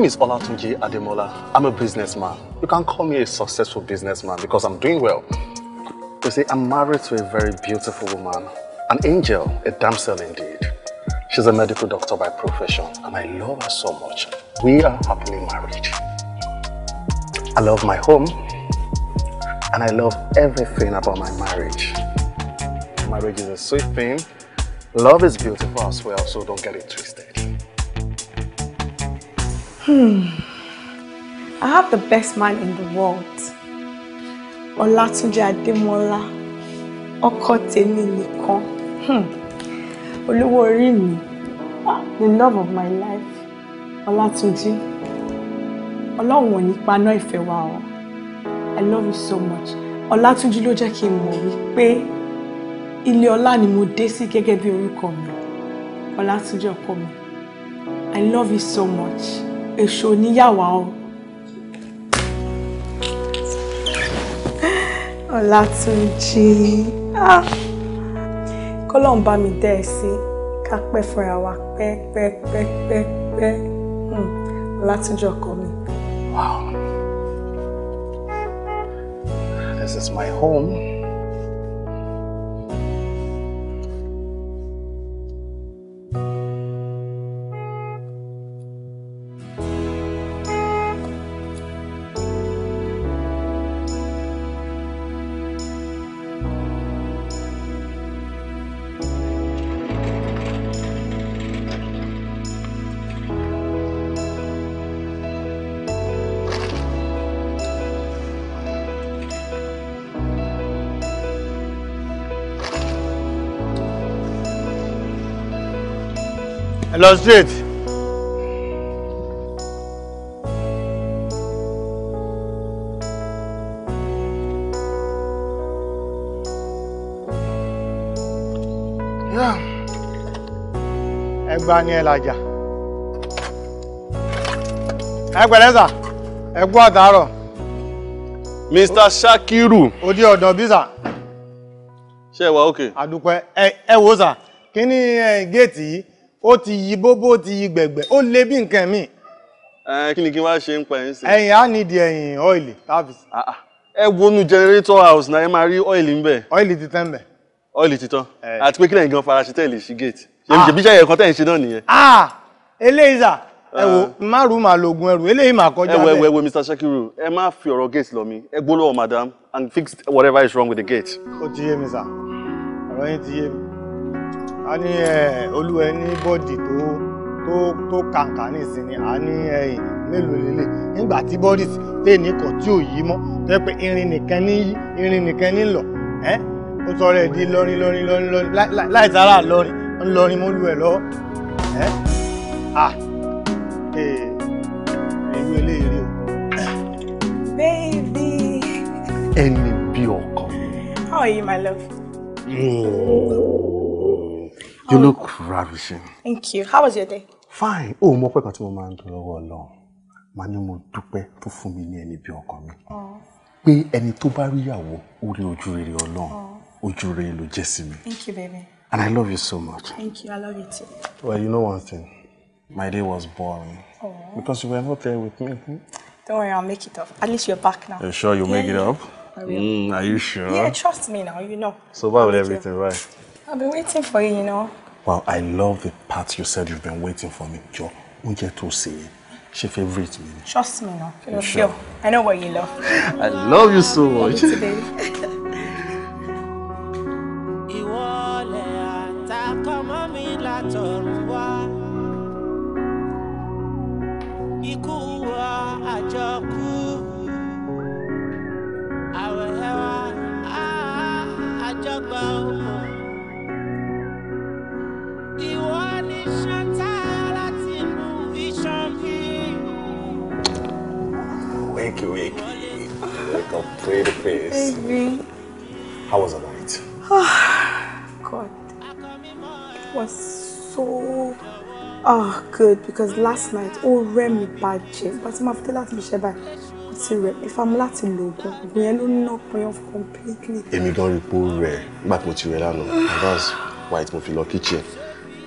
name is Olatunji Ademola. I'm a businessman. You can call me a successful businessman because I'm doing well. You see, I'm married to a very beautiful woman, an angel, a damsel indeed. She's a medical doctor by profession and I love her so much. We are happily married. I love my home and I love everything about my marriage. Marriage is a sweet thing. Love is beautiful as well, so don't get it twisted. Hmm. I have the best man in the world. Ọlátúnjí Adémọ́lá, ọkọ tèmi nìkan. Hmm. Olówó the love of my life, Ọlátúnjí. Ọlọ́run ò ní paná ìfẹ́ wa o. I love you so much. Ọlátúnjí ló jẹ́ kí n mọ̀ wípé ilé ọlá ni mo dé sí gẹ́gẹ́ bí orúkọ mi. Ọlátúnjí ọkọ mi. I love you so much èso níyàwá o. Ọlátúnjí ah! kọ́lọ́ ń bá mi dẹ́ ẹ sí ká pẹ́ fúnra wa pẹ́ pẹ́ pẹ́ pẹ́ pẹ́ hmm, Ọlátúnjí ọkọ mi. This is my home. lọ straight. ẹgbà ni ẹ làjà ẹ àtàárọ̀. Mr. Shakiru. odi ọ̀dọ̀ bí sà. ṣé ẹ wà ókè. àdúpẹ́ ẹ ẹ sà kí ni géètì yìí ó ti yí bóbó ó ti yí gbẹ̀gbẹ̀ ó lé bí nǹkan míì. kí ni kí n wá ṣe ń pa ẹ̀yìn sí. ẹ̀yìn á nídìí ẹ̀yìn ọ́ìlì tábìsì. Ah, ah. ẹ wọnú generator house náà ẹ máa rí ọ́ìlì ń bẹ̀. ọ́ìlì ti tán bẹ̀. ọ́ìlì ti tán eh. àti pé kí lẹ́yìn gan faraṣe tẹ́lẹ̀ sí gate ṣèbí ah. ṣẹ́yẹ̀ kan tẹ́yìn ṣe náà nìyẹn. eléyìí ẹ wo márùn eh. máa lògùn ẹrù eléyìí máa kọjá eh, bẹ́ẹ̀. ẹ wo Mr. Shakiru ẹ má fi ọ̀rọ̀ gate lọ mi ẹ gbólóhùn madam and fix whatever is wrong with the gate. ó ti yé mi sà ọ̀rọ̀ yín ti yé mi a ní olúwẹ ní bọ́dì tó tó tó kàǹkà ní ìsinmi a ní mélòó lélẹ̀ nígbà tí bọ́dì tè ní kàn tí ò yí mọ́ tó yẹ pé irin nìkan ní irin nìkan ní lọ ẹ́ ó sọ rẹ̀ di lọ́rin lọ́rin lọ́rin lọ́rin láì sára lọ́rin ńlọrin mo lu ẹ̀ lọ́wọ́ ẹ́ à ee eléyìí o. baby. ẹni bí ọkọ. how are you my love. Mm. You look ravishing. Thank you. How was your day? Fine. Oh, mo pẹ́ kan tí mo máa ń dúró lọ́wọ́ Ọlọ́run. Màá ní mo dúpẹ́ tó fún mi ní ẹni bí ọkọ mi. Oh. Pé ẹni tó bá rí ìyàwó ó rí ojú rere Ọlọ́run. Oh. Ojú rere ló jẹ́ sí mi. Thank you, baby. And I love you so much. Thank you. I love you too. Well, you know one thing. My day was boring. Oh. Because you were not there with me. Don't worry, I'll make it up. At least you're back now. Are you sure you'll yeah, make yeah. it up? I will. Mm, are you sure? Yeah, trust me now. You know. So bad would everything, right? I've been waiting for you, you know. Well, I love the part you said you've been waiting for me. Jọ, get to see it. She favorite me. Trust me now. You know, sure. I know what you love. I love you so much. Love wakey, wakey. Like a pretty face. Baby. How was the night? God. It was so ah oh, good because last night ó rẹ́ bad, bàjẹ́ But I'm after last night, láti ibi iṣẹ́ báyìí ó ti rẹ̀ not mi láti lo oògùn oògùn yẹn off completely. èmi gan rí i pé ó rẹ̀ nígbà tí mo ti rẹ̀ and that's why mo fi kitchen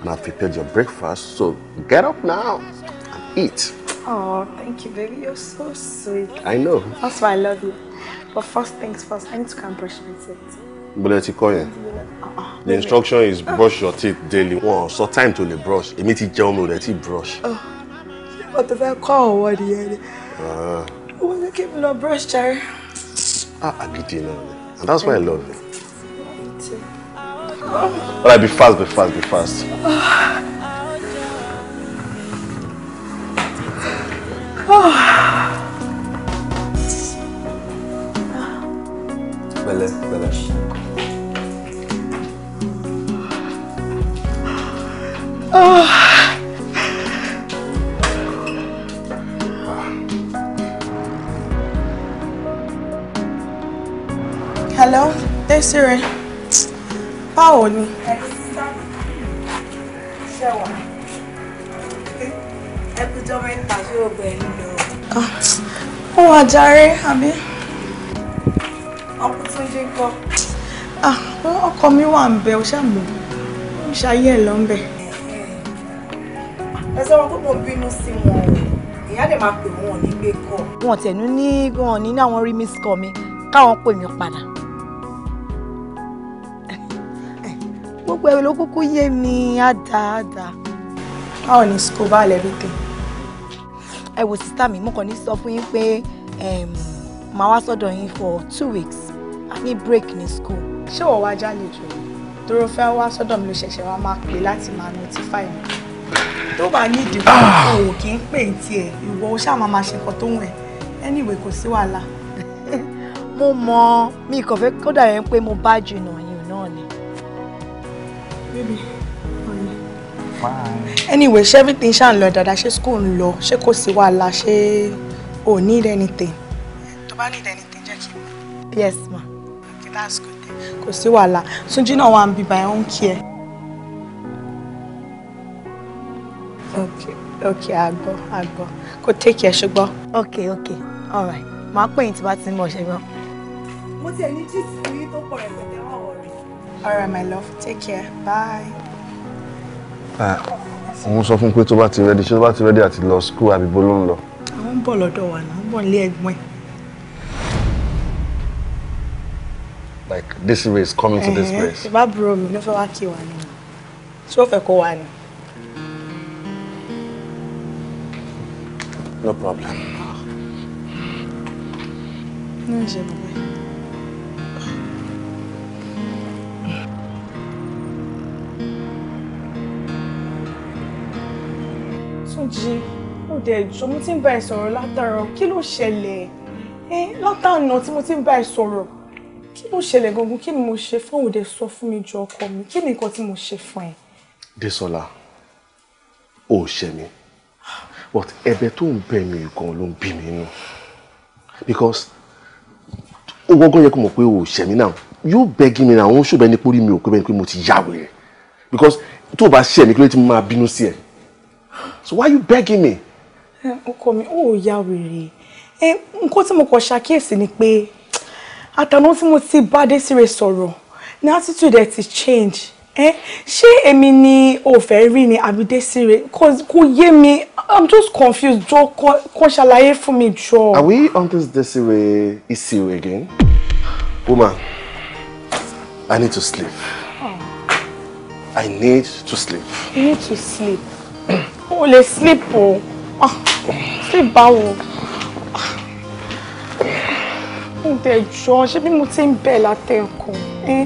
and I prepared your breakfast so get up now and eat. Oh, thank you, baby. You're so sweet. I know. That's why I love you. But first things first, I need to come brush my teeth. Bọ́lẹ̀ ti kọ́ yẹn. Uh-uh. The instruction is brush your teeth daily. Wọ́n so time to the brush. Èmi ti jẹun mo dẹ̀ ti brush. Oh. Ṣé mo ti fẹ́ kọ́ ọ̀wọ́ nìyẹn ni? Wọ́n ah. ní kí mi lọ brush Jerry. Ah, agidi náà ni. And that's why I love you. Alright, be fast, be fast, be fast. Ah. Pẹ̀lẹ́, pẹ̀lẹ́. Hello, Desiree. Báwo ni? Ṣé wà? Ẹ kú jọmọ ẹni tàbí obìnrin ó wà jàre àbí ọkùnrin tó ń kọ́ ah, ọkọ mi wà ń bẹ ó ṣàmù ó ṣayé ẹ̀ lọ ń bẹ. ẹ sọ wọn pé mo bínú sí wọn o ìyá dẹ̀ máa pè wọn ní gbé kọ́. wọn tẹ̀nu ní wọn ní àwọn rí miss call mi káwọn pè mí padà. gbogbo ẹ̀ ló kúkú yé mi á dáa báwo ni school bá lẹ́rìí tẹ̀ ẹ wò sísá mi mo kàn ní sọ fún yín pé màá wá sọ́dọ̀ yín for two weeks I need break ní school. ṣé wọ́n wá jálè jù dúró fẹ́ wá sọ́dọ̀ mi ló ṣẹ̀ṣẹ̀ wá máa pè láti máa notify mi tó bá ní ìdìbò ah! ò kì í pè ní tiẹ̀ ìwọ ó ṣáà máa máa ṣe nǹkan tó ń wẹ̀ anyway kò sí wàhálà. mo mọ mi kàn fẹ́ kódà yẹn pé mo bá jìnnà yìí náà ni. bébì anyway ṣé everything ṣáà ń lọ dáadáa ṣé school ń lọ ṣé kò sí wàhálà ṣé o need anything tó bá need anything jẹ́ kí n mọ̀. yes ma. okay that's good kò sí wàhálà Túnjí náà wà ń bíbá ẹ̀ ń okay okay àgbọ̀ àgbọ̀ kò take care ṣùgbọ́n. okay okay all right màá pè yín tí bá ti ń bọ̀ ṣẹ́gbọ́n. mo ti ẹ̀ ní jíìsì tó pọ̀ rẹ̀ pẹ̀tẹ́ wọ̀ rẹ̀. all right my love take care bye mo ah, sọ fún pé tó bá ti rẹ́dí tó bá ti rẹ́dí àti lọ skul àbíbo ló ń lọ. àwọn ń bọ̀ lọ́dọ̀ wa náà ń bọ̀ nílé ẹ̀gbọ́n ẹ̀. like this way is coming to this place. ìbá bro mi ló fẹ́ wá kí wa ni tí ó fẹ́ kó wa ni. no problem. Ah. ní ìṣègùn. Túnjí ó dẹ̀ jọ mo ti ń bá ẹ sọ̀rọ̀ látara kí ló ṣẹlẹ̀ ẹ látànà tí mo ti ń bá ẹ sọ̀rọ̀ kí ló ṣẹlẹ̀ gangan kí ni mo ṣe fún òde sọ fún mi ju ọkọ mi kí ni nǹkan tí mo ṣe fún ẹ. Desola ò ṣe mi but ẹ̀bẹ̀ tó ń bẹ̀ mí gan ló ń bí mi nù because ó gbọ́ngàn yẹ kó mọ̀ pé ò ṣe mi náà yóò bẹ́gí mi náà òun ṣùgbọ́n ẹni pé orí mi ò pé bẹ́ẹ̀ ni pé mo ti yá wèrè because tó o bá ṣe mi kí ló ti máa bínú sí ẹ so why are you begging me. ọkọ mi ó ya wèrè nǹkan tí mo kàn ṣàkíyèsí ni pé àtàná tí mo ti bá Désiré sọ̀rọ̀ ni attitude ẹ̀ ti change She èmi ni o fẹ́ rí ni àbí Désiré kò yé mi i'm just confused jọ kàn ṣàlàyé fún mi jọ. are we on this Désiré issue again? woman i need to sleep. Oh. I need to sleep. You need to sleep. o lè sleep o ah, sleep báwo ń ah. dẹjọ́ ṣé bí mo ti ń bẹ̀ látẹ̀kùn ẹ́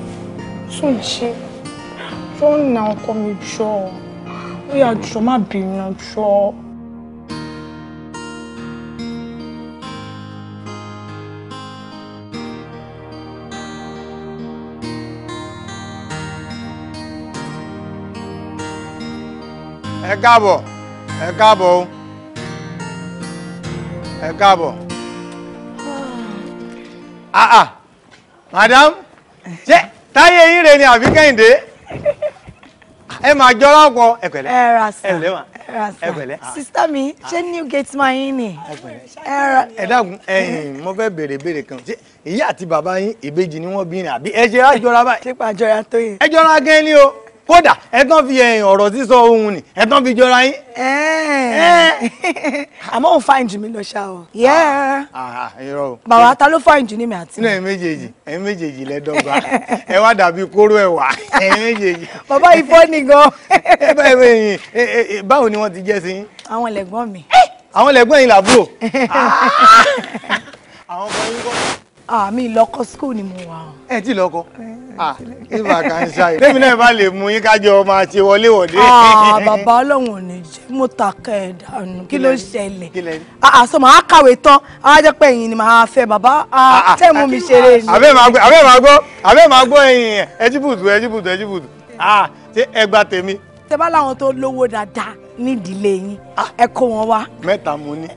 tún jí jọ́ na ọkọ mi jọ ó yà jọ má bínú jọ. ẹ káàbọ̀ ẹ káàbọ̀ o ẹ káàbọ̀ ah ah madam ṣé táyé yín rè ni àbí kẹ́hìndé ẹ máa jọra ọ̀pọ̀ ẹ pẹ̀lẹ́ ẹ ra sa ẹ lẹ́wà pẹ̀lẹ́. Ah. sista mi ṣé new gate máa yín ni. ẹ dákun ẹ̀yin mo fẹ́ béèrè béèrè kan ṣé ìyá àti bàbá yín ìbejì ni wọ́n bí ni àbí ẹ ṣe á báyìí. ṣé pa tó yẹ. ẹ jọra gẹ́ni o kódà ẹ̀tàn fi ẹ̀yìn ọ̀rọ̀ sísọ ohun ni ẹ̀tàn fi jọra yín. àmọ́ òun fáìn jù mí lọ ṣá o. Ah, ah, bàbá ta ló fáìn jù ní mi àti. nínú ẹ̀yin méjèèjì ẹ̀yin méjèèjì lẹ́dọ́gba ẹ wá dàbí kóró ẹ̀wà ẹ̀yin méjèèjì. bàbá ifọ́ ni gan. báwo ni wọ́n ti jẹ́ sí yín. àwọn lẹ̀gbọ́n mi. àwọn lẹ̀gbọ́n yín làbúrò. Ah. àwọn ọmọ yín kọ́ àmì ah, ìlọkọ school ni mo wà. ẹ ti lọkọ eh, ah, ibà kan ṣayé lẹ́mi náà bá lè mú yín kájọ máa ṣe wọléwọ̀de. Ah, bàbá ọlọ́run ò ní jẹ́ mo ta kẹ́ ẹ̀ dànù kí ló ṣẹlẹ̀ àṣọ màá kàwé tán àwọn ajẹ́ pé ẹ̀yin ni màá fẹ́ bàbá tẹ́ mú mi ṣeré ni. àbẹ́ màá gbọ́ àbẹ́ màá gbọ́ ẹ̀yin yẹn ẹjíbùtù ẹjíbùtù ẹjíbùtù ṣé ẹgbà tèmi. tẹ bá láwọn tó lówó dáadáa nídìílé yín ẹ kó wọn wá. mẹ́ta mo ní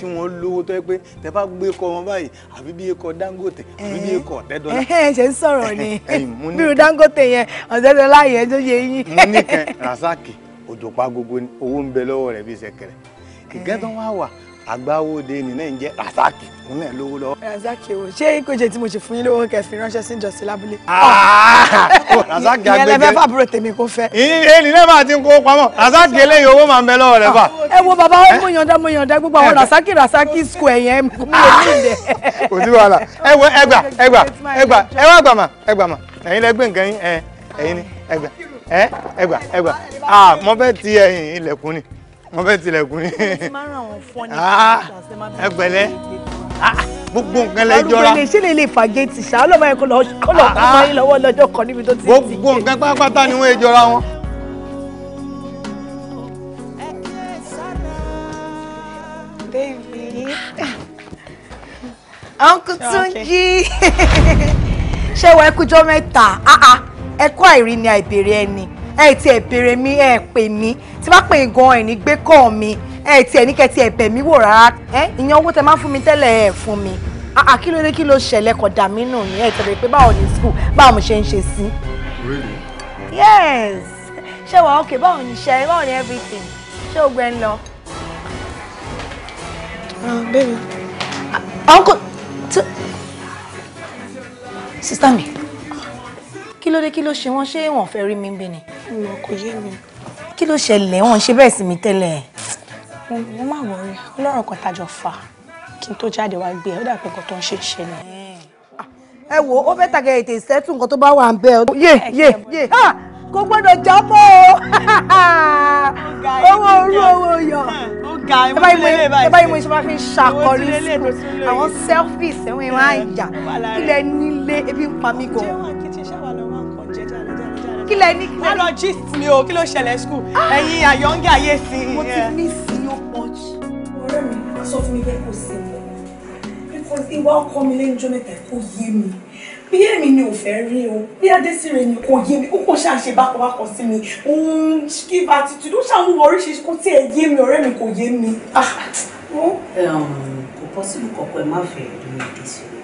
tí wọ́n lówó tó yẹ pé tẹ bá gbé kọ wọn báyìí àbí bí ekọ dangote àbí bí ekọ ọ̀tẹ́dọ́là. ṣe ń sọ̀rọ̀ ni dangote yẹn ọ̀tẹ́dọ́là yẹn tó yẹ yín. mo ní kẹ rasaki owó ń lọ́wọ́ rẹ̀ bí agbáwóde ní náà ń jẹ́ rasaki òun náà lówó lọ. rasaki o ṣé kò jẹ tí mo ṣe fún yín lówó kẹfì ránṣẹ́ sí ìjọsìn lábúlé. Ah! Ah! rasaki agbẹjẹ ìyẹn lẹfẹ fàbúrò tèmi kò fẹ́. èyí náà ti ń kó pamọ́ rasaki eléyìí owó máa ń bẹ lọ́wọ́ rẹ̀ ah! ẹ wo bàbá ó eh? mú yọ̀ǹda mú yọ̀ǹda gbogbo àwọn eh? rasaki rasaki square yẹn mú èmi lẹ. kò sí wàhálà ẹ wo ẹgbà ẹgbà ẹgbà ẹ wá gbàmà ẹgbàmà ẹ̀yin lẹ gbé nǹkan yín ni ẹgbà ẹgbà ẹgbà ah mo fẹ́ ti ẹ̀yìn ilẹ̀kùn ni wọ́n fẹ́ tilẹ̀kùn ni. Ah, ẹ pẹ̀lẹ́ ah, gbogbo nǹkan lẹ jọra. olùgbèlè lè lè fà géètì ṣá ọlọ́mọ yẹn kò lọ kọ́ ọmọ yín lọ́wọ́ lọ́jọ́ kan níbi tó ti ń tì. gbogbo nǹkan pátápátá ni wọ́n jọra wọn. Ah, uncle Túnjí ṣé wọ́n ẹ kújọ́ mẹ́ta ẹ kú àìrí ni àìbèrè ẹni ẹ ti ẹ̀ béèrè mi ẹ pè mí tí bá pè gan ẹ̀ ní gbé kọ́ mi ẹ ti ẹ̀ ní kẹ́ ti ẹ̀ bẹ̀ mí wò rárá ẹ ìyẹn owó tẹ máa fún mi tẹ́lẹ̀ ẹ̀ fún mi àà kí ló dé kí ló ṣẹlẹ̀ kọ̀ dà mí nù ní ẹ̀ tẹ̀lé pé báwo ni school báwo mo ṣe ń ṣe sí. really. yes ṣé wàá ok báwo ni ṣe báwo ni everything ṣé o gbẹ ń lọ. Ah, baby ah, uncle tí sista mi kí ló dé kí ló ṣe wọ́n ṣé wọ́n fẹ́ rí mi bí ni mo kò yé mi. kí ló ṣẹlẹ̀ wọn ṣe bẹ́ẹ̀ sí mi tẹ́lẹ̀. mo má wọrí ọlọ́run kan tàjọ fà kí n tó jáde wá gbé ẹ e, ó dàbí nǹkan tó ń ṣe ìṣẹ̀lẹ̀. ẹ wo ó fẹ́ tàgẹ̀ ètè ìṣẹ́tù nǹkan tó bá wà ń bẹ́ ọ. yé yé yé ah, kò gbọ́dọ̀ já mọ́ o owó orú owó yọ ẹ báyìí mo ṣe máa fi ṣàkọrí sùn àwọn selfies ẹ̀wọ̀n ẹ̀ máa ń yà kílẹ̀ nílé ebi ń pa mí gan kí lẹ ní. wọ́n lọ gist mi o kí ló ṣẹlẹ̀ school ah! ẹ̀yin àyọ̀ǹgẹ̀ ayé sí i. mo ti ní sí i ó pọ̀ jù. ọ̀rẹ́ mi sọ fún mi pé kò sí mọ́ because ìwà ọkọ mi lẹ́nu jọ́ mẹ́ta kò yé mi bí èmi ni ò fẹ́ rí o bí adésìrè ni kò yé mi ó kò ṣàṣe bákọ̀bákọ̀ sí mi òun give attitude ó ṣàwùwọ̀ oríṣiríṣi kò tiẹ̀ yé mi ọ̀rẹ́ mi kò yé mi. Ah! kò pọ́sibú kọ̀ọ̀kan ẹ má fẹ́ rí adésìrè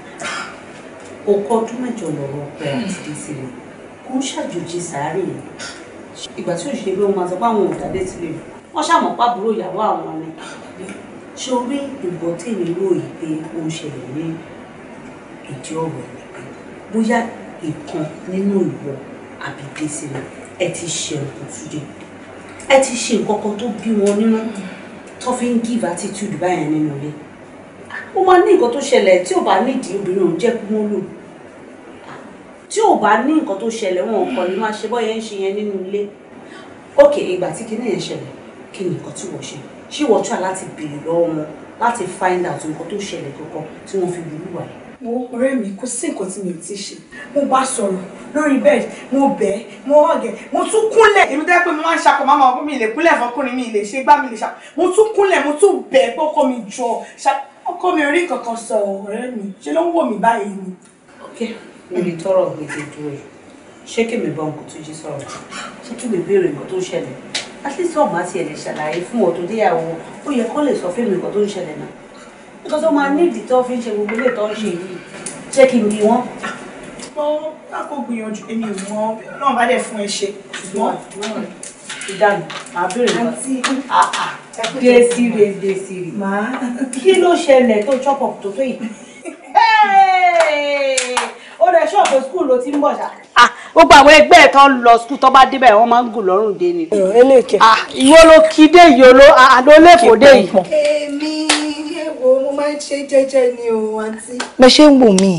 okọ̀ ọdún mẹ́jọ lọ́rọ̀ ọpẹ àti adésìrè kò ṣàjòjì sáré ìgbà tí òṣèré ló máa sọ pé àwọn òdàdé ti lè wọ́n ṣàmọ̀ pàbúrò ìyàwó àwọn ni ṣé o rí ìbọn tèmi lóòyì pé ó ń ṣẹlẹ̀ ní ìdí ọ̀rọ̀ ẹ̀ pé bóyá ìkan nínú ìwọ àbí gbèsè ẹ ti ṣe nǹkan túnjẹ ẹ ti ṣe nǹkan kan tó bí wọn nínú tó fi ń give attitude báyẹn nínú ilé ó máa ní nǹkan tó ṣẹlẹ̀ tí ò bá nídìí obìnrin òun jẹ́ kí lò tí ò bá ní nǹkan tó ṣẹlẹ̀ wọn kò ní máa ṣe bọ́yẹn ń ṣe yẹn nínú ilé òkè ìgbà tí kinní yẹn ṣẹlẹ̀ kí ni nǹkan tí wọ́n ṣe ṣé wọ́n try láti béèrè lọ́wọ́ wọn láti find out nǹkan tó ṣẹlẹ̀ kankan tí wọ́n fi burú wà mo ọ̀rẹ́ mi kò sí nǹkan tí mi ò ti ṣe mo bá sọ̀rọ̀ lórí bẹ́ẹ̀ mo bẹ̀ mo ọ̀gẹ̀ mo tún kúnlẹ̀ èmi dẹ́ pé mo máa ń ṣakọ̀ máa ma ọkọ mi lè kúnlẹ̀ fọkùnrin mi lè ṣe gbá mi lè ṣakọ̀ mo tún kúnlẹ̀ mo tún bẹ̀ ẹ́ pé ọkọ mi jọ ọkọ mi rí kankan sọ ọ̀rẹ́ mi ṣe ló ń wò mí báyìí ni. okay lórí tọrọ gbèdédu rẹ ṣé kèmí bá òǹkù tó jí sọ̀rọ̀ ṣé kèmí béèrè nǹkan tó ń ṣẹlẹ̀ àti sọ ọmọ àti ẹlẹ ṣàlàyé fún ọ tó déyàwó ó yẹ kó lè sọ fún mi nǹkan tó ń ṣẹlẹ̀ náà nǹkan tó máa ní ìdí tó fi ń ṣe gbogbo ilé tó ń ṣe yìí ṣé kí n bí wọn. mo lákò gbìyànjú èmi ò mọ náà bá dẹ fún ẹ ṣe ṣùgbọ́n ìdánù àbẹ̀rẹ̀ lọ àti desire desire kí ló ṣẹlẹ̀ tó chop up tó tó yìí. ó rẹ ṣọ́ọ̀bù skul ló ti ń bọ̀ ṣá. gbogbo àwọn ẹgbẹ́ ẹ̀ tán lọ skul tó bá débẹ̀ wọ́n máa ń gùn lọ́rùn dé ni. ìwọ ló kí dé yìí oló àdó lè fò dé yìí. èmi èwo mo máa ń ṣe jẹ́jẹ́ ni o àǹtí. bẹ́ẹ̀ ṣe ń wò mí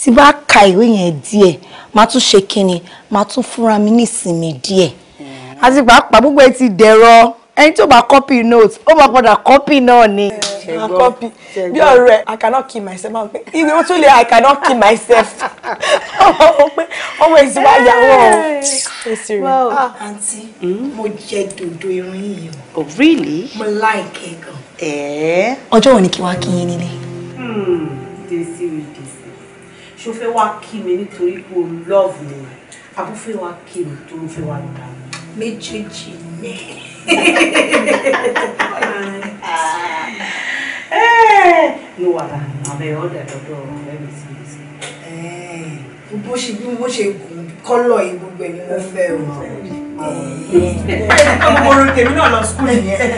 tí bá ka ìwé yẹn díẹ̀ máa tún ṣe kinní máa tún fúnra mi ní ìsinmi díẹ̀ mm. àti pàápàá gbogbo ẹ ti dẹ̀rọ ẹni tó bá kọ́pì note ó máa padà kọ́pì náà ni. Yeah copy bí ọ̀rẹ́ i cannot kill myself If ń pè ìwé ó i cannot kill myself oh èsì wa yà wọ́n èsì rẹ̀. Auntie, mo jẹ do do yìí o. oh really. mo like ẹ gan. ẹ̀ẹ́. ọjọ́ òní kí wàá kí yín nílé. dèsí mi dèsí ṣó fẹ́ wá kí mi nítorí pé o love mi àbú fe wá kí mi tó o fẹ́ wá gbà méjèèjì ní. yóò wà bá àbẹ ọdà dọdọ ọrùn rẹ mi sí mi sí. bó ṣe bí mo ṣe gùn kọ́lọ̀ yìí gbogbo ẹ̀ ni mo fẹ́ o. ọmọ orun tèmi náà lọ sukùl nìyẹn.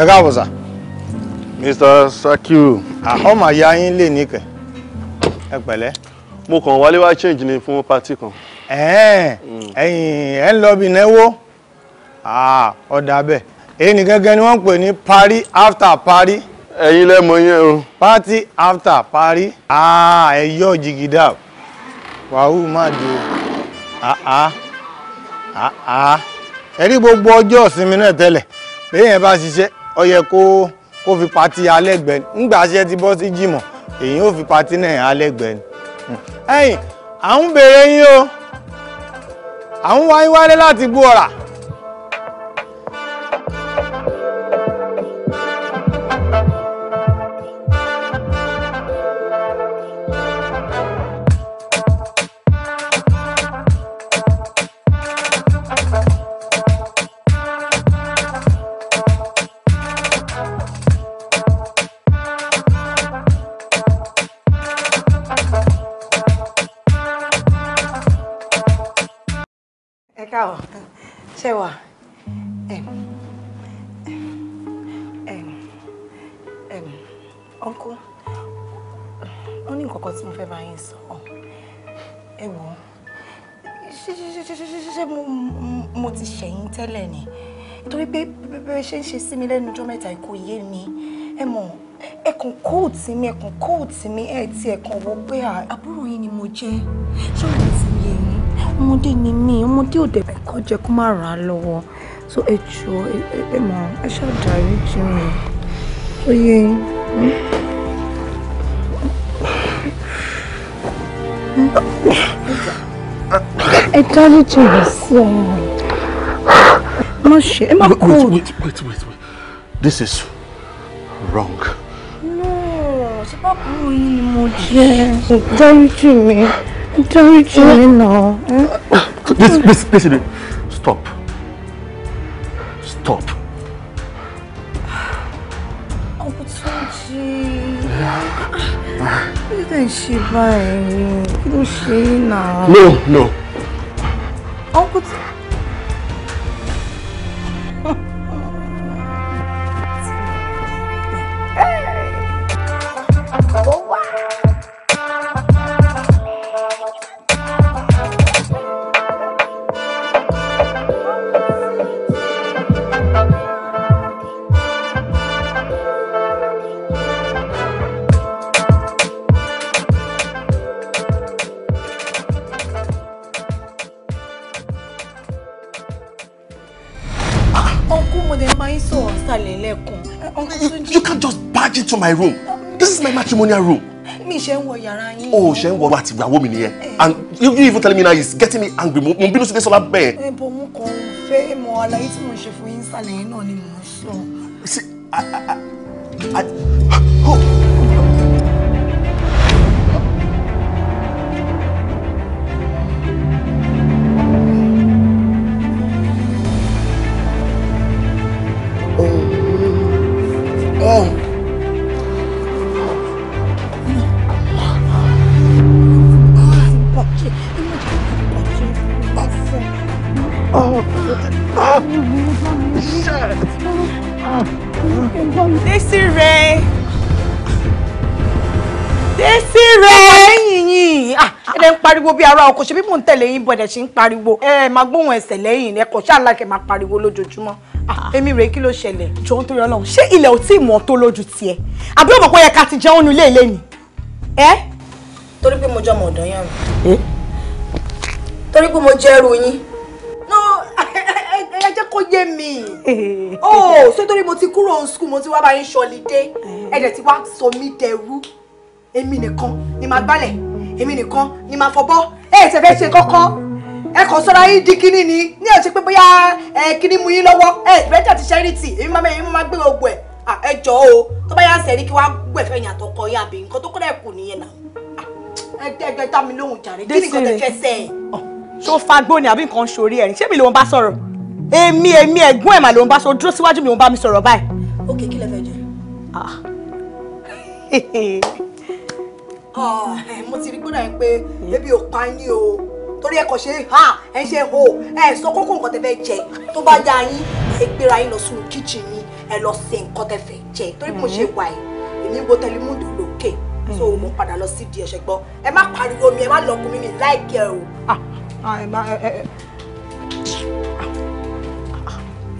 ẹ káàbọ̀ Mr. Sakiru. àhọ́mà ya yín lè níkẹ̀ ẹ pẹ̀lẹ́. mo kàn wálé wá change ni fún pati kan. Mm. ẹ̀yìn ẹ̀ ń lọ bí náwó ọ̀dà bẹ́ẹ̀ èyí gẹ́gẹ́ ni wọ́n pè ní party after party. ẹ̀yin lẹ́mọ yẹn o. party after party. ẹ yọ jigida wàhù má di o. ẹ rí gbogbo ọjọ́ ìsinmi náà tẹ́lẹ̀ bẹ́ẹ̀ yẹn bá ṣiṣẹ́ ó yẹ kó kó fi patí alẹ́gbẹ̀ẹ́ nígbà aṣẹ́ ti bọ́ sí jìmọ̀ èyí ò fi patí náà alẹ́gbẹ̀ẹ́ ni. ẹ̀yin à ń béèrè yín o à ń wáyé wálé láti gbó ọ̀rà. ṣẹ̀yìn tẹ́lẹ̀ ni torí pé bẹ́ẹ̀ ṣe ń ṣe sí mi lẹ́nu ọjọ́ mẹ́ta kò yé mi ẹ mọ̀ ẹkùn kóòtì mi ẹkùn kóòtì mi ẹ ti ẹkùn wọ pé àbúrò yín ni mo jẹ́ ṣọ́ọ̀rọ̀ ti yé yín ọmọdé ni mí ọmọdé ò dẹ̀bẹ̀ kọ́ jẹ kó má ràn án lọ́wọ́ so ẹ jọ ẹ mọ̀ ẹ ṣàdárí jù mí ó yé yín. ẹ dárí jù sí ọmọ mi má ṣe ẹ má cold. wait wait wait wait this is wrong. no ṣe bá kúrò yín ni mo jẹ. dáríjì mi dáríjì mi náà. this this this stop stop. Kí ló ń ṣe báyìí? Kí ló ṣe é náà? No, no. my room this is my matrimonial room. mi ṣe ń wọ yàrá yín. o oh, ṣe ń wọ wa tìgbàwó mi nìyẹn eh. and you, you even telling me now he's getting me angry mo mo bínú sí Desola bẹ́ẹ̀. ẹ eh, bọ mo kàn fẹ́ mọ àlàyé tí mo ṣe fún yín sálẹ̀ yín náà ni mo sọ. see I I I. I pariwo bí ara ọkọ ṣe bí mò ń tẹ̀lé yín bọ̀dẹ̀ ṣe ń pariwo ẹ máa gbóhùn ẹsẹ̀ lẹ́yìn ẹkọ̀ ṣáà láti máa pariwo lójoojúmọ́ ah, ah. èmi rèé kí ló ṣẹlẹ̀. jọ̀ọ́ nítorí se ṣé ilẹ̀ ò tí ì mọ́ tó lójú tiẹ̀ àbí ọmọ pé yẹ ká ti jẹun nu ilé ilé ni. ẹ torí pé mo jọ ọmọ ọ̀dọ́ yẹn rùn torí pé mo jẹ́ ẹrù yín ẹ jẹ́ kó yé mi oh so torí mo ti kúrò on school mo ti wá bá yín ṣọlídé eh. ẹ̀dẹ̀ ti wá sọ mí dẹrú èmi nìkan ni màá gbálẹ̀ èmi nìkan ni màá fọbọ́ ẹ ẹ̀ tẹ̀fẹ́ ṣe kọ́kọ́ ẹ kàn sọ́ra yín di kínní ni ní ọ̀sẹ̀ pé bóyá ẹ kínní mu yín lọ́wọ́ ẹ ìrẹ́jà ti ṣẹ́rìtì èmi máa èmi máa gbé gbogbo ẹ̀ ẹ jọ o tó bá yà ń sẹ̀rí kí wàá gbẹ̀fẹ̀ yàn àtọkọ yín àbí nǹkan tó kọ́dà kù nìyẹn náà ẹgbẹ́ dá mi lóhùn jàre kí nìkan tẹ fẹ́ sẹ́ ẹ̀. ṣó fagbó ni àbí nǹkan ṣorí ẹ̀rín ṣé mi lòun bá sọ̀rọ̀ èmi èmi ẹ̀gbọ́n ẹ̀ mà lòun bá sọ dúró síwájú mi lòun bá mi sọ̀rọ̀ báyìí. Ok, kè kí lè fẹ́ jẹ. Ah. mo ti rí gbọ́dọ̀ yẹn pé hmm. ebi ò pa yín o torí ẹ kàn ṣe ha ẹ ṣe ho ẹ sọ kókó nǹkan tẹ fẹ́ jẹ tó bá dá yín ẹ gbéra yín lọ sínú kíchìn yín ẹ lọ ṣe nǹkan tẹ fẹ́ jẹ torí mo ṣe hmm. wà yìí èmi wo tẹlifóònù lókè so hmm. mo padà lọ sí di ẹsẹ gbọ́ ẹ má pariwo mi ẹ má lọkùn mi mi láìkẹ o. Ah, ah, ah,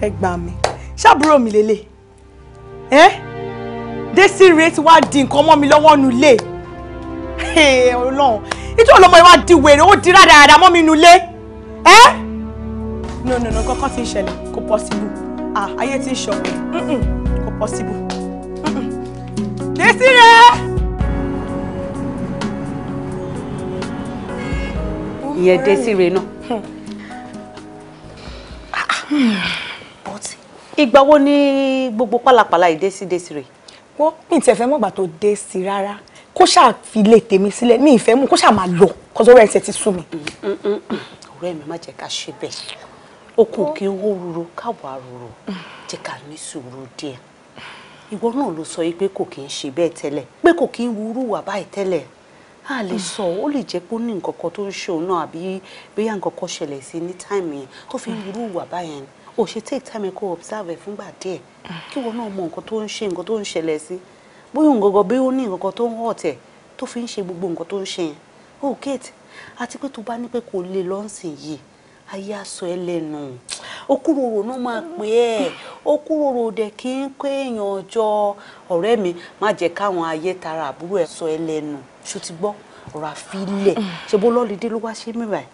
ẹ gbà mí ṣàbúrò mi lélẹ̀ ẹ́ Desi ti wá di nǹkan mọ́ mi lọ́wọ́ nulẹ̀. Ọlọ́run ìjọ ọlọmọ ìwà di wèrè ó di rádaràdà mọ́ mi nulẹ̀ ẹ́ no no no kankan ti ń ṣẹlẹ̀ kò possible ah ayé ti ń ṣọ̀pẹ̀ kò possible Desire. ìyẹn Desire náà hmm. ìgbà wo ni gbogbo pálapàla ìdésí Desire. wọ́n mi ì tẹ̀ fẹ́ mọ̀gbà tó dé sí rárá kó ṣáà fi ilé tèmi sílẹ̀ mi ìfẹ́ mú kó ṣáà máa lọ kọ́sọ́ ọ̀rẹ́ ẹsẹ̀ ti sú mi. ọ̀rẹ́ mi má jẹ́ ká ṣe bẹ́ẹ̀ okùn kí owó rúro káwa rúro jẹ́ ká ní sùúrù díẹ̀ ìwọ náà ló sọ pé kò kí ń ṣe bẹ́ẹ̀ tẹ́lẹ̀ pé kò kí ń wúrú wà báyìí tẹ́lẹ̀ a lè sọ ó lè jẹ́ pé ó ní nǹkan kan tó ń ṣe òun náà àbí bóyá nǹkan kan ṣẹlẹ̀ sí ní táìmù yẹn tó fi ń wúrú wà báyẹn ò ṣe take time kó observe ẹ̀ fúngbà díẹ̀ kí wọn náà mọ nǹkan tó ń ṣe nǹkan tó ń ṣẹlẹ̀ sí i bóyá òun gangan bí ó ní nǹkan tó ń hàn tẹ̀ tó fi ń ṣe gbogbo nǹkan tó ń ṣe yẹn ó oh, gate àti pé tó bá ní pé kò lè lọ́nsìn yìí ayé aṣọ ẹlẹ́nu okúròrò náà máa pè ẹ́ okúròrò dẹ̀ kí n pé èèyàn ọjọ́ ọ̀rẹ́ mi má jẹ́ káwọn ayé tara àbúrò ẹ̀ sọ ẹlẹ́nu ṣó ti gbọ́ ọ̀rọ̀ àfilẹ̀ ṣe bó lọ́ọ̀lídé ló wá ṣe mí báyìí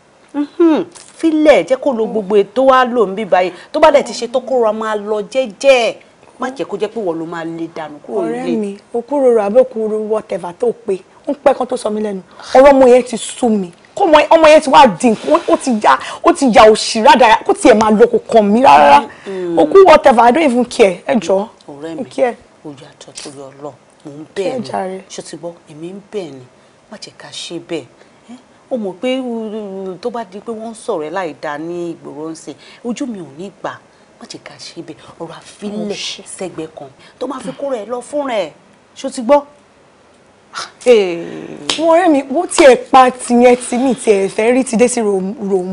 filẹ̀ jẹ́ kó lo gbogbo ètò wa lò ń bí báyìí tó bá dẹ̀ ti ṣe tó kóra máa lọ jẹ́jẹ́ má jẹ́ kó jẹ́ pé wọ́n ló máa lè dànù kúrò nílé. ọ̀rẹ́ mi òkúròrò àbẹ́òkúròrò whatever tó pe ń pẹ́ kan tó sọ mí lẹ́nu ọ̀rọ̀ ọmọ yẹn ti sú mi kó ọmọ yẹn ti wá dín ó ti ya ó ti ya òṣì rádàrá kó tiẹ̀ máa lọ kò kàn rárá òkú whatever I don't even care ẹ jọ ọ̀rẹ́ mi ò yàtọ̀ tó yọ lọ mò ń bẹ́ẹ̀ ni ṣó ti gbọ́ èmi ń bẹ́ẹ̀ ni má jẹ́ ká ṣe bẹ́ẹ̀ ó mọ̀ pé uh, tó bá di pé wọ́n ń sọ̀rọ̀ ẹ̀ láì dáa ní ìgboro ń sìn ojú mi ò ní gbà má jẹ́ ká ṣe ibẹ̀ ọ̀rọ̀ oh, àfilẹ̀ sẹ́gbẹ̀ẹ́ kan tó máa fi kúrò ẹ̀ lọ fúnra ẹ̀ ṣó ti gbọ́ wọ́n rẹ́ mi wọ́n tiẹ̀ pa tiyẹn tí mi tiẹ̀ fẹ́ rí ti dé sí rò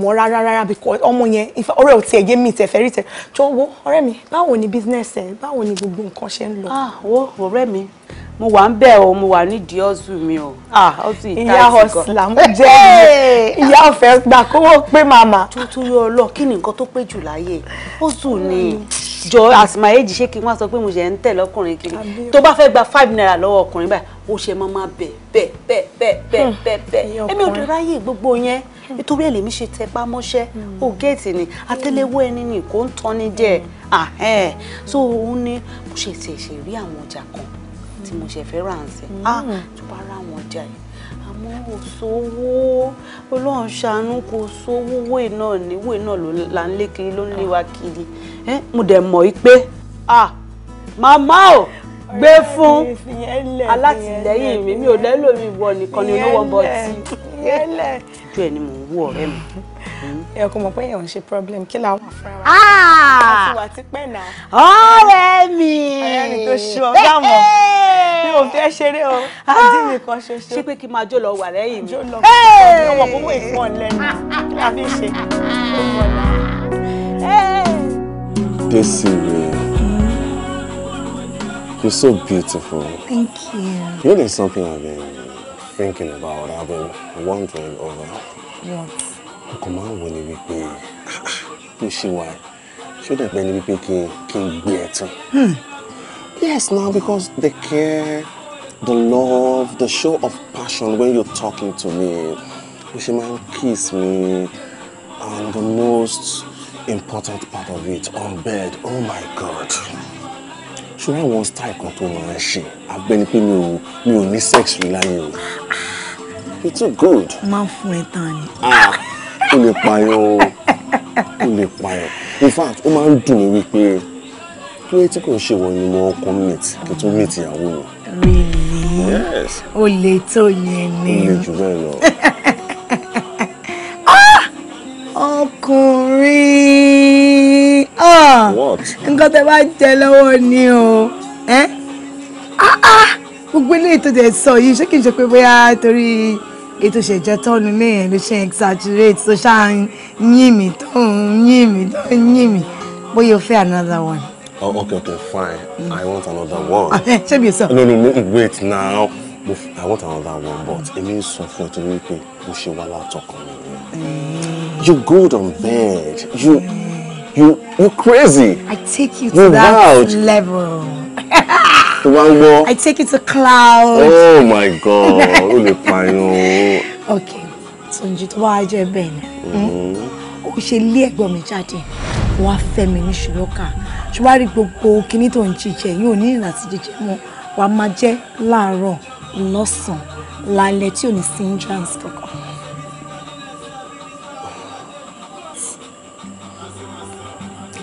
mọ́ rárá rárá because ọmọ yẹn ọ̀rẹ́ ò tiẹ̀ gé mi tiẹ̀ fẹ́ rí tiẹ̀ jọ̀wọ́ ọ̀rẹ́ mi báwo ni business ẹ̀ báwo ni gbogbo nǹkan ṣe ń lọ. àwọ̀ ah, ọ̀rẹ́ mi mo wà ń bẹ̀ o mo wà nídìí ọ̀sùn mi o. Ah, ìyá ọ̀sìlà mo jẹ́ ìyá ọ̀fẹ́ gbà kówó pé màmá. tuntun yọ ọ lọ kí ni nǹkan tó pé jù láyé ọ̀sùn ni. Mm jọ as my age ṣé kí wọ́n sọ pé mo ṣe ń tẹ̀ lọ́kùnrin kiri tó bá fẹ́ gba five naira lọ́wọ́ ọkùnrin báyìí ó ṣe mọ́ máa bẹ̀ bẹ̀ bẹ̀ bẹ̀ bẹ̀ hmm. bẹ̀ bẹ̀ èmi ò dúró ayé gbogbo yẹn hmm. nítorí ẹ̀ lèmi ṣe tẹ bá mọ́ṣẹ́ ó hmm. géètì ni àtẹ́lẹwọ́ ẹni ni kò ń tán ní díẹ̀ ahẹ́n so òun ni mo ṣe ṣe rí àwọn ọjà kan tí mo ṣe fẹ́ rà ah tó bá rà àwọn ọjà yìí àmọ́ kò sówó ọlọ́run ṣàánú kò sówó wé náà ní wé náà ló là ń lé kiri ló ń lé wa kiri mo dẹ̀ mọ̀ yí pé màmá o gbé fún alátìlẹyìn mi mi ò lẹ́lò mi wọ nìkan ni olówó bọ́ ojú ẹ̀ ni mò ń wú ọ̀rẹ́ mi ẹ kò mọ̀ pé ẹ̀ ń ṣe problem kí làwọn afárá wa. àti ah! wà ti pẹ́ náà. ọ̀rẹ́ mi. ọ̀rẹ́ mi tó ṣe ọ̀gá mọ̀ mi ò fẹ́ ṣeré o ah! àǹtí mi kan ṣoṣo. ṣé pé kí n máa jó lọ wà lẹ́yìn mi. jó lọ fún ọmọ gbogbo ìfọ̀n lẹ́nu ah! kí la fi ṣe ó mọ̀ Desiree, you're so beautiful. Thank you. Really something I've been thinking about, I've been wondering over. What? nǹkan máa ń wò ní wípé bó ṣe wà ṣó dẹ̀ bẹ́ẹ̀ ni wípé kí n gbé ẹ tán. Hmm. yes now because the care the love the show of passion when you're talking to me bó ṣe máa ń kiss me and the most important part of it on bed oh my god ṣùgbọ́n àwọn style kan tó máa ń ṣe abẹ́ni pé mi ò mi ò ní sex rí láyé o you too good. máa ń fún ẹ tán ni. Ah o lè pààyàn o o lè pààyàn in fact ó máa ń dùn mí wípé kí ló tí kò ṣe wọ ni mo ọkọ meet kí tó meet ìyàwó mi. really yes. o lè tó yẹn ni. o lè jù bẹ́ẹ̀ lọ. Ah! ọkùnrin ah! nǹkan tẹ bá jẹ lọ́wọ́ ni o ah, gbogbo eléyìí tó jẹ sọ yìí ṣé kì ṣe pé bóyá torí ètò ìṣèjọ tọ́nu léèyàn ló ṣe exaggerate tó ṣáà ń yín mi tó ń yín mi tó ń yín mi bóyá o fẹ́ another one. Oh, okay, okay, fine. Mm. I want another one. Ṣé bí o sọ? No, no, no, wait now. I want another one, but èmi ń sọ fún ẹ torí pé mo ṣe wá látọkàn mi. Eh. You good on bed. You, you, you crazy. I take you to you that wild. level. tó bá ń gbọ́. I take it to cloud. oh my god ó lè pààyàn. ok Túnjí tó bá wá jẹ́ bẹ́ẹ̀ ni ó mm-hmm. ṣe lé ẹ̀gbọ́n mi jáde wá fẹ́ mi ní ṣùlọ́kà ṣùgbọ́n rí gbogbo kinní tó ń jíjẹ yóò ní ìlànà àti jíjẹ mọ́ wàá máa jẹ́ láàárọ̀ lọ́sàn-án lálẹ́ tí ò ní sí entrance kankan.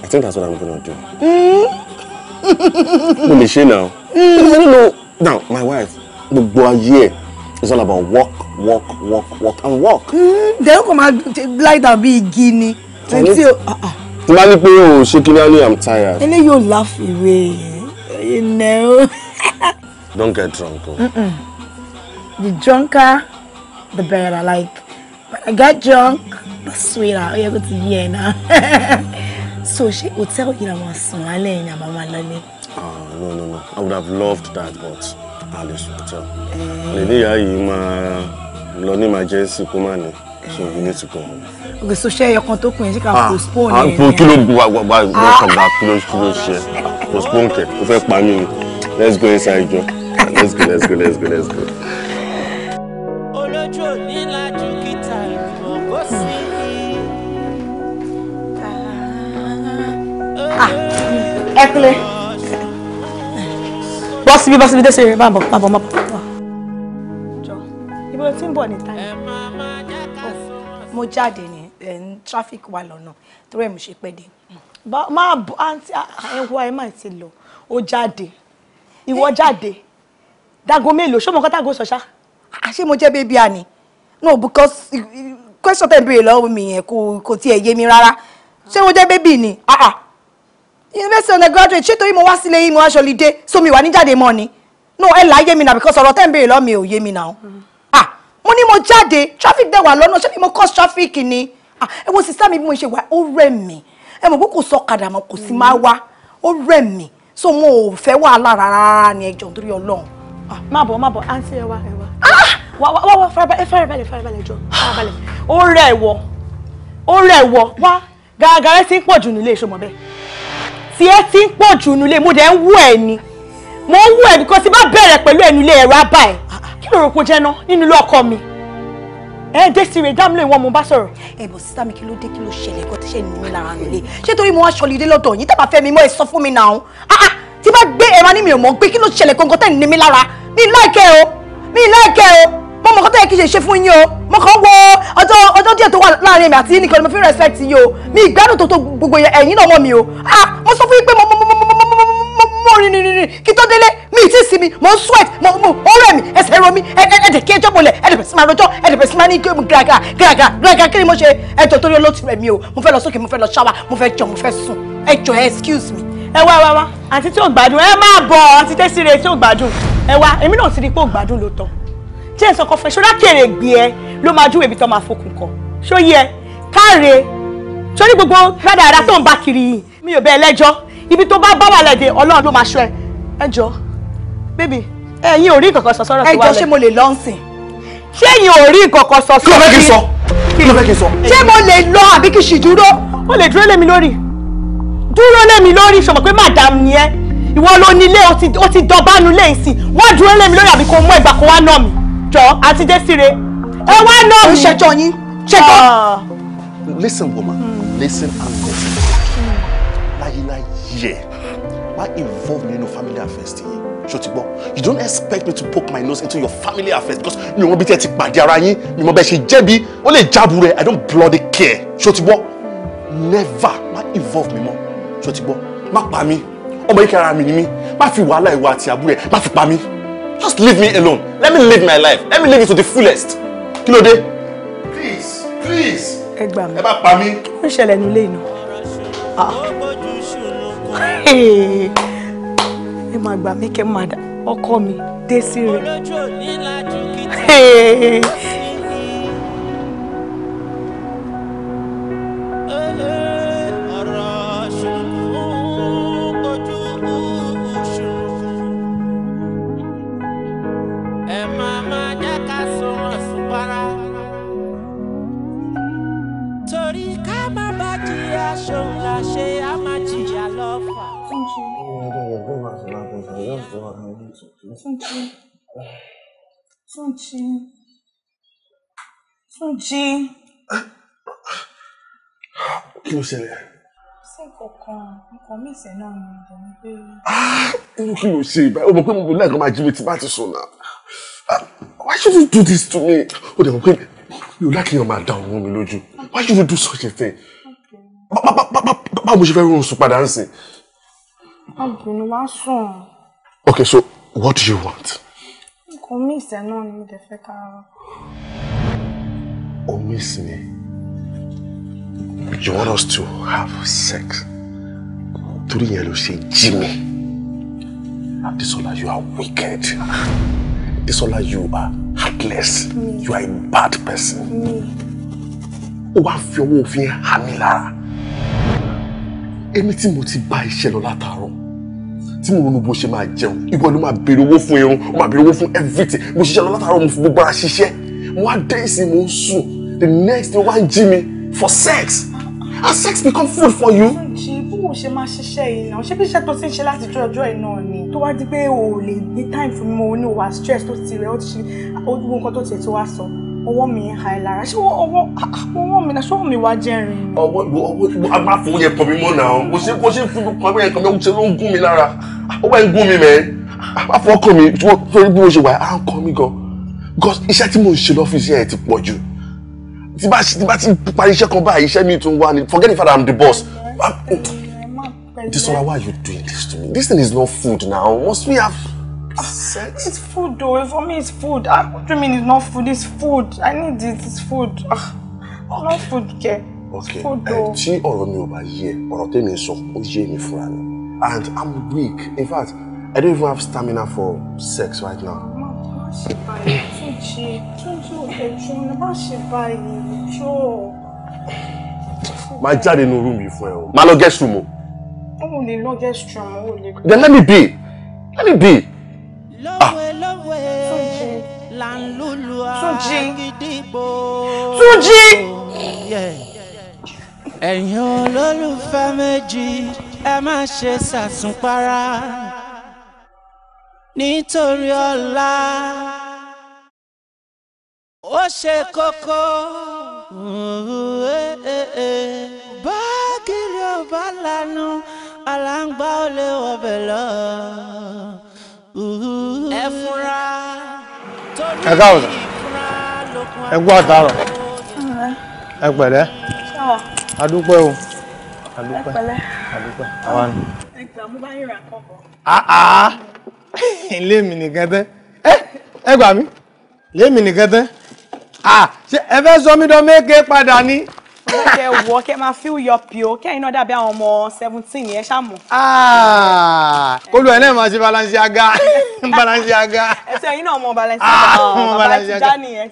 I think that's what I'm gonna do. Mm-hmm mo lè ṣe hmm. I don't know. now my wife gbogbo ayé ẹ it's all about work work work work and work. dẹ́rù hmm. kò máa lie down bí igi ni. tí o ah, ah. bá ní pé o ṣe kí lálẹ́ i'm tired. eléyìí ò laugh away you know. don't get drunk o. Oh. the drunker the better like when i get drunk the sweeter ó yẹ kó ti yẹ náà. So she would ṣé hotel yìí làwọn sùn lálẹ́ yìí àbá máa Ah No no no, I would have loved that but Alice would tell. hotel. Lè ní ìyá yìí máa lọ ní emergency so you need to go home. Okay, so ṣé your kan tó kù yẹn ṣé ah, postpone ah, yẹn? Ah, kí ló wà wà wà wọ́n kàn bá postpone it. ó fẹ́ pa let's go inside Joe. let's go let's go let's go let's go. Kúnlé. Bọ́ síbí bọ́ síbí dé sèrè bá bọ̀ bá bọ̀ má Jọ ibi tí ń bọ̀ ní táyà. Oh, mo jáde ní traffic wà lọ́nà torí ẹ̀ mo ṣe pẹ́ dé. Máa bọ̀ àǹtí ẹ̀ wá ẹ̀ máa ti lọ. Ó jáde. Ìwọ jáde. Dago mélòó ṣé mo kọ́ dago sọ̀ṣá? Àṣé mo jẹ́ bébí àní? No because question tẹ̀ ń béèrè lọ́wọ́ mi yẹn kò tiẹ̀ yé mi rárá. Ṣé mo jẹ́ bébí ni? ah. ah university graduate. ṣé torí mo wá sílé yìí mo wá ṣọlídé so mi wà ní jáde mọ́ ni no ẹ là á yé mi náà because ọ̀rọ̀ tẹ́ ń béèrè lọ́ọ́ mi ò yé mi náà ah mo ní mo jáde traffic dẹ̀ wà lọ́nà ṣé ni mo cause traffic ni ah ẹ wo sísá mi bí mo ṣe wà ó rẹ̀ mí ẹ mọ̀ pé kò sọ kàdà mọ́ kò sí máa wá ó rẹ̀ mí so mo ò fẹ́ wàhálà rárá ni ẹjọ́ nítorí Ọlọ́run. Ah, má bọ̀ má bọ̀ àǹtí ẹ wá ẹ wá ah! wá wá wá farabalẹ̀ farabalẹ̀ farabalẹ̀ jọ farabalẹ̀ ó rẹ̀ wọ ó rẹ̀ wọ wá gàgàrẹ́ ti ń pọ̀ jù nílé ìṣòmọ̀ bẹ́ẹ̀ tiẹ̀ ti ń pọ̀ jù nulẹ̀ mo dẹ̀ ń wú ẹ̀ ni mo ń wú ẹ̀ because ti bá bẹ̀rẹ̀ pẹ̀lú ẹ̀ nulẹ̀ ẹ̀rọ abá ẹ̀ kí ló rò kó jẹ́ ná nínú ilé ọkọ mi ẹ dé sí rẹ dáàmú lóyún mo bá sọ̀rọ̀. ẹ bọ sísá mi kí ló dé kí ló ṣẹlẹ̀ kó ti ní mi lára nílé ṣé torí mo wá ṣọlídé lọ́dọ̀ yìí tàbá fẹ́ mi mọ́ ẹ sọ fún mi náà ah, ah tí bá gbé ẹran ní mi ò mọ̀ gbé kí ló ṣẹlẹ̀ kóńkó tẹ̀ ní mi lára mi láìkẹ́ o mi láìkẹ́ o mo mọ̀ kọ́ tó yẹ kí n ṣe ṣe fún yín o mo kàn wo ọjọ́ ọjọ́ díẹ̀ tó wà láàrin èmi àti yín nìkan ni mo fi respect yín o mi ìgbádùn tó tó gbogbo ẹ̀yin náà mọ̀ mi o ah mo sọ fún yín pé mo mo mo mo mo mo mo mo rin rin rin kí tó délé mi ì tí ì sinmi mo ń sweat mo mo ó rẹ̀ mi ẹsẹ̀ ro mi ẹ̀ẹ́dẹ̀ kí ẹjọ́ bolẹ̀ ẹ̀ẹ́dẹ̀ pẹ̀sì máa rojọ́ ẹ̀ẹ́dẹ̀ pẹ̀sì máa ní gàgà gàgà gàgà kí ni mo ṣe ẹjọ́ torí olóòtú rẹ̀ mi o mo fẹ́ lọ sókè mo fẹ́ lọ shower mo fẹ́ jọ mo fẹ́ sùn ẹjọ́ excuse me ẹ wá wá wá àǹtí tí ò gbádùn ẹ máa bọ̀ àǹtí tẹ́sí rẹ̀ tí ò gbádùn ẹ wá èmi náà ti rí pé ò gbádùn ló tán jẹ́ ìsọkọ fún ẹ ṣọlá kèrè gbé ẹ ló máa júwèé ibi tó máa fokùn kọ ṣó yẹ káre ṣó ní gbogbo rádaràda tó ń bá kiri yìí mi ò bẹ ẹ lẹ́jọ́ ibi tó bá bá wà lẹ́dẹ̀ ọlọ́run ló máa ṣọ́ ẹ ẹ jọ bébì ẹ̀yin ò rí nǹkan kan sọ sọ́rọ̀ tó wà lẹ́ ẹ jọ ṣé mo lè lọ́nsìn ṣé ẹ̀yin ò rí nǹkan kan sọ sọ́rọ̀ kí kí ló ṣé mo lè lọ àbí kí n ṣì dúró. o lè dúró lémi lórí dúró lémi lórí sọmọ pé madam ni ẹ ìwọ ló nílé o ti dọbánu lẹ́yìn sí wọ́n dúró lémi lórí àbí kò mú ẹgbà kó wá nà mí jọ àti Désiré ẹ wá náà mi. ó ṣẹjọ yín ṣẹjọ. Ah. listen woman mm. listen and listen láyéláyé wá involve me nínú family affairs ti yín ṣòtìgbọ́ you don't expect me to poke my nose into your family affairs because mi ò mọ bí tẹ́ ti pàdé ara yín mi ò mọ bẹ́ẹ̀ ṣe jẹ́bi ó lè jábù rẹ̀ i don't bloody care ṣòtìgbọ́ never Ma involve me, mọ́ ṣòtìgbọ́ má pa mí ọmọ yìí kára mi ni mi. má fi wàhálà ìwà àti àbúrò ẹ̀ má fi pa mí. Just leave me alone. Let me live my life. Let me live it to the fullest. Kí ló dé? Please, please. Ẹ gbà mí. Ẹ bá pa mí. Kí ló ń ṣẹlẹ̀ nílé iná? Ah. Ẹ máa gbà mí kẹ́ máa dà ọkọ mi dé sí rẹ̀. Túnjí. Túnjí. Túnjí. Kí ló ṣẹlẹ̀? Ṣé kankan nǹkan mìíràn náà ni ìbò ń gbé? Irú kí ló ṣe ìbáyọ̀? O mọ̀ pé mo lẹ́ẹ̀kan máa jí mi tí bá ti sùn náà. Why should you do this to me? O dẹ̀ mọ̀ pé mi ò lákìyàn máa da ọ̀run mi lójú. Why should you do such a thing? Okay. mo ṣe fẹ́ rún oṣù padà ń sìn? Ọ̀gbìn wá sùn. Okay, so What do you want? Kò miss ẹ me. You want us to have sex? Torí yẹn ló Jimmy. This mi. you are wicked. This Adesola, you are heartless. Me. You are a bad person. Me. O wá fi ọwọ́ òfin hàn mí lára. Èmi tí mo ti tí mo ronú bó ṣe máa jẹun ìwọ ni máa béèrè owó fún irun máa béèrè owó fún everything mo ṣiṣẹ́ lọ látàárọ̀ mo fi gbogbo ara ṣiṣẹ́ mo wá dé ìsìn mo ń sùn the next day wá ń jí mi for sex and sex become food for you. ṣe bí mo ṣe máa ṣiṣẹ́ yìí náà ṣé bí iṣẹ́ tó ti ń ṣe láti jọ ọjọ́ yìí ni tó wá di pé o ò lè ní time fún mi mo ní wà stress tó ti rẹ̀ ó ti ṣe gbogbo nǹkan tó ti ẹ̀ tó wá sọ ọwọ́ mi ń ha ẹ lára ṣé ọwọ́ ọwọ́ mi náà ṣé ọwọ́ mi wá jẹ́rin ni. ọwọ́ ìwọ ọwọ́ a máa fún yẹn kàn mí mọ́ náà kò sí kò sí fún kan bí yẹn kàn mí ọ̀hún ṣe ló ń gún mi lára ọwọ́ ẹ̀ ń gún mi mẹ́ afọ́kàn mi torí bí mo ṣe wà á ń kọ́ mi gan because iṣẹ́ tí mo ń ṣe lọ́fíìsì ẹ̀ ti pọ̀ jù tí bá ti parí iṣẹ́ kan báyìí iṣẹ́ mi tún wá ni forget if I'm the boss. Disola, why are you doing this to me? This thing is not food now. Must we have reset. Ah, it's food though. For me, it's food. I, ah, what do you mean it's not food? It's food. I need it. It's food. Ugh. Ah, okay. Not food Okay. Okay. Food eh, though. Tí ọ̀rọ̀ mi ò bá yé ẹ, ọ̀rọ̀ tèmi sọ, ó yé mi fúnra And I'm weak. In fact, I don't even have stamina for sex right now. My ṣe báyìí, Túnjí. Túnjí ò lè tún guest room o. Ó lè guest room, ó lè. Then let me be. Let me be. Ah. Túnjí Túnjí. ẹ̀yin olólùfẹ́ méjì ẹ má ṣe sàsùnpara nítorí ọ̀la ó ṣe kókó. báàgì ló bá lanu àlàǹgbá lè wọbẹ̀ lọ. ẹ káàbọ̀ ẹ kú àtàrọ̀ ẹ pẹ̀lẹ́ adúpẹ́ o adúpẹ́ adúpẹ́ àwa ni. ẹ gbà mú bá yín ra kọ́kọ́. àá ilé mi nìkan tẹ́ ẹ gbà mí lèmi nìkan tẹ́ ṣé ẹ fún mi kẹ́ wọ kẹ́ máa feel your pio kẹ́yìn náà dàbí àwọn ọmọ seventeen yẹn ṣàmù. kólú ẹ̀ náà máa ṣe Balenciaga Balenciaga. ẹsẹ̀ yín náà mọ Balenciaga ah, Balenciaga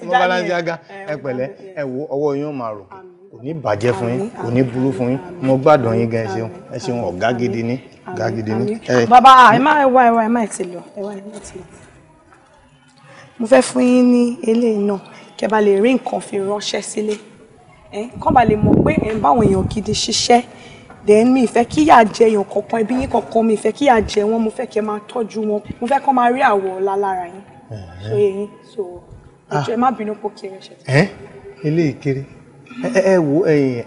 mọ Balenciaga ẹ pẹ̀lẹ́ ẹ wo ọwọ́ yín ó máa rò kò ní bàjẹ́ fún yín kò ní burú fún yín mo gbádùn yín gan ẹ ṣeun ẹ ṣeun ọ̀gá gidi ní ọ̀gá gidi ní. bàbá ẹ má ẹ wá ẹ wá ẹ má ẹ ti lọ ẹ wá ẹ má ẹ ti lọ mo fẹ́ fún yín ní eléyìí náà kẹ́ bá lè rí nǹkan fi ránṣẹ́ sílé kán bá lè mọ̀ pé ẹ̀ ń báwọn èèyàn gidi ṣiṣẹ́ then mi ìfẹ́ kí yà jẹ èèyàn kankan ẹbí yín kankan mi ìfẹ́ kí yà jẹ wọn mo fẹ́ kí ẹ máa tọ́jú wọn mo fẹ́ kán máa rí àwọ̀ ọ̀la lára yín so yẹn so ẹjọ ẹ má bínú pò kí ẹ ṣe. ẹ ilé ìkiri ẹ wo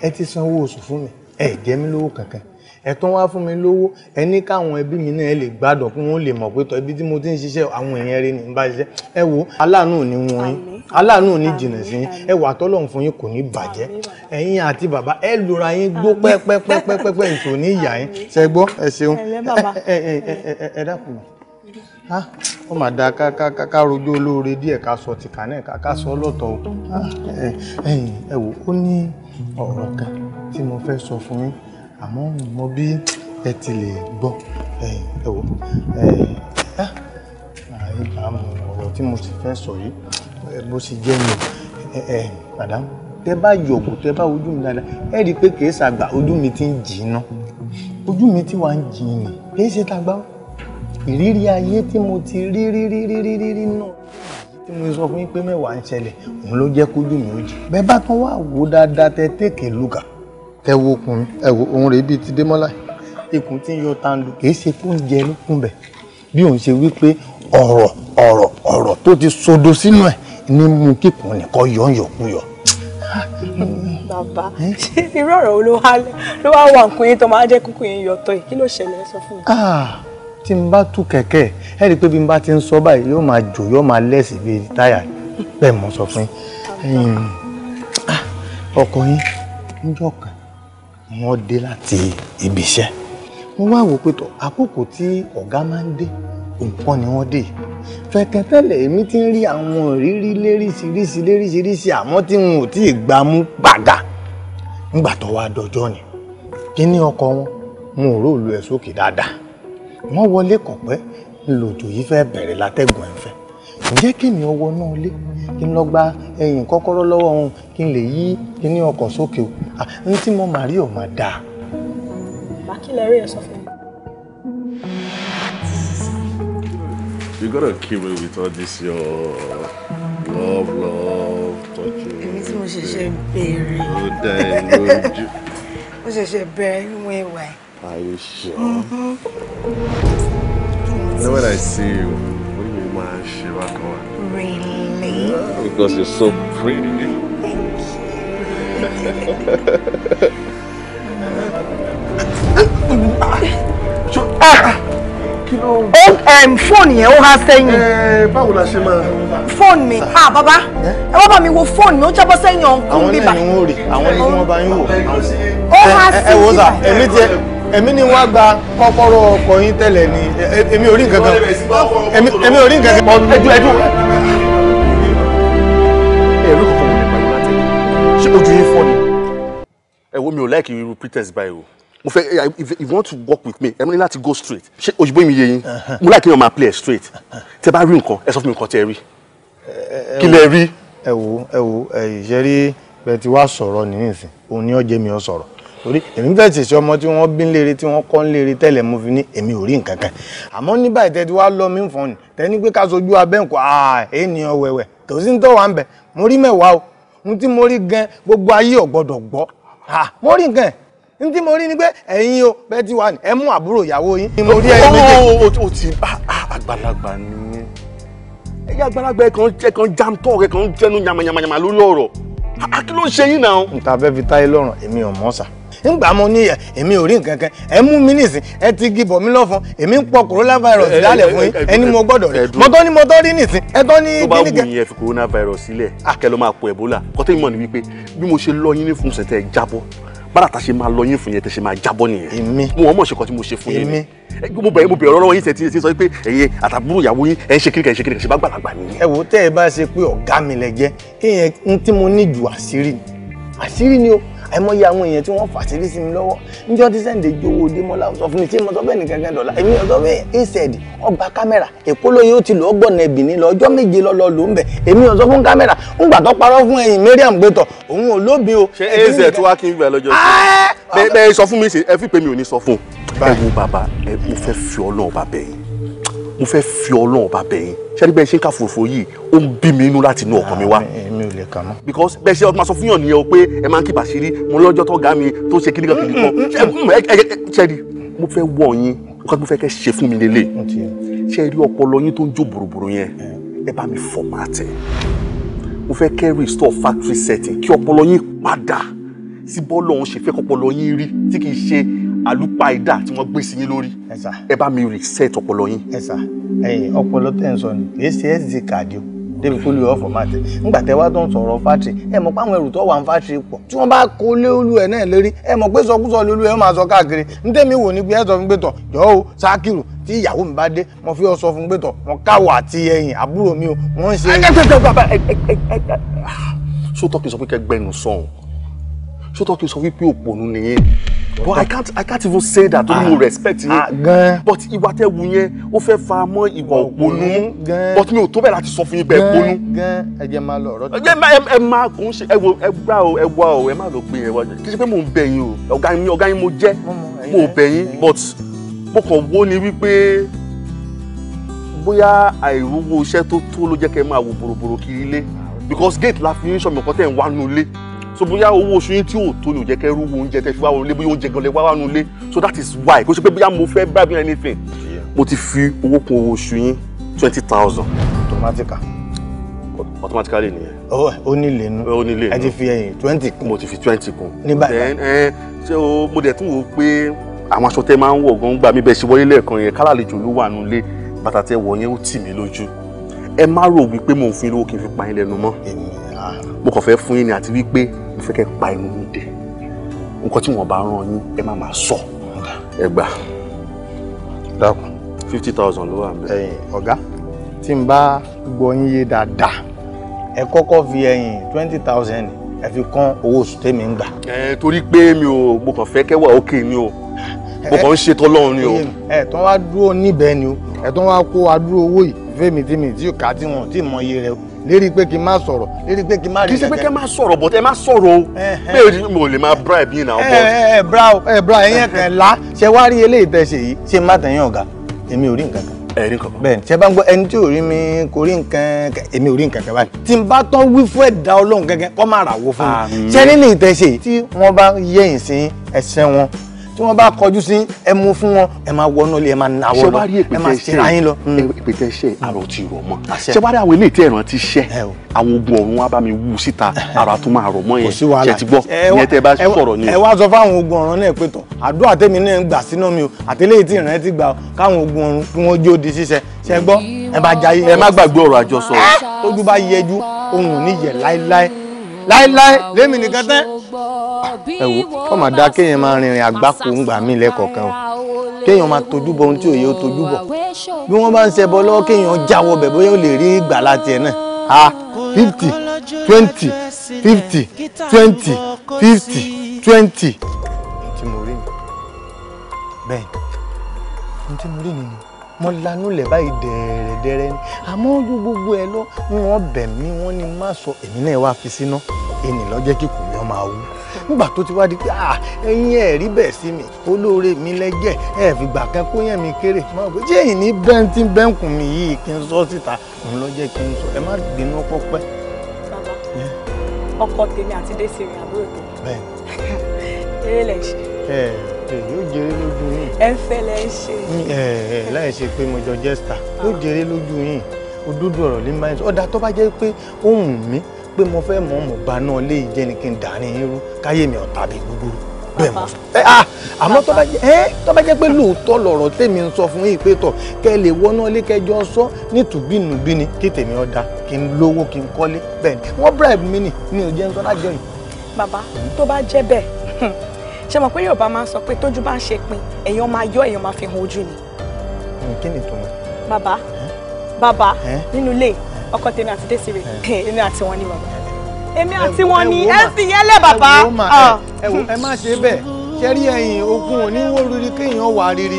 ẹ ti sanwó oṣù fún mi ẹ jẹ mí lówó kankan ẹ tún wá fún mi lówó ẹ ní káwọn ẹbí mi náà ẹ lè gbádùn kí wọ́n lè mọ̀ pé tọ́ ibi tí mo ti ń ṣiṣẹ́ àwọn èèyàn rẹ ní bá ṣiṣẹ́ ẹ wo aláàánú ò ní wọn yín aláàánú ò ní jìnnà sí yín ẹ wà tọ́lọ́run fún yín kò ní bàjẹ́ ẹ̀yin àti bàbá ẹ lura yín gbó pẹ́pẹ́pẹ́pẹ́pẹ́ ìṣò ní ìyá yín ṣe gbọ́ ẹ ṣeun ẹ dákun ó mà dáa ká ká ká ká rojọ́ olóore díẹ̀ ká sọ tìkà náà ká ká sọ lọ́tọ̀ o ẹ wò ó ní ọ̀rọ̀ kan tí mo fẹ́ sọ fún yín àmọ́ mo bí ẹ ti lè gbọ́ ẹ wò ẹ ìbámu ọ̀rọ̀ tí mo sì fẹ́ sọ yìí bó ṣe jẹ́ mi ẹ ẹ madam tẹ bá yọ̀gùn tẹ bá ojú mi dáadáa ẹ rí i pé kìí ṣàgbà ojú mi ti ń jìnnà ojú mi ti wà ń jìnnà kìí ṣe tàgbà ìrírí ayé tí mo ti rí rí rí rí rí rí rí náà tí mo sọ fún yín pé mẹ́wàá ń ṣẹlẹ̀ òun ló jẹ́ kójú mi ó jì bẹ́ẹ̀ bá tán wá wò dáadáa tẹ tẹ́kẹ̀ẹ́ lùkà ẹ wo okùn mi ẹ wo òun rèé bíi ti démọ́lá ikùn tí ń yọ tandu kì í ṣe kó ń jẹ lókun bẹ̀ bí òun ṣe wí pé ọ̀rọ̀ ọ̀rọ̀ ọ̀rọ̀ tó ti sodo sínú ẹ̀ ní mú kíkùn nìkan yọ̀ ń yọ̀kuyọ̀. bàbá ṣé irú ọ̀rọ̀ wo ló wá ló wá wà nǹkan yín tó máa jẹ́ kúkú yín yọ̀tọ̀ yìí kí ló ṣẹlẹ̀ sọ fún mi. Ah, tí n bá tú kẹ̀kẹ́ ẹ rí i pé bí n bá ti ń sọ báyìí yóò máa jò yóò máa lẹ́sì bíi táyà bẹ́ẹ̀ mo sọ fún yín hmm. ah, ọkọ yín ń jọ̀kan wọ́n dé láti ibi iṣẹ́ mo wá wò pé tó àkókò tí ọ̀gá máa ń dé nǹkan ni wọ́n dé fẹ̀kẹ̀tẹ̀lẹ̀ èmi ti ń rí àwọn ìrírí léríṣiríṣi léríṣiríṣi àmọ́ tí n ò tí ì gbà mú gbàgà nígbà tó wá dọjọ́ ni kíní ọkọ̀ wọn mo rò lu ẹ̀ sókè dáadáa wọ́n wọlé kọ̀pẹ́ ńlọjọ yìí fẹ́ bẹ̀rẹ̀ látẹ̀gùn ẹ̀ fẹ́ jẹ́ kí mi ọwọ́ náà lé kí n lọ gba ẹ̀yìn kọ́kọ́rọ́ lọ́wọ́ òun kí n lè yí kíní ọkọ̀ sókè o ní tí mo mà rí ò mà dáa. màkìlẹ̀ rí ẹ sọ fún mi. You gotta kill me with all this your love, love, touching. Èmi tí mo ṣẹ̀ṣẹ̀ bẹ̀rẹ̀. Ó dá ẹ lójú. Mo ṣẹ̀ṣẹ̀ bẹ̀rẹ̀ níwọ̀n ìwà ẹ̀. Are you sure? Mm-hmm. You know when I see you. Really? Oh, because you're so pretty. Thank you. ó oh, um, fóònù yẹn ó há sẹ́yìn. Eh, báwo la ṣe máa. fóònù mi ah Baba. Eh, Baba, me mi wo fóònù mi ó jábọ́ sẹ́yìn ọ̀hún bíbá. àwọn náà ni wọ́n rí àwọn ní kí wọ́n bá yín wò. ó há sí bíbá. ẹ wo sà èmi tiẹ̀ èmi ni wọ́n gba kọ́kọ́rọ́ ọkọ̀ yín tẹ́lẹ̀ ni e, e, èmi ò rí nǹkan kan èmi ò rí nǹkan kan ọdún ẹjú ẹjú. ẹ̀rú kòkòrò ní pàlú láti ẹ̀kọ́ ṣé ojú yín fọ́ ni. ẹ wo mi ò láìkì irú pretext báyìí o mo fẹ́ if you want to work with me ẹ ní láti go straight ṣé òyìnbó mi yé yín uh-huh. mo láìkì yàn máa play straight tẹ bá rí nǹkan ẹ sọ fún mi nǹkan tẹ rí eh, kí lẹ rí. Eh, eh, ẹ wo ẹ wo ẹ ìṣẹ́rí bẹ́ẹ̀ ti wá sọ̀rọ̀ nìyẹn sìn òun ni ó torí èmi fẹ́ ṣèṣe ọmọ tí wọ́n bí léèrè tí wọ́n kọ́ léèrè tẹ́lẹ̀ mo fi ní èmi ò rí nǹkan kan àmọ́ ní báyìí tẹ́tí wá lọ mí fọ́n tẹ́ni pé ká sojú abẹ́ǹkọ ènìyàn wẹ̀wẹ̀ kò sí ní tọ́wọ́ ń bẹ̀ mo rí mẹ́wàá o ohun tí mo rí gan gbogbo ayé ò gbọ́dọ̀ gbọ́ mo rí nǹkan ohun tí mo rí ni pé ẹ̀yin o bẹ́ẹ̀ ti wà ní ẹ mú àbúrò ìyàwó yín ni mo rí oh, oh, oh, ti ah, ah, ńgbà mo níyà èmi ò rí nǹkan kan ẹ mú mi nísìn ẹ ti gi bọ̀ mí lọ́fun èmi ń pọ coronavirus dálẹ̀ fún yín ẹni mo gbọ́dọ̀ rí mo tọ́ ni mo tọ́ rí nísìn ẹ tọ́ ní kíníkẹ́. tó bá wù yín ẹ fi coronavirus sílẹ̀ akẹ́ ah. ló máa pọ̀ Ebola kọ́tẹ́ ìmọ̀ ni wípé bí mo ṣe lọ yín ní fún sẹ̀tẹ̀ jábọ́ bára ta ṣe máa lọ yín fún yẹn tẹ ṣe máa jábọ́ nìyẹn èmi mo wọ́n mọ̀ ṣe kọ́ tí mo ṣe fún yẹn mo bẹ̀rẹ̀ mo bẹ̀rẹ̀ ọ̀rọ̀ yín tẹ̀tí ṣe sọ pé ẹ̀yin àtàbúrò ìyàwó yín ẹ̀ ń ṣe kíríkà ẹ̀ ń ṣe kíríkà ṣe bá gbàlagbà nìyẹn. ẹ wo tẹ́ ẹ bá ṣe pé ọ̀gá mi lẹ jẹ́ èèyàn ń tí mo ní ju àṣírí àṣírí ni o àìmọye àwọn èèyàn tí wọ́n fà sílé sí mi lọ́wọ́ níjọ́ tí sẹ́ǹdẹ̀ jowó démọ́lá sọ fún mi tí mo sọ bẹ́ẹ̀ ní gángan dọ̀la èmi ọ̀sọ́ bẹ́ẹ̀ aced ọba kámẹ́rà èkó lóye ó ti lọ́ọ́ gbọ̀nà ẹ̀bì ní lọ ọjọ́ méje lọ́ọ́ lò ń bẹ̀ èmi ọ̀sọ́ fún kámẹ́rà ńgbà tó parọ́ fún ẹ̀yìn mariam gbẹtọ̀ òun ò lóbi o. ṣé aced wá kí n gbà lọ́jọ́ sí i ah! bẹ́ẹ̀ ẹ sọ fún un. báwo bàbá ẹ fi ọlọ́ọ̀bà bẹ̀yìn mo fẹ́ fi ọlọ́run bá bẹ̀ yín ṣẹ́ni bẹ́ẹ̀ ṣe ń káfòfò yìí ó ń bí mi inú láti inú ọkàn mi wá. èmi ò lè kà mọ́. because bẹ́ẹ̀ ṣe ọdún máa sọ fún yàn nìyẹn o pé ẹ máa ń kíbà ṣírí mo lọ́jọ́ tó ga mi tó ṣe kíníkan kíníkan ṣẹ́ni mm, mo fẹ́ wọ̀ yín nǹkan tí mo fẹ́ kẹ́ ṣe fún mi lélẹ̀ ṣẹ́ni ọpọlọ yín tó ń jó bòròbòrò yẹn ẹ bá mi fọ̀mátẹ̀ mo fẹ́ kẹ́ restore factory setting kí ọpọlọ yín padà sí bọ́ọ̀lù ọ̀hún ṣe fẹ́ kọ́pọlọ yín rí tí kì í ṣe àlùpàìdà tí wọ́n gbé sí yín lórí ẹ bá mi reset ọpọlọ yín. ọpọlọ tẹ̀ ń sọ ni kì í ṣe sd card o débi kó lè ọ̀fọ̀ máa tẹ̀ nígbà tẹ́ wá tó ń sọ̀rọ̀ fátìrì ẹ mọ̀ pé àwọn ẹrù tó wà ń fátìrì pọ̀ tí wọ́n bá kó lé olú ẹ̀ náà lérí ẹ mọ̀ pé sọkúsọ lé olú máa sọ káàkiri ní tẹ́mi wò ní pé ẹ sọ fún gbẹ̀tọ̀ jọ́ o sákìrù tí ìyàwó mi bá dé mo fi ọ sọ fún gbẹ̀tọ̀ mo káwọ̀ àti ẹ̀yìn àbúrò mi o wọ́n ń ṣe. sótọ́ kì í sọ pé kẹ́ gbẹnu sọ̀hún sọ́tọ̀ kí n sọ wípé òpònú nìyẹn but i can't i can't even say that don't know ah, respect yẹn ah, gan but ìwà tẹ wù yẹn ó fẹ́ fa mọ́ ìwà òpònú but mi ò tó bẹ́ẹ̀ láti sọ fún yín pé ẹ ẹ jẹ máa lọ ọ̀rọ̀ tí. ẹ máa kò ń ṣe ẹ wo ẹ gbá o ẹ wá o ẹ má lọ pé ẹ wá kí ṣe pé mò ń bẹ̀ yín o ọ̀gá yín ọ̀gá yín mo jẹ́ mo bẹ̀ yín but mo kàn wó ni wípé bóyá àìrówó iṣẹ́ tó tó ló jẹ́ kẹ́ máa wò bòròbòrò kiri ilé ah, because gate la fi ń ṣọmọkọ tẹ̀ ń wá nulẹ̀ so bóyá owó oṣù yín tí ò tó ni ò jẹ́ kẹ́ rú oúnjẹ tẹ́ fi wá wọlé bóyá oúnjẹ gan lẹ wá wá nulẹ̀ so that is why kò ṣe pé bóyá mo fẹ́ bá bí anything mo ti fi owó kún owó oṣù yín twenty thousand. automatica. automatically nìyẹn. ọwọ ó nílé nu ó nílé nu ẹ ti fi ẹyìn twenty kún. mo ti fi twenty kún. ní báyìí. ẹ ṣé o mo dẹ̀ tún wò ó pé àwọn aṣọ tẹ máa ń wọ̀ gan gbà mí bẹ́ẹ̀ ṣe wọlé lẹ́ẹ̀kan yẹn kálàlejò ló wà nulẹ̀ bàtà tẹ wọ̀ yẹn ó tì mí lójú ẹ má rò wípé mo ń fún yín lówó kí n fi pa yín lẹ́nu mọ́ ah. mo kàn fẹ́ fún yín ni àti wípé mo fẹ́ kẹ́ pa ẹnu mi dé nǹkan tí wọ́n bá rán yín ẹ má máa sọ ẹ gbà. dákun fifty thousand ló wà níbẹ̀. ẹ̀yin ọ̀gá tí n bá gbọ́ yín yé dáadáa ẹ kọ́kọ́ fi ẹ̀yin twenty thousand ẹ fi kán owó oṣù tèmi ń gbà. ẹ torí pé mi ò mo kàn fẹ́ kẹ́wà òkè ni o mo kàn ń ṣe tọ́lọ́run ni o. ẹ tó wá dúró níbẹ̀ ni o ẹ tó wá kó wa dúró owó yìí fẹ́mi tí mi tí ò ká tí wọn ò tí ì mọ iye rẹ o lérí pé kí n má sọ̀rọ̀ lérí pé kí n má rí. kì í ṣe pé kẹ́ má sọ̀rọ̀ bọ̀ tẹ́ má sọ̀rọ̀ o pé mo lè máa bra ẹ̀bí ìnáwó bọ̀. ẹ ẹ bra ẹ bra ẹyẹn kan lá ṣe wá rí eléyìí tẹ ṣe yìí ṣe má tẹ̀yìn ọ̀gá èmi ò rí nǹkan kan. ẹ rí nǹkan kan. bẹ́ẹ̀ni ṣe bá ń gbọ́ ẹni tí ò rí mi kò rí nǹkan èmi ò rí nǹkan kan báyìí. tí n bá tán wí fún ẹ̀dá ọlọ́run gẹ́gẹ́ kọ́ máa ràwọ̀ fún tí wọ́n bá kọjú sí ẹ mú fún wọn ẹ máa wọnú ilé ẹ máa náwó lọ ẹ máa ṣe ayín lọ. ìpètè hmm. ṣe àrò ti rọ̀ mọ́ ṣé wàá rí àwọn eléyìí tí ẹ̀ràn ti ṣẹ́ àwọn ogun ọ̀run wa bá mi wú síta ara tó máa rọ̀ mọ́ yẹn ṣe ti gbọ́ ìyẹn tẹ́ bá sọ̀rọ̀ ni. ẹ wá sọ fáwọn ogun ọ̀run náà pé tán àdúrà tèmi náà ń gbà sínú mi o àtẹlẹ́yìn tí ìrìn ti gbà káwọn ogun ọ̀run kí wọ́n jó di ṣíṣẹ ṣe gbọ́ ẹ bá jayé. ẹ má gbàgbé ọ̀rọ̀ àjọsọ. Ah! tójú bá yẹjú ohun ò ní yẹ láéláé láéláé lémi nìkan tẹ́ ẹ wo ọmọ àdá kéèyàn máa rìnrìn àgbákò ń gbà mí lẹ́kọ̀ọ̀kan o kéèyàn máa tojú bọ ohun tí òye ó tojú bọ bí wọ́n bá ń ṣẹbọ lọ́wọ́ kéèyàn jáwọ́ bẹ̀ bóyá ó lè rí ìgbà láti ẹ̀ náà a fifty twenty fifty twenty fifty twenty. tí mo rí ni bẹ́ẹ̀ ni tí mo rí ni ni mo lanú lẹ̀ báyìí dẹ̀rẹ̀dẹ̀rẹ̀ ni àmọ́ ojú gbogbo ẹ lọ ni wọ́n bẹ̀ mí wọ́n ní má sọ èmi náà wá fi síná ènì lọ́jẹ́ kíkù mi ọ́ máa wú nígbà tó ti wá di pé ah, ẹ̀yin ẹ̀ rí bẹ́ẹ̀ sí mi olóore mi lẹ́jẹ̀ ẹ̀ fìgbà kan kó yẹn mi kéré máa gbé jẹ́ ìní bẹ́ńtì bẹ́ńkùn mi yìí kí n sọ síta òun lọ jẹ́ kí n sọ ẹ má bínú pọ́pẹ́. ọkọ tèmi àti dèsè rìn àbúrò tó. bẹ́ẹ̀ eré lẹ ṣe. ẹ ẹ yóò jèrè lójú yín. ẹ ń fẹ́ lẹ ṣe. ẹ ẹ láì ṣe pé mo jọ jẹ́sítà yóò jèrè lójú yín òdodo ọ̀rọ̀ lè máa ń sọ ọ̀dà tó bá jẹ́ pé ohun mi pé mo fẹ́ mọ̀ mọ̀ gba náà lé ìjẹ́ ni kí n dà ní irú káyé mi ọ̀tá bíi gbogbo bẹ́ẹ̀ mo sọ. Ah, àmọ́ tó bá jẹ́ ẹ́ tó bá jẹ́ pé lóòótọ́ lọ̀rọ̀ tèmi ń sọ fún yìí pé tọ̀ kẹ́ lè wọ́nà lé kẹjọ sọ nítùbínúbí kí tèmi ó dá kí n lówó kí n kọ́lé bẹ́ẹ̀ ni wọ́n bribe mi nì mi ò jẹ́ ń sọ lájọ yìí. bàbá tó bá jẹ́ bẹ́ẹ̀ ṣe mọ̀ pé Yorùbá máa ń sọ pé tójú bá ń ṣe pin èèyàn máa yọ èèyàn máa fi hàn ojú ni. Hmm, kí ni tòun. bàbá hmm? bàbá hmm? nínú ilé ọkọ tèmi àti désiré eh. èmi àti wọn ni bàbá èmi àti wọn ni e, ẹ fi yẹn lẹ bàbá. ẹ má ṣe bẹ́ẹ̀ ṣe rí ẹ̀yin ogun òní wó riri kéèyàn wà riri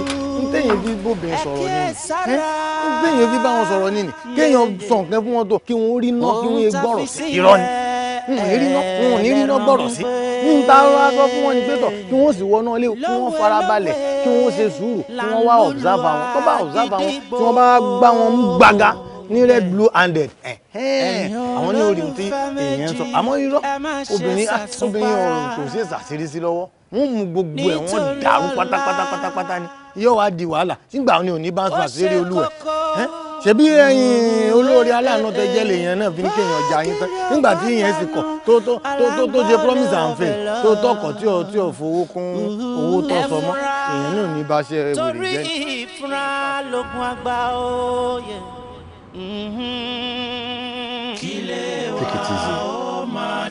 téèyàn bí bóbìnrin sọ̀rọ̀ nínú téèyàn bí báwọn sọ̀rọ̀ nínú kéèyàn sọ nǹkan fún wọn tó kí wọn rí náà kí wọn gbọ́rọ̀ sí irọ́ ni wọn ò ní rí náà wọn ò ní rí ta ara sọ fún wọn ni pé tọ kí wọn sì wọnà ilé kí wọn farabalẹ̀ kí wọn ṣe sùúrù kí wọn wá observe wọn tó bá observe wọn tí wọn bá gbá wọn gbàgà ní red blue handed àwọn ní orí tí èèyàn sọ àmọ́ irọ́ obìnrin ah, obìnrin ọ̀rọ̀ kò sí ìsàṣírí sí lọ́wọ́ wọ́n mú gbogbo ẹ̀ wọ́n dàrú pátápátá pátápátá ni yóò wá di wàhálà nígbà wọn ni ò ní bá ń sọ àṣírí olúwẹ̀ ṣebí ẹ̀yin olórí aláàánú tẹ jẹ lèèyàn náà fi ń kéèyàn ọjà yín tán nígbà tí ìyẹn sì kọ tó tó tó tó ṣe promise and fail tó tọkọ tí ò tí ò fowó kún owó tó sọ mọ èèyàn náà ní bá ṣe wèrè jẹ. torí ìfúnra lógun àgbà ó yẹ kílé wa ó máa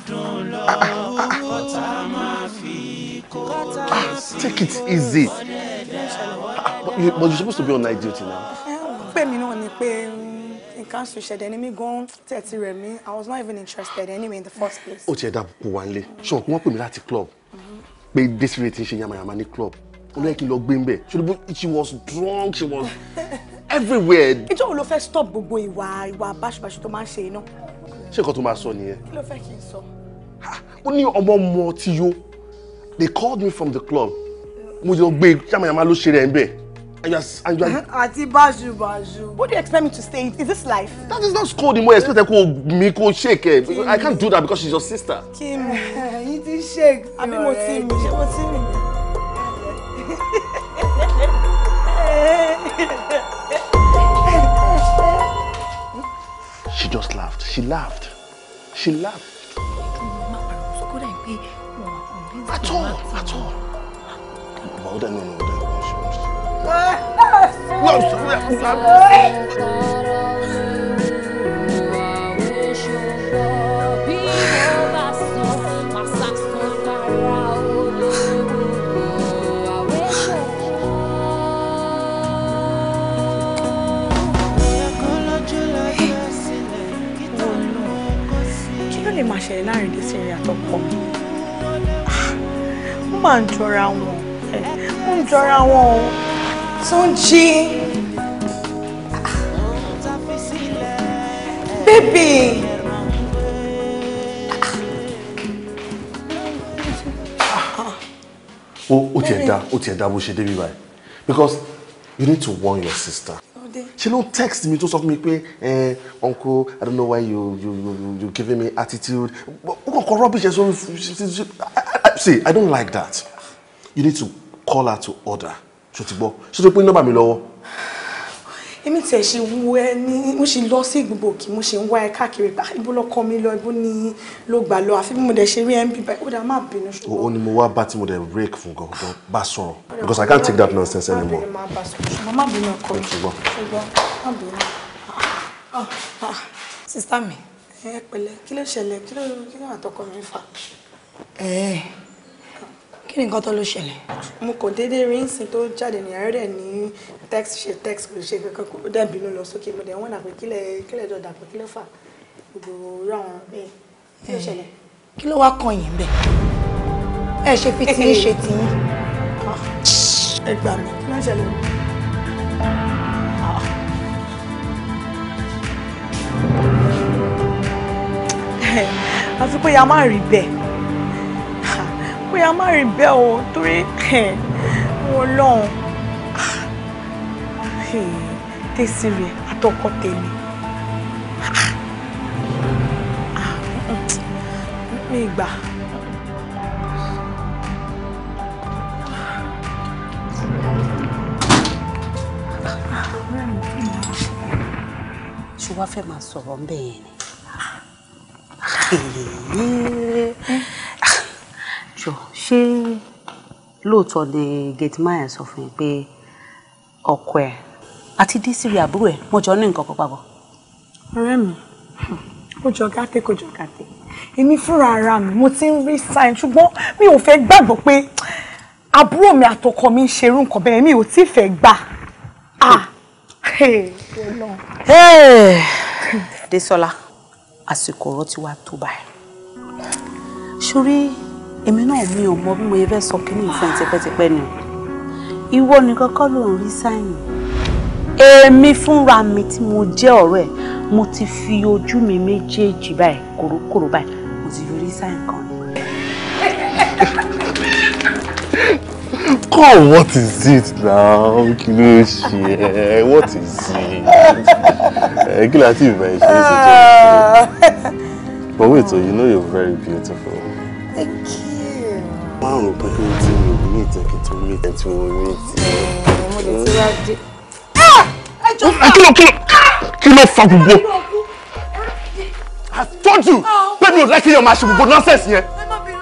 take it easy but you but you supposed to be on night duty now. pé mi náà ni pé mm, nǹkan sùn ṣẹ̀dẹ̀ ni mí gan-an tẹ̀tí rẹ̀ mí I was not even interested anyway in the first place. ó ti ẹ̀dá kó wa nílé ṣùgbọ́n kí wọ́n pè mí láti club pé desiree ti ń ṣe yamayama ní club olóyè kí n lọ gbé ń bẹ̀ ṣùgbọ́n she was drunk she was everywhere. ìjọ wo ló fẹ́ stop gbogbo ìwà ìwà báṣubàṣu tó máa ń ṣe iná. ṣé nǹkan tó máa sọ nìyẹn. kí ló fẹ́ kí n sọ. ó ní ọmọ ọmọ tí yó they called me from the club mo jọ gbé yamayama ló ṣe rẹ̀ ń bẹ̀. àti báṣubàṣu. what do you expect me to say is this life. that is not scolding mo expect ko mi ko shake ẹ i can't do that because she's your sister. kí ni yìí ti shake. àbí mo ti mi ṣé mo ti mi. Yeah. she just laughed she laughed she laughed. at all at all. but then no no then no she won't. no sorry. Láàríndéṣeré àtọkọ mi ah, wọ́n máa ń jọra wọn eh, wọ́n ń jọra wọn o Túnjí ah, bébì. Ah, ó tiẹ̀ dá ó tiẹ̀ dá bó ṣe débi báyìí because you need to warn your sister. She ló text me to sọ me, mi pé eh, uncle i don't know why you you you you giving me attitude ó kàn kọ rubbish ẹ sórí see i don't like that you need to call her to order ṣòtìgbọ́ ṣòtìgbọ́ nọ́mbà mi lọ́wọ́ èmi tiẹ̀ ṣe wú ẹ ní mo ṣe lọ sí gbogbo òkè mo ṣe ń wá ẹ káàkiri gbà ah, ibo lọkọ mi lọ ibo ni ló gbà lọ àfi bí mo dẹ̀ ṣe rí ẹ ń ó dà má bínú ṣùgbọ́n. ó ní mo wá bá tí mo dẹ̀ break fún gangan bá sọ̀rọ̀ because i can't take that nonsense anymore. ṣùgbọ́n má bínú ọkọ mi ṣùgbọ́n má bínú. sista mi. ẹ pẹ̀lẹ́ kí ló ṣẹlẹ̀ kí ló kí ló àtọkọ mi fà. ẹ kí ni nǹkan tó ló ṣẹlẹ̀. mo kàn déédéé rí ìsìn tó jáde nìyàrá rẹ̀ ní text ṣe text kò ṣe kankan kó dẹ̀ bínú lọ sókè mo dẹ̀ wọ́n nà pé kílẹ̀ kílẹ̀ dọ̀dà pé kílẹ̀ fà gbogbo irú àwọn bẹ́ẹ̀ kí ló ṣẹlẹ̀. kí ló wá kan yín bẹ́ẹ̀ ẹ ṣe fi tí ń ṣe tí yín ẹ gbà mí kí ló ń ṣẹlẹ̀ o. Ah. àfi pé ya máa rí o torí tẹ́sírì àtọkọ tèmi ah, mi gbà. ṣé wàá fẹ́ máa sọ̀rọ̀ ń bẹ̀ yẹn ni. Ah, jọ ṣé lóòótọ́ ni gate man sọ fún yín pé ọkọ ẹ̀ àti dísìrì àbúrò ẹ̀ wọ́n jọ ní nǹkan kan papọ̀. ọ̀rẹ́ mi ó jọ gàtẹ́ kó jọ gàtẹ́ èmi fúnra ara mi mo ti ń rí sign ṣùgbọ́n mi ò fẹ́ gbàgbọ́ pé àbúrò mi àtọkọ mi ń ṣerú nǹkan bẹ́ẹ̀ mi ò tí fẹ́ gbà á. Désọ́lá àsìkò ọ̀rọ̀ ti wá tó báyìí sórí èmi náà mi ò mọ bí mo yẹ fẹ́ sọ kí ní ìfẹ́ tipẹ́tipẹ́ ni ìwọ nìkan kọ́ ló ń rí sáyìn èmi fúnra mi tí mo jẹ́ ọ̀rẹ́ mo ti fi ojú mi méjèèjì báyìí kòrókòró báyìí mo ti rí sáà nǹkan. God, what is it now? Kí ló ṣe ẹ́? What is it? Ẹ eh, kí láti ìgbà ìṣe ìṣe tó ṣe. But wait, oh, you know you're very beautiful. Thank you. Márùn-ún pé kí n ti ní ìtẹ̀kẹ́ tó ní ìtẹ̀ tí mo Mo lè ti wá dé kí ló kí ló kí ló fa gbogbo. I told you pé mi ò lẹ́kìn yẹn máa gbogbo nonsense yẹn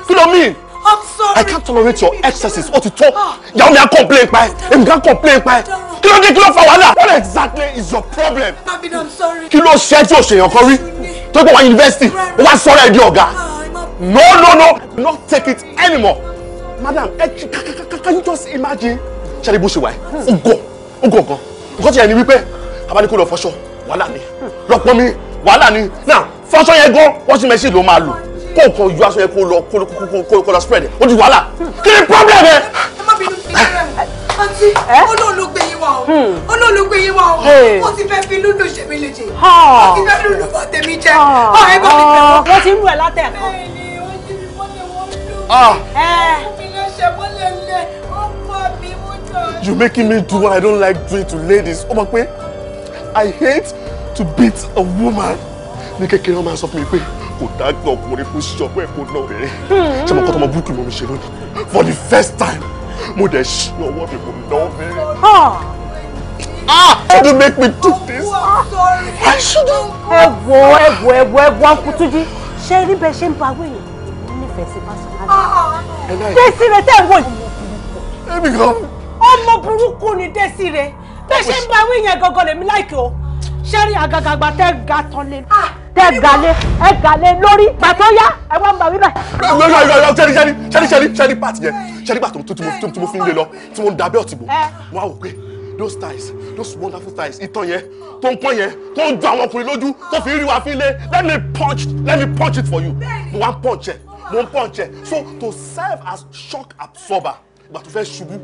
kí ló mean. I'm sorry. I can't tolerate your excesses. Ó ti tó. Ah. Ìyàwó mi á complain pa ẹ̀. Èmi kan complain pa ẹ̀. Kí ló dé kí ló fa wàhálà? What exactly is your problem? Babi, I'm sorry. Kí ló ṣe tí òṣèyàn kan rí? Tó gbọ́ wá yunifásitì, ó wá sọ̀rọ̀ ẹ̀ di ọ̀gá. Ah, no, no, no, I not take it anymore. Madam, can you just imagine? Ṣé ibo ṣe wà ẹ́? Hmm. Ó gọ̀, gan nǹkan ti yẹn ni wípé abánikó lọ fọṣọ wàhálà ni lọpọ mi wàhálà ni now fọṣọ yẹn gan washing machine ló máa lò kó o kọ ju aṣọ yẹn kó o lọ kó o kó o lọ spread ẹ o di wàhálà kí ni problem ẹ. ẹ má bínú fi rẹ àǹtí olóòlùgbé yín wà o hmm. olóòlùgbé yín wà o wọ́n ti fẹ́ fi lúlù ṣe mí léje wọ́n ti fẹ́ lúlù bọ́ tèmi jẹ ọ ẹ bá mi tẹ̀ wọ́n. wọ́n ti ń rú ẹ látẹ̀kọ́. ẹ ẹ you making me do what I don't like doing to ladies ó mọ̀ pé I hate to beat a woman ní kékeré wọn máa sọ fún mi pé kò dágbà ọkùnrin kò ṣe ọgbọ́n ẹ̀kọ́ náà rẹ̀ ṣe mo kọ́ tọmọ burúkú mi for the first time mother, dẹ̀ ṣí ọwọ́ know me. náà Ah! How do you make me do this? I shouldn't should you? Ẹ wo ẹ wo ẹ wo ẹ wo akutuji. Ṣé rí bẹ́ẹ̀ ṣe ń ba wẹ̀yìn? Nífẹ̀ẹ́ sí pásítọ̀. Ah! Ṣé sílẹ̀ tẹ̀ ń wò Let me kan ọmọ burúkú ni dẹ́sí rẹ bẹ́ẹ̀ ṣe ń bá wí yẹn gangan lèmi láìkè o ṣẹ́rí àgàgàgbà tẹ́ ga tán lé ah, tẹ́ ga lé ẹ ga lé lórí gbàtọ́ yá ẹ wá ń bà wíbẹ̀. yọ yọ yọ yọ ṣẹ́rí ṣẹ́rí ṣẹ́rí ṣẹ́rí ṣẹ́rí pàtì yẹn ṣẹ́rí pàtì tó tí mo fi ń lé lọ tí mo ń dabẹ́ ọ̀tí bò eh. wọ́n á wò pé those ties those wonderful ties ìtàn yẹn tó ń pọ́n yẹn tó ń ju àwọn ọkùnrin lójú tó fi rí wa fi lé let me punch let me punch it for you mo wá ń punch ẹ mo ń punch ẹ so to serve as shock absorber ìgbà tó fẹ́ ṣubú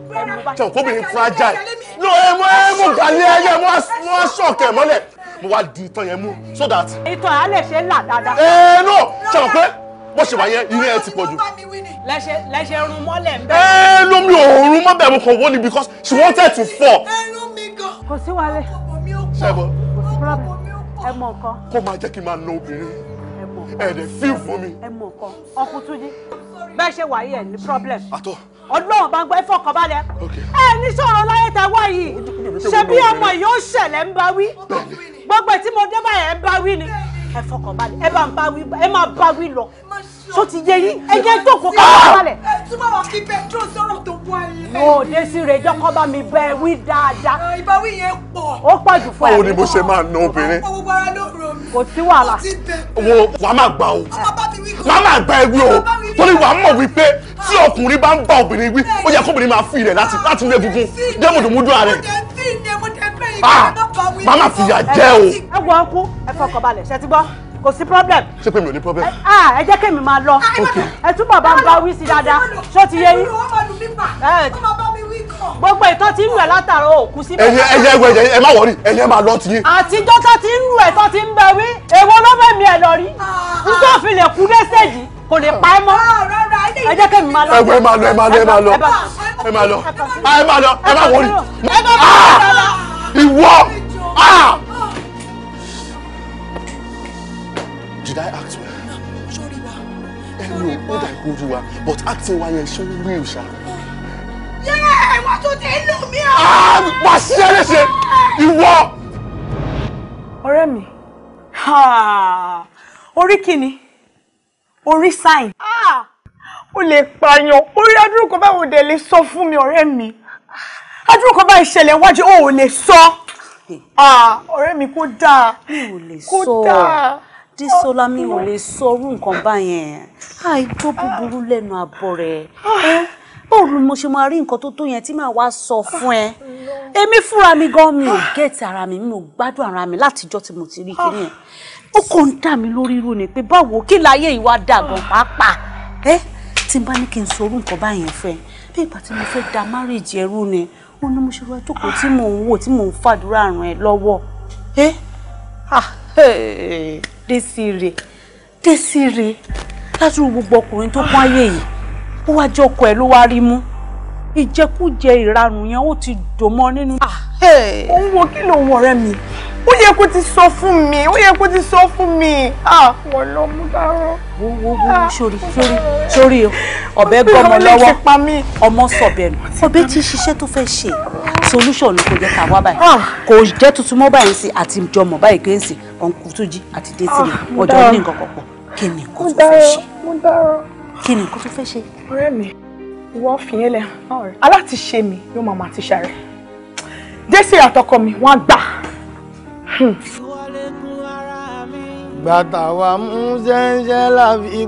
tẹ̀ kó bìnrin fragile ló ẹ mọ ẹ mọ gàlẹ́ ẹyẹ mọ aṣọ̀kẹ́ mọ́lẹ̀ mo wá di ìtàn yẹn mú so that. ìtàn àlẹ́ ṣe ń là dáadáa. ẹ náà ṣe pé bó ṣe wà yẹn ilé ẹ ti pọ̀ jù. lẹ́ṣẹ̀ lẹ́ṣẹ̀ rún mọ́lẹ̀ ń bẹ̀. ẹ ló mi ò rún mọ́bẹ̀ mo kàn ni because she wanted to fall. ẹ rún mi gan. kò sí wàhálẹ̀. ṣe bọ. ẹ mọ nǹkan. kó máa jẹ́ kí n máa na obìnrin ẹ dẹ̀ fíìmù fún mi. ẹ mọ nǹkan ọkùnrin tún jí bẹ́ẹ̀ ṣe wà yẹn ní problem. àtọ ọlọ́run bá ń gbọ́ ẹ fọkànbalẹ̀ ẹ ní sọ̀rọ̀ láyé tẹ wá yìí ṣebí ọmọ yìí ó ṣẹlẹ̀ ń bá wí gbogbo tí mo dé báyìí ẹ bá wí ni ẹ fọkànbalẹ̀ ẹ bá ń bá wí ẹ máa bá wí lọ tó ti yé yín ẹ jẹ́ tó kó ká fọkànbalẹ̀. ẹ túbọ̀ wá fi petro sọ̀rọ̀ tó wá ilé. mo dé sí rẹ jọkọ bá mi bẹ wí dáadáa. ìbáwí yẹn pọ̀. ó pọ̀ jù fún ẹ. báwo ni mo ṣe máa na obìnrin. kò sí wàhálà. wo wàá má gbà o wàá má gbà ẹ wí o torí wàá mọ̀ wípé tí ọkùnrin bá ń bá obìnrin wí ó yẹ kóbìnrin máa fi rẹ̀ láti láti ilé funfun dẹ́mọ̀dùmúdù ààrẹ. Ah! màmá fìyà jẹ́ o. ẹ wọ ọkú ẹ fọkànbalẹ̀ ṣe ti gbọ́ kò sí problem. ṣé pé mi ò ní problem. ẹ ah, jẹ́ kí èmi máa lọ ẹ túbọ̀ bá ń bá wí sí dáadáa ṣó ti yé yín. gbogbo ètò tí ń rẹ̀ látàrọ òkú síbẹ̀. ẹyẹ ẹyẹ ẹwẹ ẹyẹ ẹ má wọrí ẹyẹ máa lọ tiyín. àtijọ́ tó ti ń rẹ̀ tó ti ń bẹ wí èwo ló fẹ́ mi ẹ̀ lọ rí ah, n tó fi lè kú dé stage kò lè pa ẹ́ mọ́ ẹ jẹ́ kẹ́mi máa lọ. ẹ máa lọ ẹ máa lọ ẹ máa lọ ẹ máa lọ ah, ẹ máa lọ ẹ máa wọlé ah! ìwọ. Ah! Did I act well? ẹnu ó dà ìkójú wa but acting wa yẹn ṣó ń rí ìṣá. yẹ́ẹ̀ wọ́n tún ti lù mí o. wàá ṣiṣẹ́ léṣe ìwọ. ọ̀rẹ́ mi orí kìíní orí sáìn o lè pààyàn orí adúrú kan báwo dẹ̀ lè sọ fún mi ọ̀rẹ́ mi adúrú kan bá ìṣẹ̀lẹ̀ wájú ó ò lè sọ ọ̀rẹ́ mi kò dáa kò dáa dísọlá mi ò lè sọ orú nǹkan báyẹn àìjọ búburú lẹ́nu àbọ̀ rẹ̀ báwo ni mo ṣe máa rí nǹkan tó tó yẹn tí màá wá sọ fún ẹ èmi fúnra mi gan mi ò gẹ̀ẹ́tì ara mi mi ò gbádùn ara mi látijọ́ tí mo ti rí kí nìyẹn ó kàn ń dà mí lórí irú ni pé báwo kí láyé ìwà dà gan pàápàá tí n bá ní kí n sọ orú nǹkan báyẹn fẹ́ bí ìgbà tí mo fẹ́ da márèjì ẹrú ni ó ní mo ṣe wá jókòó tí mò ń wò tí mò ń fàdúrà ràn ẹ́ lọ́wọ́ ẹ́ ah Désiré Désiré látúrú gbogbo ọkùnrin tó pọ́n ayé yìí ó wá jọ́kọ̀ ẹ̀ ló wá rí mú ìjẹkújẹ ìranù yẹn ó ti dùn mọ́ nínú. Ah, òun wo kí lòun ọ̀rẹ́ mi ó yẹ kó ti sọ fún mi ó yẹ kó ti sọ fún mi ah, wọn lọ mú dáràn. wo wo wo sórí sórí sórí ọ̀bẹ gbọ́mọ lọ́wọ́ ọmọ sọ̀bẹ nù ọ̀bẹ ti ṣiṣẹ́ tó fẹ́ ṣe solution kò jẹ́ ká wá báyìí ah. kò jẹ́ tuntun mọ́ báyìí sí àti ìjọmọ̀ báyìí kò ń sìn ọ̀nkú tó jí àti dé sílẹ̀ ọjọ́ ní nǹkan kan pọ̀ kí ni nǹkan tó fẹ́ ṣe kí ni nǹkan tó fẹ́ ṣe. ọ̀rẹ́ mi ìwọ fi yẹn lẹ aláti ṣe mi yóò máa máa ti ṣàrẹ jésì àtọkọ mi wọn gbà. gbàtà wa mú ṣẹ́ńṣẹ́ la fi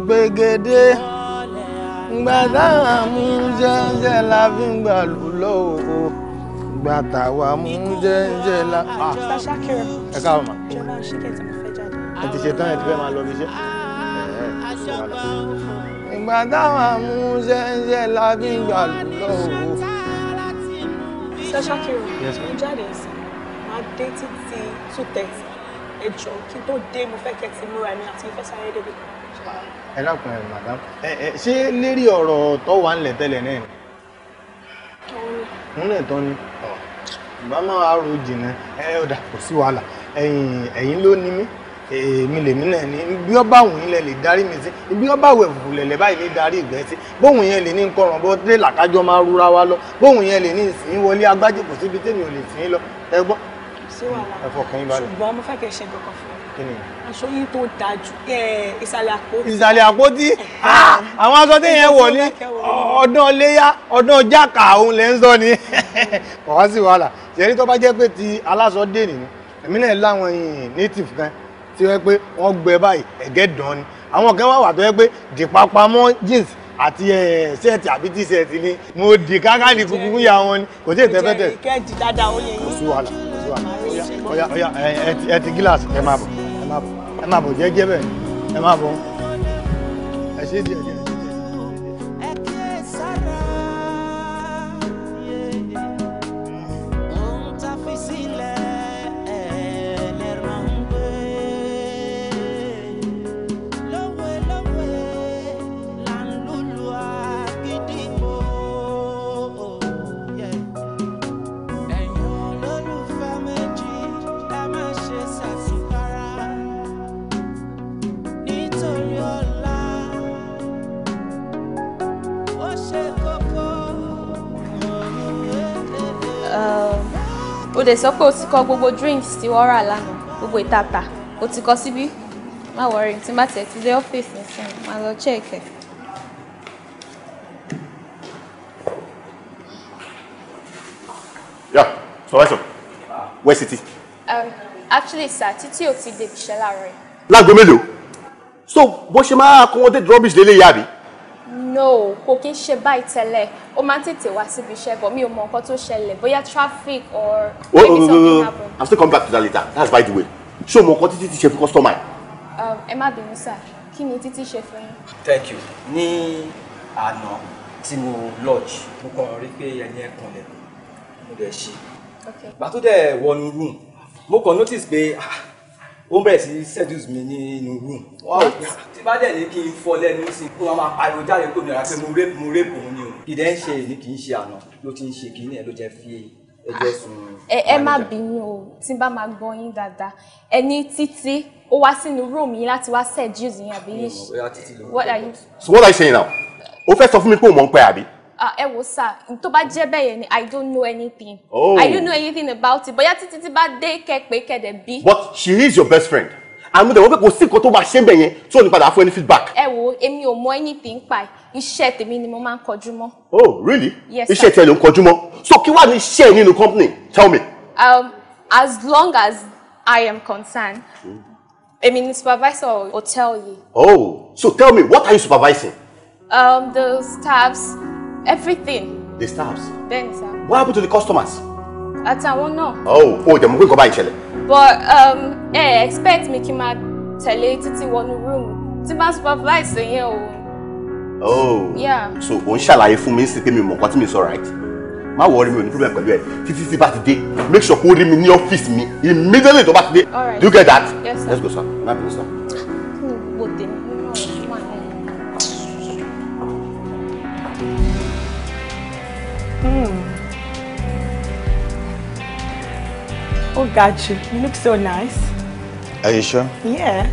gbàtà wa mú ṣẹ́ńṣẹ́ la fi gbàlú lọ́wọ́ gbàtà wa mú ṣẹ́ńṣẹ́ la. ẹ káàbọ̀ ma ẹ ti ṣe tán ẹ ti fẹ́ máa lọ bí iṣẹ́ ìgbà táwọn mú ṣẹ́ńṣẹ́ la fi ń gbà lọ́wọ́. sẹ́ṣákìrò mo jáde ẹ̀sìn máa dé títí two thirty ẹjọ kí tó dé mo fẹ́ kẹ́ ti múra mi àti ìfẹ́ sáré débi. ẹ dákun ẹ madam ẹ ẹ ṣé lérí ọ̀rọ̀ tó wà nílẹ̀ tẹ́lẹ̀ náà ni. òun náà tán ni ìbá máa ro jìnnà ẹ ọ̀dà kò sí wàhálà ẹ̀yìn ẹ̀yìn ló ní mí èmi lèmi náà ní bí ọba òun yín lẹ lè darí mi sí bí ọba òun ẹ̀fùfù lẹ̀lẹ̀ báyìí lè darí ìgbẹ́ sí bóun yẹn lè ní nkọràn bó dé làkájọ máa rúra wa lọ bóun yẹn lè ní ìsìn wọlé agbájé kò síbi tèmi ò lè sìn lọ ẹ gbọ́. ẹ fọkàn yín balẹ̀. ṣùgbọ́n mo fẹ́ kẹ́ ṣe nǹkan kan fún mi. kí ni. aṣọ yín tó da jù kẹ ìsàlẹ̀ àpótí. ìsàlẹ̀ àpótí ah! ah! àwọn aṣọ tí yẹn wọ̀ ní ọdún iléyà ọdún jákà òun lẹ́ ń sọ ni kò wá sí wàhálà ṣèlérí tó bá jẹ́ pé ti aláṣọ dé nìyí èmi náà láwọn native gan tí wọ́n pé wọ́n gbẹ e báyìí ẹ̀gẹ́ dán ni àwọn kan wà wà tó yẹ pé dìpapamọ́ jeans àti ṣẹ́ẹ̀tì àbí tíṣẹ́ẹ̀tì ni mo dì káká ní kúkú yà wọn ni kò tí ì tẹ́fẹ́tẹ̀. ìkẹ́jì dáadáa ó yẹ yín. kò sí wàhálà kò sí wàhálà ọ̀yà ọ̀yà ẹ ti gíláàsì ẹ máa bọ̀ ẹ máa bọ̀ ẹ máa bọ̀ jẹ́jẹ́ bẹ́ẹ̀ ẹ máa bọ̀ ẹ ṣe é díẹ̀ díẹ̀. dẹ̀ sọ pé o ti kọ gbogbo drinks tí wọ́n rà lánàá gbogbo ìtàtà o ti kọ síbí má wọrí tí má tẹ̀ ti dé ọ́fíìsì nìsín má lọ chẹ́ẹ̀kẹ́. Yeah, supervisor. Where city? Um, actually, sir, títí ò ti dé ibiṣẹ́ láàárọ̀ yìí. Láago mélòó? So, bó ṣe máa accommodate rubbish lélẹ́yìí àbí? no kò kí ń ṣe báyìí tẹ́lẹ̀ ó máa ń tètè wá síbi iṣẹ́ bọ̀ mi ò mọ nǹkan tó ṣẹlẹ̀ bóyá traffic or maybe oh, something oh, I'm oh, oh, oh. still come back to that later that's by the way ṣé o mọ nǹkan títí ti ṣe fún customer. Um, ẹ má bínú sir kí ni títí ṣe fún yín. thank you ní àná tí mo lodge mo kàn rí pé ẹni ẹ kanlẹ̀ mo dẹ̀ ṣe. gbà tó dẹ̀ wọnú room mo kàn notice pé ah ó bẹ̀rẹ̀ sí seduce mi nínú room wọn tí bá dẹ̀ ní kí n fọ lẹ́nu sí kó máa pariwo jáde kó nira pé mo rape mo rape òun ni o kì ń ṣe èyí kì í ṣe àná ló ti ń ṣe kì í ní ẹ̀ ló jẹ́ fi ẹjọ́ ah. sùn. ẹ ẹ má bínú o tí n bá máa gbọ́ yín dáadáa ẹni títí ó wá sínú room yín láti wá seduce yín àbí yín. so what are you saying now? o fẹ́ sọ fún mi pé o mọ̀ ń pẹ́ àbí? Ah, ẹ wò sá tó bá jẹ́ bẹ́ẹ̀ ni i don't know anything oh. i don't know anything about it bóyá títí tí bá dé kẹ́pẹ́ kẹ́dẹ̀ bí. but she is your best friend àmì ìdàgbọ́ pé kò sí nǹkan tó máa ṣe bẹ́ẹ̀ yẹn tí ò ní padà fún ẹni feedback. ẹ wo èmi ò mọ anything pa iṣẹ́ tèmi ni mo máa ń kọjú mọ́. oh really yes sir iṣẹ́ tẹ ló ń kọjú mọ́ so kí wàá ní iṣẹ́ nínú company tell me. Um, as long as i am concerned èmi mm. ni supervisor hotel yìí. oh so tell me what are you supervising. Um, the staffs Everything. The staffs? Then, sir. What happened to the customers? I Àtàwọn know. Oh, oh, dẹ̀ going to nǹkan bá ìṣẹ̀lẹ̀. But um, ẹ hey, expect mi kí n máa tẹ̀lé títí wọnú room tí bá supervise yẹn o. Oh. Yeah. So on ń ṣàlàyé fún mi ń sìn pé mi mọ̀ nǹkan right? Má worry mi ò ní problem pẹ̀lú ẹ̀ títí tí bá ti Make sure kó rí mi ní ọ́fíìsì mi immediately tó bá ti All right. Do you get that? Yes sir. Let's go sir. Má bínú sir. Kí ni Oh, got you. You look so nice. Are you sure? Yeah.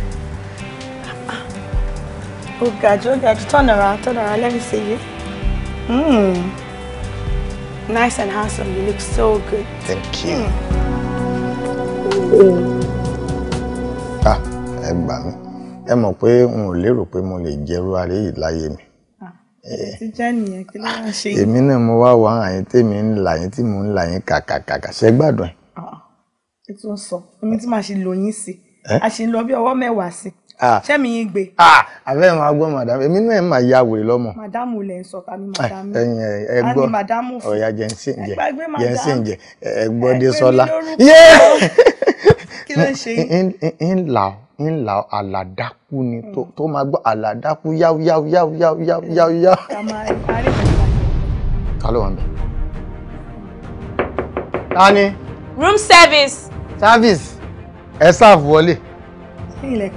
Oh, got you. Oh, got Turn around. Turn around. Let me see you. Mmm. Nice and handsome. You look so good. Thank you. Mm. Ah, ẹ gbà mí. Ẹ mọ̀ pé n ò lérò pé mo lè jẹ́rú ayé yìí láyé mi. Ah, ti jẹ́ nìyẹn kí ló wá ṣe. Èmi náà mo wá wá àyín tèmi ń là yín tí mò ń là yín kàkàkàkà. Ṣé gbádùn ẹ̀? ẹ tún sọ omi tí màá ṣe lò yín sí a ṣe lọ bí ọwọ́ mẹ́wàá sí sẹ́mi yín gbé. àbẹ́ ẹ̀ máa gbọ́ màdàm èmi náà ẹ̀ máa ya wèé lọ́mọ. màdàmù lẹ̀ ń sọ tàbí màdàmù. ẹyin ẹ gbọ́ ọ̀ya jẹ́nsìn jẹ jẹ́nsìn jẹ ẹ gbọ́ dé sọ́lá. kí ló ń ṣe yín. ńlá ńlá àlàdákú ni hmm. tó máa gbọ́ àlàdákú yáwó yáwó yáwó yáwó yáwó yáwó. ta ló wà ń bẹ̀. ta ni room service. service ẹ ṣáàfù wọlé. ẹ̀yin lẹ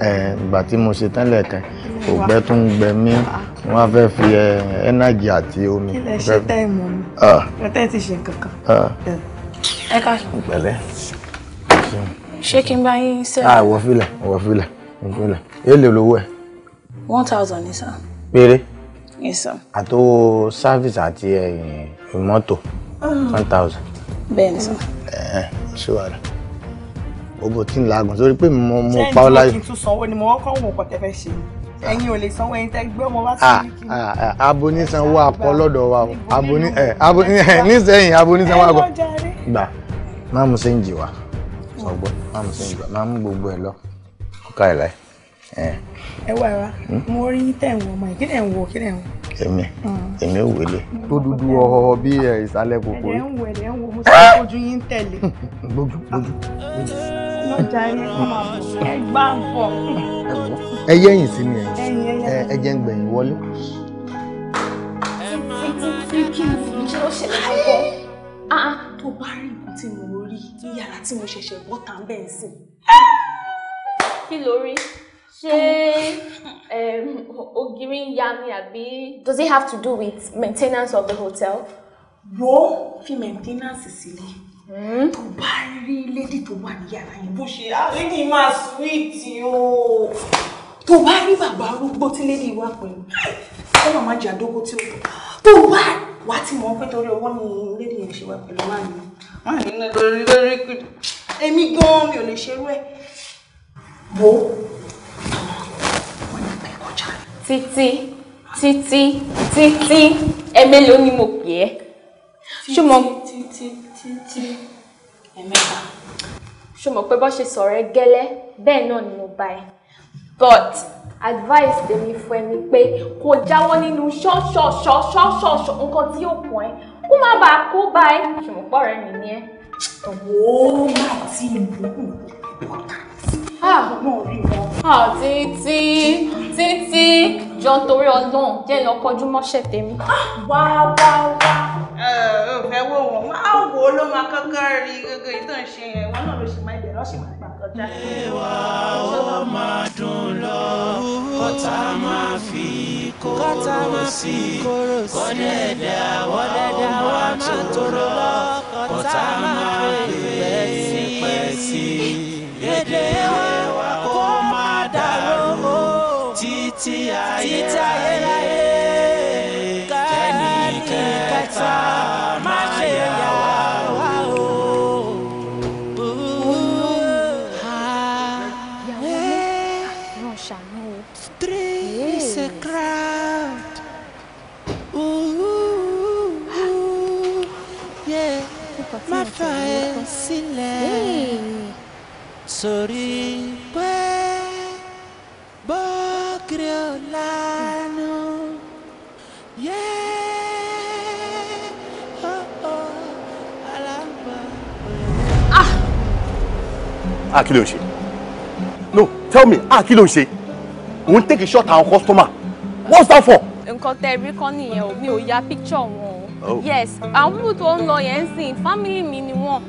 ìgbà tí mo ṣe tán lẹ́ẹ̀kan kò gbẹ tó ń gbẹ mí ah, ah. wọn fẹ́ fi ẹnájì àti omi. kí lẹ ṣe ah. tẹ́ ìmọ̀ mi ọtẹ́ ti ṣe kankan. ẹ ká. ṣé kí n bá yín sẹ́yìn. a wọ fílẹ̀ wọ fílẹ̀ ìpínlẹ̀ èlé olówó ẹ̀. one thousand ní sàn. péré. ní sàn. àtò sáfìsì àti ìmọ́tò mm. one thousand bẹ́ẹ̀ ni sọ. ẹ ṣé wàá rà gbogbo tí ń laagun sórí pé mo mo pa ọ láyò. ṣé ìdíwọ́ tuntun sanwó ni mo kọ́ wò kọ́ tẹ́fẹ́ ṣe ẹ̀yin ò lè sanwó ẹ̀yin tẹ́ gbé ọmọ wá sí wíkì. Ah, ah, ah, aboní sanwó akọ lọ́dọ̀ wa o aboní eh, eh, ẹ aboní ẹ nísẹ̀yìn aboní sanwó akọ. gbà má mú sẹ́ńjì wá ọgbọ́ má mú sẹ́ńjì wá má mú gbogbo ẹ lọ ọkà ẹ̀ láì. ẹ wá ẹ wá hmm? mo rí tẹ̀ ń wọ ọmọ yìí kí lẹ̀ ń wọ kí lẹ̀ ń wọ èmi èmi ò wélé. tó dúdú ọhọ bí ìsàlẹ̀ kòkó. ẹ̀dẹ̀ ń wẹ̀ ẹ̀dẹ̀ ń wo mo sọ ojú yín tẹ̀lé. gbójú gbójú. lọ́jà yín kọ́ máa bọ̀ ẹ gbá ń bọ̀. ẹ yẹ̀yìn sí mi ẹ̀yìn ẹ jẹ́ ń gbẹ̀yìn wọlé. títí kí n fi ṣe ó ṣẹlẹ̀ tó bá rí nǹkan tí mo rí yàrá tí mo ṣẹ̀ṣẹ̀ bọ́ta ń bẹ̀ ń sìn. kí ló rí? ṣé ògiri ń ya ni àbí. does it have to do with maintenance of the hotel. wo fi maintenance sílẹ̀ hmm? tó bá rí lady tó wà ní yàrá yẹn bó ṣe àrídì máa súwìtì o tó bá rí bàbá arúgbó tí lady wà pẹ̀lú ah, kó màmá jà dógó tí ó tó bá wà á ti mọ̀ pé torí ọwọ́ ni lady yẹn ṣe wà pẹ̀lú wà ní wà ní lórí lórí kùdù èmi gan-an mi ò lè ṣerú ẹ̀ wo títí títí títí ẹ̀mélòó ni mo pè ẹ́ ṣùgbọ́n títí títí ẹ̀mẹ́ta ṣùgbọ́n pé bó ṣe sọ̀rọ̀ ẹ gẹ́lẹ́ bẹ́ẹ̀ náà ni mo bá ẹ but advice tèmi fún ẹ ni pé kò jáwọ́ nínú ṣọ́ṣọ́ṣọ́ṣọ́ṣọ́ nǹkan tí yóò pọ̀ ẹ́ kó má bàa kó bá ẹ ṣùgbọ́n pọ̀ rẹ mi ni ẹ. wo máa ti ìlú ọ̀tá ah! ọmọ orí wọn títí Titi, jọ torí ọlọ́run jẹ́ lọ kọjú mọ́ṣẹ́ tèmi. wá wá wá. ẹ ò fẹ́ wò wọ́n máa wò ó ló máa kọ́kọ́ rí gbogbo ìtàn ṣe yẹn wọn náà ló ṣì máa bẹ̀rẹ̀ ọ̀ṣì máa gbà kọjá. ìwà ó máa dùn lọ kọ́tà máa fi kóró sí kọ́ni ẹ̀dá wọ́dẹ́dá wá máa tóró lọ kọ́tà máa fi pẹ́ sí. èdè wa. títí ayérayé kẹ́ni kẹta má ṣe yà wa o. Three is a crowd. Ooh, yeah. Má fà ẹ́ sílẹ̀. Sorry. ah kí ló ń no tell me ah kí ló ń ṣe take a shot at our customer what's that for. nǹkan tẹ rí kọ́ nìyẹn o mi ò ya picture wọn o oh. yes àwọn púpù tó ń lọ yẹn ń sìn family mi ni wọn.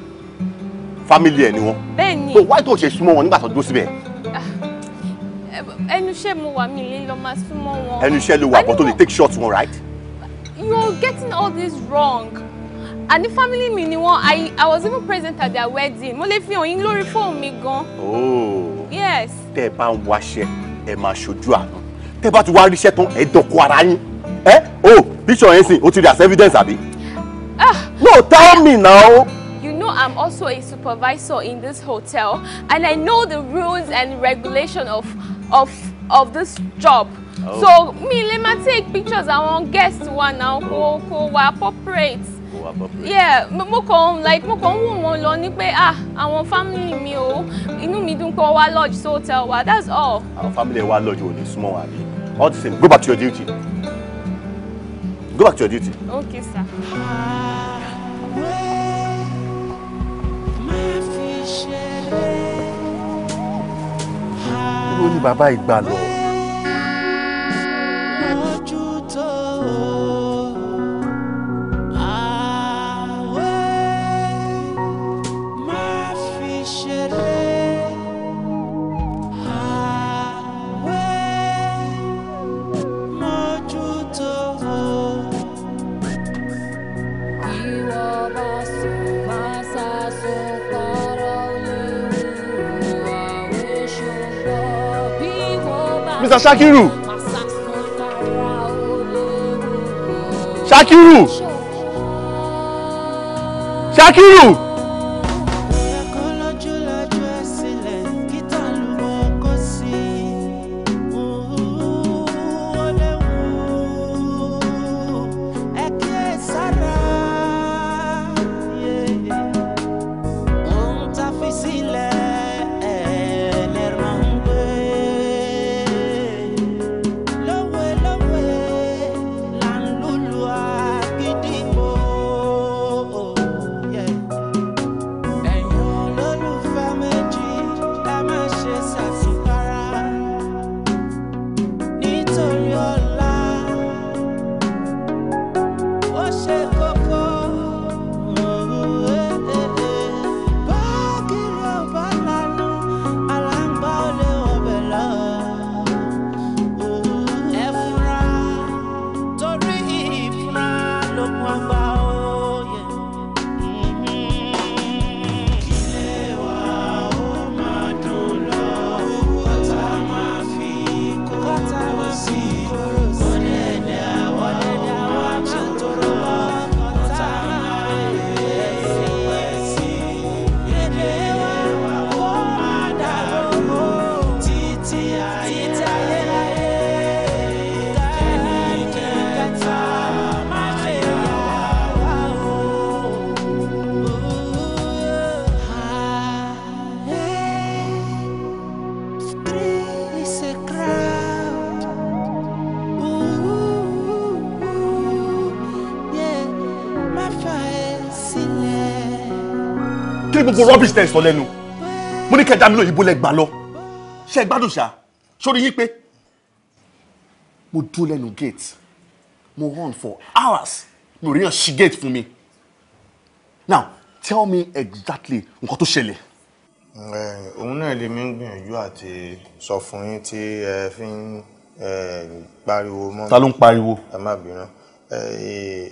family ẹ ni wọn. bẹ́ẹ̀ni. so why tó ṣe súnmọ́ wọn nígbà tó dúró síbẹ̀. ẹnu iṣẹ́ mo wà mí lè lọ máa súnmọ́ wọn. ẹnu iṣẹ́ ló wà bọ́ tó lè take shot wọn right. you're getting all this wrong. And the family mi ni wọ́n I I was even present at their wedding mo lè fi hàn yín lórí fóònù mi gan. Oh. yes. tẹ́ ẹ bá ń wáṣẹ́ ẹ máa ṣojú àánú tẹ́ ẹ bá ti wá ríṣẹ́ tán ẹ dọ̀kọ̀ ara yín ẹ o picture yẹn sìn o ti rí as evidence àbí. Ah. no tell me now. You know I'm also a supervisor in this hotel and I know the rules and regulation of of of this job. Oh. So me, let me take pictures. I want guests one now. Go, go, appropriate kó appropriate. yeah mo kàn like mo kàn ń wò wọ́n lọ ní pé ah àwọn family mi o inú mi dùn kó wá lodge sí hotel wa that's all. àwọn family wa lodge ò ní súnmọ́ wa bí all the same go back to your duty go back to your duty. okay sir. Ibo ni bàbá ìgbà lọ? Mr. Shakiru Shakiru Shakiru. gbogbo rubbish tẹ̀ sọ lẹ́nu mo ní kẹjá mi lóyún ìbò lẹ́gbàá lọ ṣe é gbádùn ṣá sórí yín pé mo dúró lẹ́nu gate mo run for hours mo ríyàn ṣí gate fún mi now tell me exactly nǹkan tó ṣẹlẹ̀. òun náà lèmi ń gbìyànjú àti sọ fún yín tí ẹ fi ń pariwo mọ́ mi. ta ló ń pariwo. ẹ má bínú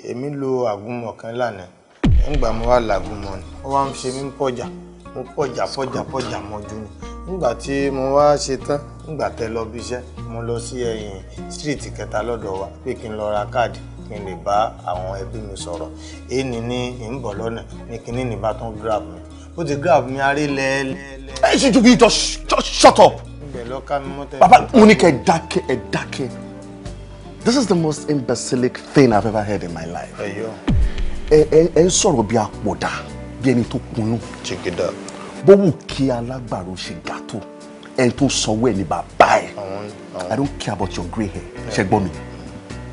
èmi lo àgúnmọ̀ kan lánàá nígbà mo wá làágùn mọ́ ni ó wá ń ṣe mí pọ̀jà mo pọ̀jà pọ̀jà pọ̀jà mọ́jú ni nígbà tí mo wá ṣe tán nígbà tẹ lọ bí iṣẹ́ mo lọ sí ẹ̀yìn street kẹta lọ́dọ̀ wa pé kí n lọ ra káàdì kí n lè bá àwọn ẹbí mi sọ̀rọ̀ èyí ní ìbọ̀ lọ́nà ní kinní ní bá tán grab mi ó ti grab mi aré lẹ́ẹ̀lẹ́. ẹ ṣe jù kí just shut up. ibẹ̀ mo ní kẹ́ ẹ ẹ dákẹ́ This is the most imbecilic thing I've ever heard in my life. Hey, ẹ ń sọ̀rọ̀ bí apọ̀dà bí ẹni tó kunú. jìgìdà. bó wù kí alágbàro ṣe ga tó ẹni tó sanwó ẹni bàbá ẹ i don't care about your grey hair ṣe gbọ́ mi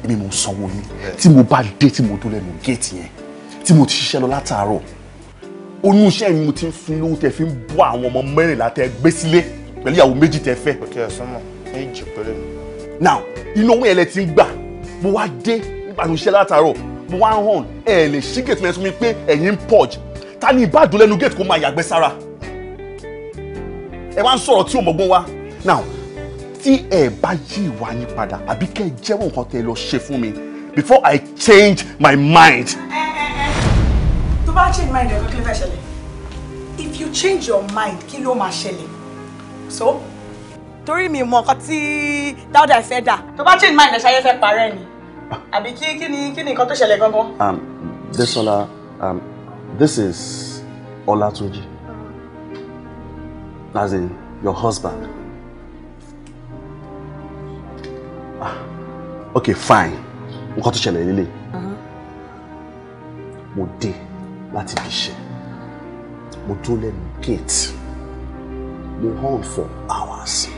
èmi mo sanwó yín tí mo bá dé tí mo tó lẹ́nu géètì yẹn tí mo ti ṣiṣẹ́ lọ látàárọ̀ onú mi mo ti ń fún lówó tẹ fi ń bọ́ àwọn ọmọ mẹ́rìnlá tẹ gbé sílé pẹ̀lú ìyàwó méjì tẹ fẹ́. kò tí ẹ sọmọ méjì mi. now inú owó yẹn lẹ ti ń gbà mo wá dé nígbà tó ṣiṣẹ́ látàárọ̀ mo wá ẹ lè ṣí gate mẹ́rin fún mi pé ẹ̀yin ń purge ta ni ìbádùn lẹ́nu gate kó máa yàgbẹ́ sára ẹ wá ń sọ̀rọ̀ tí ò mọ̀gbọ́n wa now tí ẹ bá yí ìwà yín padà àbí kẹ́ ẹ jẹ́wọ́ nǹkan tẹ́ lọ ṣe fún mi before I change my mind. Eh, eh, eh, tó bá change mind ẹ kí fẹ́ ṣẹlẹ̀ if you change your mind kí ló máa ṣẹlẹ̀ so. torí mi mọ nǹkan tí dáúdà ẹ fẹ́ dà tó bá change mind ẹ ṣayé fẹ́ parẹ́ ni àbí kí kí ni kí ni nǹkan tó ṣẹlẹ̀ gangan. Um, Desola um this is Olatunji as in your husband ah okay fine nǹkan tó ṣẹlẹ̀ lélẹ̀ uh-huh. mo dé láti fi ṣe mo dúró lẹ́nu gate mo hunt for hours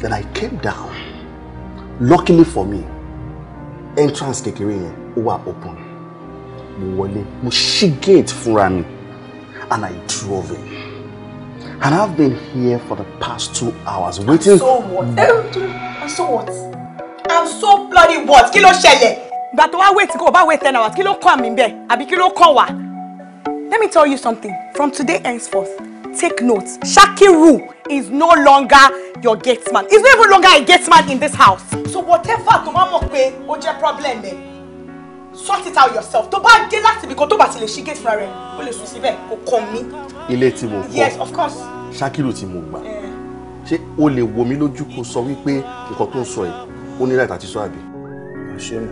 then I came down luckily for me entrance kékeré yẹn ó wà open mo wọlé mo ṣí gate fúnra mi and I drove in and I've been here for the past two hours waiting. and so what and eh, so what and so bloody what kí ló ṣẹlẹ̀. ìgbà tó wá wait kó o bá wait ten hours kí ló kọ́ àmì bẹ́ẹ̀ àbí kí ló kọ́ wa. let me tell you something from today henceforth take note Shakiru is no longer your gate man he's no even longer a gate man in this house. so whatever tó bá mọ̀ pé ó jẹ́ problem ẹ̀ sort it out yourself tó bá dé láti ibìkan tó bá ti lè ṣí gate fúnra rẹ̀ ó lè sùn síbẹ̀ kò kàn mí. ilé tí mo kọ́ yes of course. Shakiru tí mo gbà eh. ṣé o lè wo mi lójú kó sọ wípé nǹkan tó ń sọ yìí ó ní láìta ti sọ àbí. ṣé mi ṣé mi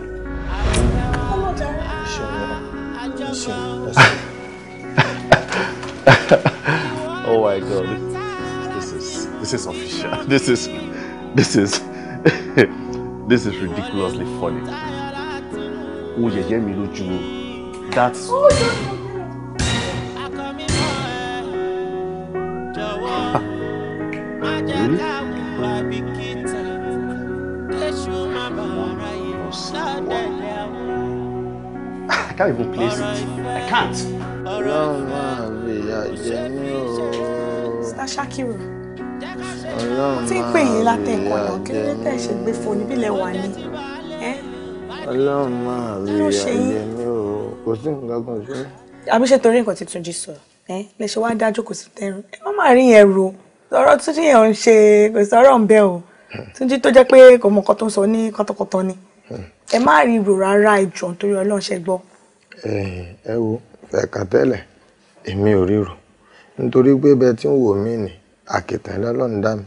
ṣé mi. Oh my god. This is this is official. This is this is this is ridiculously funny. Oh yeah, yeah, me no That's oh, yeah. I can't even place it. I can't. No, no, ìyà jẹ mí o. Mr. Shakiru mo ti ń pè yín látẹ̀kọ̀ náà kí ló tẹ̀ ṣe gbé fóònù bí lẹ wà ní. Ọlọ́run máa rí ìyà jẹ mí o kò sí nǹkan kan sí. àbí ṣe torí nǹkan tí Túnjí sọ lè ṣe wáá dájú kò sí tẹrù ẹ má má rí yẹn ro ọ̀rọ̀ Túnjí yẹn ń ṣe kò sí ọ̀rọ̀ ń bẹ o Túnjí tó jẹ́ pé kò mọ nǹkan tó ń sọ ní kọ́tọ́kọ́tọ́ ni ẹ má rí ro rárá ìjọ nítorí Ọlọ́run ṣe gbọ́. ẹ wo fẹ̀ka tẹ́lẹ̀ èmi ò ríro nítorí pé bẹ́ẹ̀ tí ń wò mí ni àkìtàn lọ́lọ́run dá mi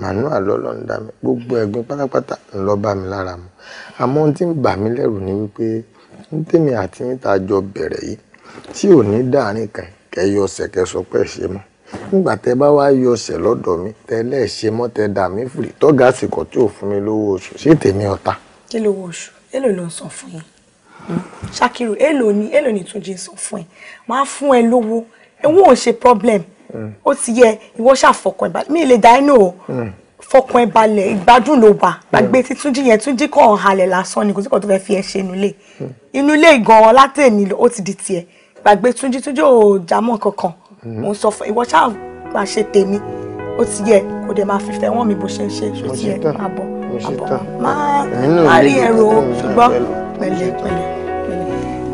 mànúà lọ́lọ́run dá mi gbogbo ẹ̀gbin pátápátá ń lọ bá mi lára mu àmọ́ ohun tí ń bà mí lẹ́rù ni wípé ń tèmi àti yín tá jọ bẹ̀rẹ̀ yìí tí ò ní dáàrin kan kẹyọ ọ̀sẹ̀ kẹsọ pé ṣe mọ́ nígbà tẹ bá wá yọ ọ̀sẹ̀ lọ́dọ̀ mi tẹ́lẹ̀ ṣe mọ́ tẹ dà mí fìrì tọ́gà àsìkò tí ò fún mi lówó oṣù ṣé tèmi ọ̀tá. kí lówó oṣù èlò ló ń sọ fún yín ṣakiru èlò ni èlò ni túnjí sọ fún ẹ máa fún ẹ lówó ẹwọn ò ṣe problem mm. ó ti yẹ ìwọ ṣàfọkàn ẹ balẹ̀ mi lè dá iná o mm. fọkàn ẹ balẹ̀ ìgbádùn ló wà gbàgbé mm. tí túnjí yẹn túnjí kàn halẹ̀ lásán ni kò sí kò tó fẹ́ fi ẹ ṣe inú ilé inú ilé gan-an látẹ̀ni ó ti di tiẹ̀ gbàgbé túnjí túnjí ò jámọ́ kankan mo ń sọ fún ìwọ ṣáà máa ṣe tèmi ó ti yẹ kò dé máa fífẹ́ wọ́n mi bó ṣe ń ṣe ṣó ti yẹ máa bọ̀ máa rí ẹ̀rọ ṣùgbọ́n pẹ̀lẹ́ pẹ̀lẹ́.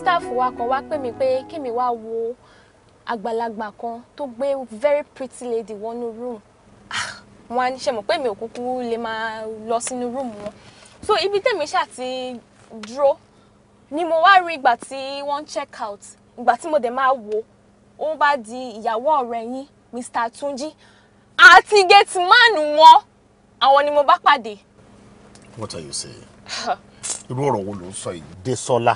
staff wa kan wá pè mí pé kémi wá wo Agbalagba, kan to gbé very pretty lady wọnú room wọn á ní ṣe mọ̀ pé mi ò kúkú lè máa lọ sínú room wọn so ibi tèmi ṣáà ti dúró ni mo wá rí ìgbà tí wọ́n check out ìgbà tí mo dẹ̀ máa wò ó bá di ìyàwó ọ̀rẹ́ yín Mr. Túnjí àti man wọn àwọn ni mo bá pàdé. what are you saying? irú ọ̀rọ̀ wo ló ń sọ yìí. Desola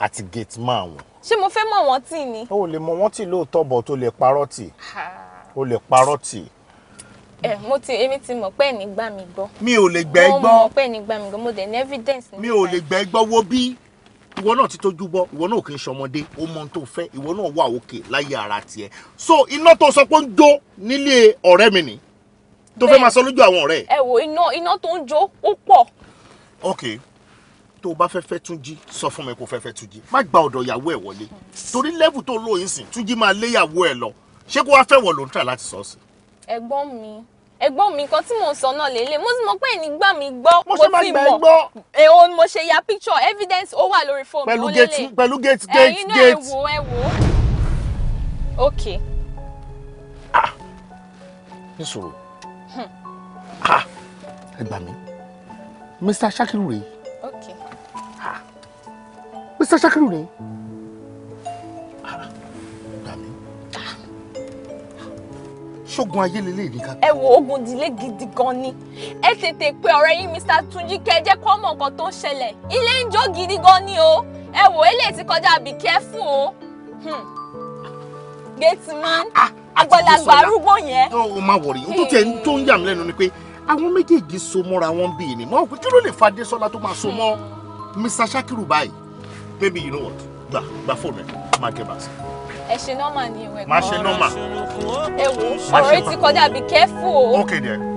àti gate man wọn. ṣé mo fẹ́ mọ̀ wọ́n tì ni. o lè mọ wọ́n tì lóòótọ́ bọ̀ tó lè parọ́ tì o lè parọ́ tì. ẹ mo ti èmi ti mọ̀ pé ẹni gbà mí gbọ́. mi ò lè gbẹ́ gbọ́. mo mọ̀ pé ẹni gbà mí gbọ́ mo dẹ̀ ní evidence. mi ò lè gbẹ́ gbọ́ wo bí ìwọ náà ti tójú bọ ìwọ náà kì í ṣọmọdé ó mọ ohun tó fẹ́ ìwọ náà wà òkè láyé ara tiẹ̀ so iná tó sọ pé ń jó nílé ọ̀rẹ́ mi ni tó fẹ́ máa sọ lójú àwọn ọ̀rẹ́. ẹ wo iná iná tó ń jó ó pọ̀. okay tó o bá fẹ́ fẹ́ Túnjí sọ fún mi kó fẹ́ fẹ́ Túnjí má gba ọ̀dọ̀ ìyàwó ẹ̀ wọlé torí lẹ́bù tó lóyún sìn Túnjí máa lé ìyàwó ẹ̀ lọ ṣé kó wá fẹ́ wọ̀ ló ń tà láti sọ sí. ẹ̀gbọ́n mi ẹ̀gbọ́n mi nǹkan tí mò ń sọ náà lélẹ̀ mo ti mọ̀ pé ẹni gbà mí gbọ́ mo ti mọ̀ èwo ni mo ṣe ya picture evidence ó wà lórí fóònù mi ó lélẹ̀ pẹ̀lú gate gate gate ẹ̀yin náà ẹ wò ẹ wò. ok. ah nísòro hmm. ah ẹ gbà mí Mr. Shakiru rèé Mr. Sakiru rèé. ṣógun ayé lélẹ́yìí ní ká. ẹ wo ogun ìdílé gidi gan ni ẹ tètè pe ọ̀rẹ́ yín Mr. Túnjí kẹjẹ kó mọ nǹkan tó ń ṣẹlẹ̀ ilé ń jó gidi gan ni o ẹ wò ó lè ti kọjá be careful o hmm. gateman ah, ah, ah, àgbàlagbà arúgbó yẹn. ọ ma wọrí o tó tiẹ̀ tó ń yà mí lẹ́nu ni pé àwọn méjèèjì so mọ́ra wọn bí ni mo rò pé kí ló lè fa Désọ́lá tó máa so mọ́ Mr. Sakiru báyìí baby you know what Bah, bah, phone me. máa kẹ bá sí. ẹ ṣe nọ́mà ni ìwẹ̀ kan. máa ṣe nọ́mà. ẹ wo ọ̀rẹ́ ti kọjá be careful okay there.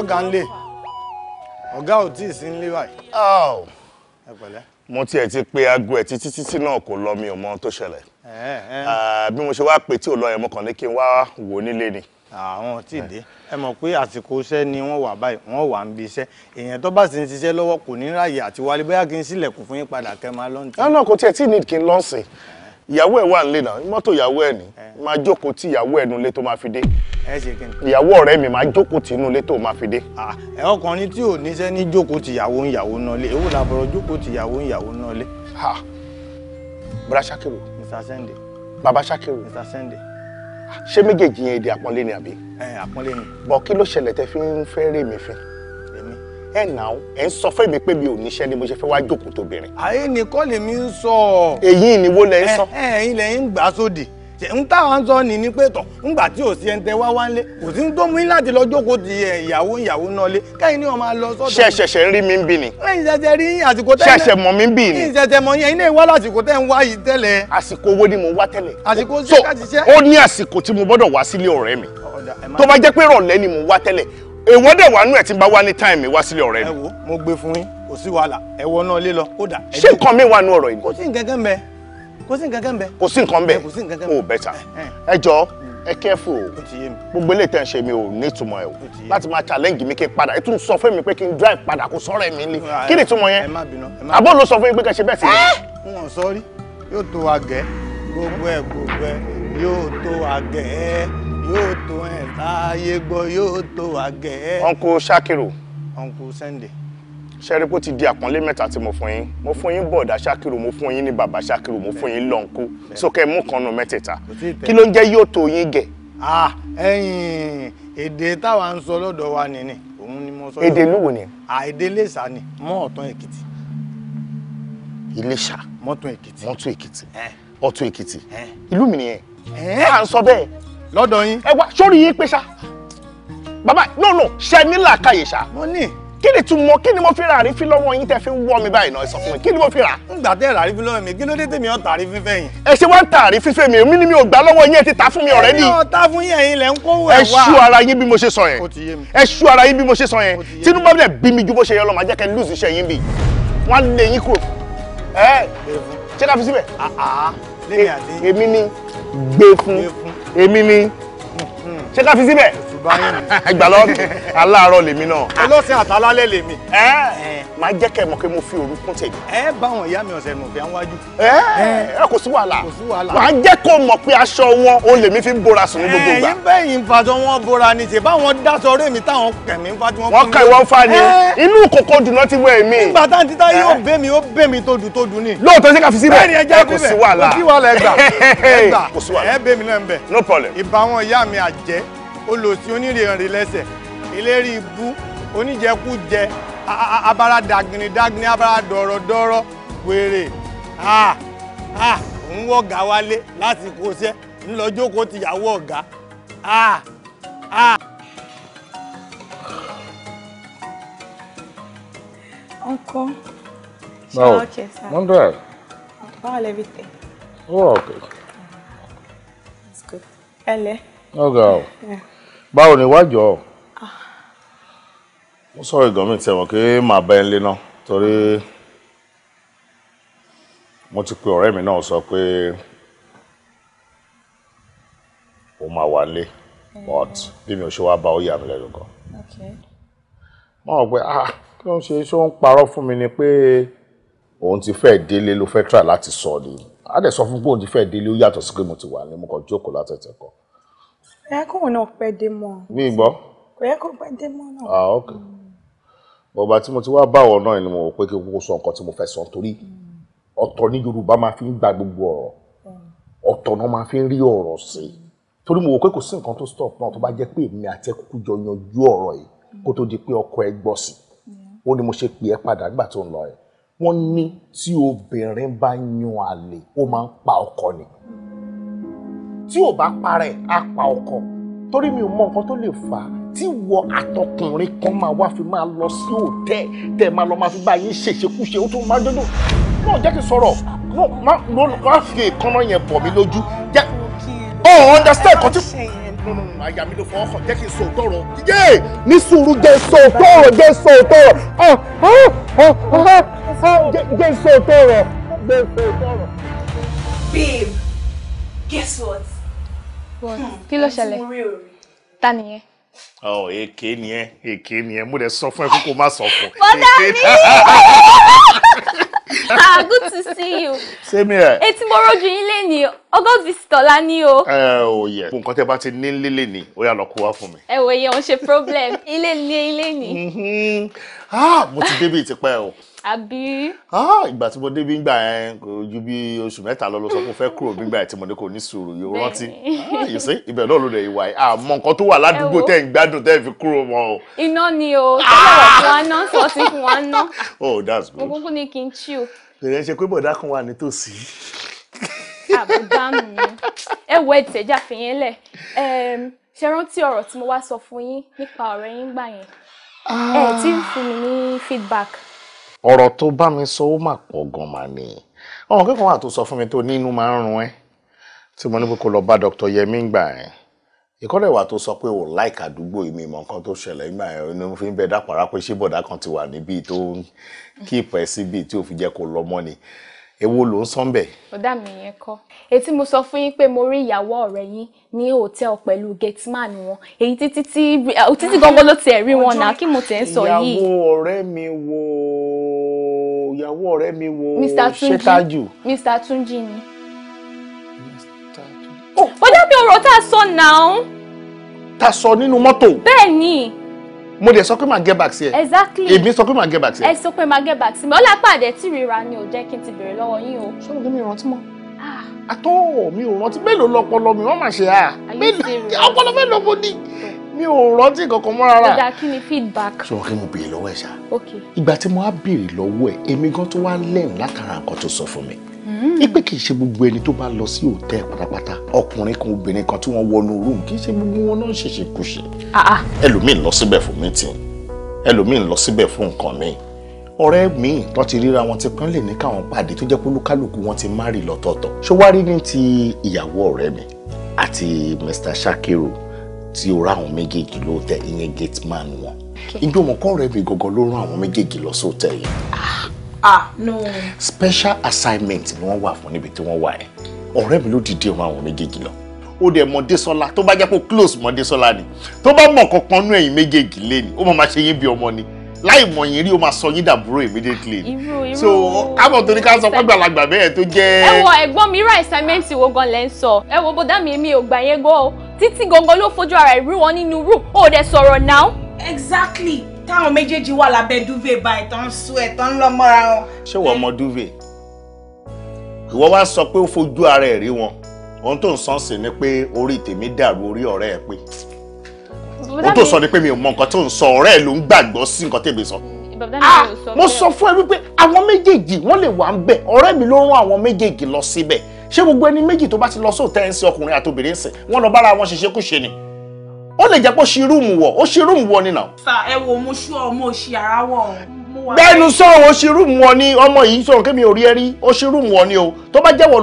ọlọ́gà ń lè ọ̀gá ò tí ì sí nílé báyìí. ẹ pẹ̀lẹ́. mo tiẹ̀ ti pe aago ẹ̀ títí títí náà kò lọ mi ò mọ ohun tó ṣẹlẹ̀ bí mo ṣe wá pé tí ò lọ ẹ̀ mo kàn ní kí n wá wò nílé ni. àwọn tí ì dé ẹ mọ̀ pé àsìkò iṣẹ́ ni wọ́n wà báyìí wọ́n wà ń bi iṣẹ́ èèyàn tó bá sì ń ṣiṣẹ́ lọ́wọ́ kò ní ráàyè àti wálé bóyá kí n sílẹ̀kùn fún yín padà kẹ́ máa lọ́n tí. lọ́nà kò tiẹ̀ tí ì need kí n lọ́n sìn ìyàwó ẹ̀ wà nílé náà mọ́tò ìyàwó ẹ̀ ni máa jókòó tí ìyàwó ẹ̀ nulẹ̀ tó máa fi dé ẹ ṣe kí ni. ìyàwó ọ̀rẹ́ mi máa jókòó tì inú ilé tó máa fi dé. ẹ ọkùnrin tí ò níṣẹ́ ní jókòó ti ìyàwó ń yàwó náà lé èwo làbọ̀rọ̀ jókòó ti ìyàwó ń náà lé. bùrà ṣàkèrò. mr sende. bàbá ṣàkèrò. mr sende. ṣé méjèèjì yẹn èdè àpọ́nlé ni àbí. ẹ àpọ́nlé ni. bọ̀ kí ló ṣẹlẹ̀ tẹ fi ń fẹ́ rè mí fin ẹ nà ó ẹ ń sọ fún mi pé mi ò níṣẹ́ ni mo ṣe fẹ́ wá jókòó tóbìnrin. àyè nìkan lèmi ń sọ. èyí ìníwó lẹ ń sọ. ẹ ẹ ilẹ̀ ń táwọn sọ ni ní pé tọ̀ ńgbà tí ò sí ẹni tẹ wá wá ńlé kò sí tó mú láti lọ jókòó ti ìyàwó ìyàwó náà lé kẹ́yìn ni wọ́n máa lọ sọ́dọ̀. ṣẹ̀ṣẹ̀ṣẹ̀ ń rí mi ń bì ni. ẹ̀yin ṣẹ̀ṣẹ̀ rí yín àsìkò tẹ́lẹ̀. ṣẹ̀ṣẹ̀ mọ̀ mi ń bì ni. ṣẹ̀ṣẹ̀ mọ̀ yín ẹ̀yin náà lásìkò tẹ́ ń wá yìí tẹ́lẹ̀. àsìkò wo ni mo wá tẹ́lẹ̀. àsìkò ṣe ká ti ó ní àsìkò tí mo gbọ́dọ̀ wá sílé ọ̀rẹ́ mi tó bá jẹ́ pé rọ̀lẹ́ ni mo wá tẹ́lẹ̀ èwo dẹ̀ wà nú ẹ̀ tí bá wá ní táìmì wá sílé ọ̀rẹ́ mi. ẹ wo mo gbé fún yín kò sí wàhálà ẹ wọ náà lé lọ kódà. ṣé nǹkan mi wà nú ọ̀rọ̀ yìí. kò sí nǹkan kan bẹ́ẹ̀ kò sí nǹkan kan kò sí nǹkan bẹ kò oh, eh, eh. ẹ kẹ́fù hmm. o gbogbo ilé tẹ̀ ń ṣe mi ò ní ìtumọ̀ ẹ o láti máa challenge mi kí n padà ètò sọ fún mi pé kí n drive padà kó sọ́rọ̀ ẹ̀ mi ah, kí ni ìtumọ̀ yẹn àbọ̀ ló sọ fún mi pé kẹ́ ṣe bẹ́ẹ̀ sí i. wọn eh! sọ rí yóò tó wa gẹ gbogbo ẹ gbogbo ẹ yóò tó wa gẹ yóò tó ẹ láàyè gbọ yóò tó wa gẹ. uncle Shakiru. uncle Sunday ṣẹ́rí pé ó ti di àpọ́nlé mẹ́ta tí mo fún yín mo fún yín bọ̀dá ṣákìrù mo fún yín ní bàbá ṣákìrù mo fún yín lọ́nkú sókè mú kan nù mẹ́tẹ̀ẹ̀ta kí ló ń jẹ́ yóò tó yín gẹ̀. ẹ̀yin èdè táwa ń sọ lọ́dọ̀ wa nìní òun ni mo sọ. èdè lúwo ni. èdè Iléṣà ni mọ́ ọ̀tún Èkìtì. Iléṣà mọ́tún Èkìtì mọ́tún Èkìtì ọ̀tún Èkìtì ìlú mi nìyẹn. à ń sọ bẹ́ẹ̀. lọ́dọ̀ yín. ẹ wá sórí yín pé ṣá bàbá no no ṣẹ́ ní làákàyè ṣá. mo ní kí ni túmọ̀ kí ni mo fi ra àrífín lọ́wọ́ yín tẹ́ fi ń wọ́ mi báyìí náà ẹ sọ fún mi kí ni mo fi rà. ń gbà tẹ́ ra àrífín lọ́wọ́ mi kí ló dé tèmi ọ̀ tà àrífín fẹ́ yín. ẹ ṣe wá ń tà àrífín fẹ́ mi èmi ni mi ò gbà lọ́wọ́ yín ẹ ti ta fún mi ọ̀rẹ́ ni. ẹ ta fún yín ẹ̀yin lẹ ń kó wẹ̀ wá. ẹ ṣú ara yín bí mo ṣe sọ yẹn ẹ ṣú ara yín bí mo ṣe sọ yẹn tinubu bá bí mi ju bó ṣe yẹ lọ màá jẹ́ ìgbàlọ́ aláàárọ̀ lèmi náà. ọlọ́sìn àtàlálẹ̀ lèmi. máa jẹ́ kẹ́ ẹ mọ̀ pé mo fi òru kún tèmi. ẹ báwọn ìyá mi ọ̀sẹ̀ nùfẹ́ wájú. ẹ kò sí wàhálà máa jẹ́ kó mọ̀ pé aṣọ wọn o lèmi fi ń bora sùn ní gbogbo ìgbà. ẹyin bẹ́ẹ̀ yìí fàtọ́ wọn bora ni tè báwọn dáṣọ rẹ̀ mi táwọn kẹ̀mí ń fa tí wọ́n. wọ́n kẹ́ wọ́n fa ni inú kòkó dùnà ti wẹ̀ mí. nígbà tá àti mi ó bẹ́ mi tó dùn tó dùn ni. lóòótọ́ sí ká fi síbẹ̀ ẹ kò no problem. ìbáwọn ìyá mi olòṣì onírèrè lẹ́sẹ̀ ìlérí ibú oníjẹkújẹ abáradàgìnìdàgìnì abáradọ̀rọ̀dọ̀rọ̀ wèrè ń wọ ọ̀gá wálé lásìkò iṣẹ́ ńlọ jókòó tìyàwó ọ̀gá. Uncle, báwo wọ́n dẹ̀. báwo everything. ó wà okay. That's good. ẹ lẹ. ó ga o. Yeah báwo ni wá jọ ah. mo sọ ìgàn mi tẹ̀wọ̀n kí màá bẹ́ ń lé náà torí mo ti pe ọ̀rẹ́ mi náà sọ pé ó máa wà lé mm. but bí mi ò ṣe wá bá ó yà mí lẹ́nu gan. mo rò pé ah kí ló ń ṣe ṣé ó ń parọ́ fún mi ni pé òun ti fẹ́ délé ló fẹ́ try láti sọ ni a dẹ̀ sọ fún pé òun ti fẹ́ délé ó yàtọ̀ sí pé mo ti wà ní mo kàn jókòó látẹ̀tẹ̀ kan kò yẹ kóun náà pẹ́ dé mọ́. mi gbọ́. kò yẹ kó pẹ́ ah ok bọ̀bá tí mo ti wá bá ọ̀rọ̀ náà ni mo rò pé kí n kó sọ nǹkan tí mo fẹ́ sọ torí ọ̀tọ̀ ní Yorùbá máa fi ń gba gbogbo ọ̀rọ̀ ọ̀tọ̀ náà máa fi ń rí ọ̀rọ̀ sí i torí mo rò pé kò sí nǹkan tó stop náà tó bá jẹ́ pé èmi àti ẹkùkù jọ yanjú ọ̀rọ̀ yìí kó tó di pé ọkọ ẹ gbọ́ sí i ó ní mo ṣe pè é padà nígbà tó ń lọ ẹ̀ wọ́n ní tí obìnrin bá yan àlè ó máa ń pa ọkọ nìkan tí ò bá para ẹ̀ á pa ọkọ torí mi ò mọ nǹkan tó lè fà á tí wọ àtọkùnrin kan máa wá fi máa lọ sí òtẹ́ tẹ́ máa lọ máa fi bá yín ṣèṣekúṣe ó tún máa dúdú náà jẹ́ kí n sọ̀rọ̀ náà má fi èékánná yẹn bọ̀ mí lójú jẹ́ ọ̀hún understand kan tí àyà mi ló fọwọ́ kàn jẹ́ kí n sọ òótọ́ rọ. yé ní sùúrù jẹ́ sọ òótọ́ rọ jẹ́ sọ òótọ́ rọ ah, ah, ah, jẹ́ babe guess what Hmm. kí ló ṣẹlẹ̀ ta nìyẹn. ọ èké nìyẹn èké nìyẹn mo dẹ sọ fún ẹ kó kó má sọ fún. bọ́dà mi ah good to see you. same here. etí mo rojú yín lẹ́ni ọgọ́ visitor la ní o. ẹ ò yẹ nǹkan tẹ bá ti ní lílé ni ó yà lọ kó wá fún mi. ẹ wò yẹn ṣe problem ilé ní ilé ni. Mhm. ah mo ti débi ìtìpẹ́ o àbí. Ah, ìgbà tí mo dé bí ngbà yẹn kò ju bí oṣù mẹ́ta lọ ló sọ pé ó fẹ́ kúrò bí ngbà yẹn tí mo ní kò ní sùúrù yóò rántí ah, yìí ibẹ̀ náà ló lè wà yìí àmọ́ ah, nǹkan tó wà ládùúgbò tẹ̀ ń gbádùn tẹ̀ fi kúrò mọ́ o. iná ni o tẹ́lẹ̀ wọ̀ fún ná sọ sí fún wa ná. oh that's good. mo kúkú ní kí n chi o. èrè ṣe pé bọ̀dá kan wà nítòsí. àbúdá mi ẹ wọ ẹtẹjà fìyẹn lẹ ṣe rántí ọ̀rọ̀ tí mo wá sọ fún yín nípa ọ̀rẹ́ yín gbà yẹn ẹ tí ń fún mi ní feedback ọ̀rọ̀ tó bá mi sọ ó mà pọ̀ gan mà ní ọ̀hún kẹ́kọ̀ọ́ wà tó sọ fún mi tó nínú máa ń run ẹ́ tí mo ní kó lọ bá Dr. Yẹmí gbà ẹ́ ìkọ́lẹ̀ wà tó sọ pé ò láìka àdúgbò ìmọ̀ ìmọ̀ nǹkan tó ṣẹlẹ̀ nígbà yẹn ni mo fi ń bẹ dápàrà pé ṣé bọ̀dá kan ti wà níbí tó ń kí ìpẹ́ síbi tí ò fi jẹ́ kó lọ mọ́ ni èwo ló ń sọ bẹ́ẹ̀. ọ̀dà mi yẹn kọ́ etí mo sọ fún yín pé mo rí ìyàwó ọ̀rẹ́ yín ní hòtẹ́ẹ̀lì pẹ̀lú gateman wọn èyí títí títí gangan ló tiẹ̀ rí wọn náà kí mo tẹ̀ ń sọ yìí. ìyàwó ọ̀rẹ́ mi wo ìyàwó ọ̀rẹ́ mi wo ṣẹ́tájù. Mr Tunji ni. Oh, ó dàbí ọ̀rọ̀ tá a sọ náà. tá a sọ nínú mọ́tò. bẹ́ẹ̀ ni. mo dẹ̀ sọ pé màá get back sí ẹ. exactly èmi sọ pé màá get back sí ẹ. ẹ sọ pé màá get back sí mi ọlápá àdẹ tí rira ni ò jẹ́ kí n ti bèrè lọ́wọ́ yín o. sọ́dọ̀ kí mi rántí mọ́ ah. àtọ́ mi ò rántí mélòó lọ́pọlọ mi wọ́n máa ṣe à ah? ọpọlọ mélòó mo ní. Oh mi ò rántí kankan mọ́ rárá. ọ̀dà kí ni feedback. sọ kí mo béèrè lọ́wọ́ ẹ̀ ṣá. ok ìgbà tí mo á béèrè lọ́wọ́ ẹ̀ èmi gan tó wá lẹ́rìn látara nǹkan tó sọ fún mi ipe hmm. kì í ṣe gbogbo ẹni tó bá lọ sí hòtẹ́ẹ̀ pátápátá ọkùnrin kan obìnrin kan tí wọ́n wọnú rúùmù kì í ṣe gbogbo wọn náà ṣèṣe kùṣe. Ah, ah. ẹlòmíì lọ síbẹ̀ fún mítìn ẹlòmíì lọ síbẹ̀ fún nǹkan míì ọ̀rẹ́ míì tó ti ríra wọn ti pín lè ní káwọn pàdé tó jẹ́ pé olúkálùkù wọn ti má rí lọ́tọ̀ọ̀tọ̀ ṣó wá rí ní ti ìyàwó ọ̀rẹ́ mi àti Mr. Shakiru tí o rá àwọn méjèèjì ló tẹ ìyẹn gate man wọn ìjọ mọ kọ́ rẹ̀ mi gangan ló rán àwọn méjèèjì lọ sóòtẹ́ yìí. Ah. ah no. special assignment ni wọ́n wà fún níbi tí wọ́n wà yẹn ọ̀rẹ́ mi ló dìde ọmọ àwọn méjèèjì lọ ó dẹ̀ mọ Désọ́lá tó bá jẹ́ kó close mọ Désọ́lá ni tó bá mọ̀ kankan nú ẹ̀yìn méjèèjì lé ni ó máa ma ṣe yín bí ọmọ ni láì mọ̀ yín rí o máa sọ yín dàbúrò immediately. irú irú so àmọ̀ tó ní ká sọ pàgbàlagbà bẹ́ẹ̀ tó jẹ́. ẹ wo ẹ̀gbọ́n mi irú assignment wo gan lẹ́ ń sọ ẹ wo bọ́dá mi èmi ò gbà yẹn gan o títí gangan ló fojú ara ẹ̀ wọn nínú room ó dẹ̀ sọ̀rọ̀ now. exactly táwọn méjèèjì wà lábẹ́ duvet báyìí tó ń sú ẹ̀ tó ń lọ mọ́ra wọn. ṣé wọ́n mọ duvet ìwọ wá sọ pé ó fojú ara ẹ̀ rí wọn ohun tó ń sọ sí ni pé orí tèmi dàrú orí ọ̀rẹ́ ẹ̀ pé ohun tó sọ ni pé mi ò mọ nǹkan tó ń sọ ọ̀rẹ́ ẹ̀ ló ń gbàgbọ́ sí nǹkan tèmi sọ. Ah, mo sọ fún ẹ wípé àwọn méjèèjì wọ́n lè wà ń bẹ̀ ọ̀rẹ́ mi ló rán àwọn méjèèjì lọ síbẹ̀ ṣé gbogbo ẹni méjì tó bá ti lọ sóòtẹ́ ń sin ọkùnrin àtòbìnrin sìn wọ́n lọ bára wọn ṣiṣẹ́ kù ni ó lè jẹ́ pé ó ṣi rúùmù wọ̀ ó ṣi rúùmù wọ̀ ni ẹ wo mo ṣú ọ mo ṣi ara wọ bẹ́ẹ̀nu sọ̀rọ̀ ó ṣi rúùmù wọ̀ ni ọmọ yìí sọ̀rọ̀ kémi ò rí ẹ rí ó ṣi rúùmù wọ̀ ni o tó bá jẹ́wọ́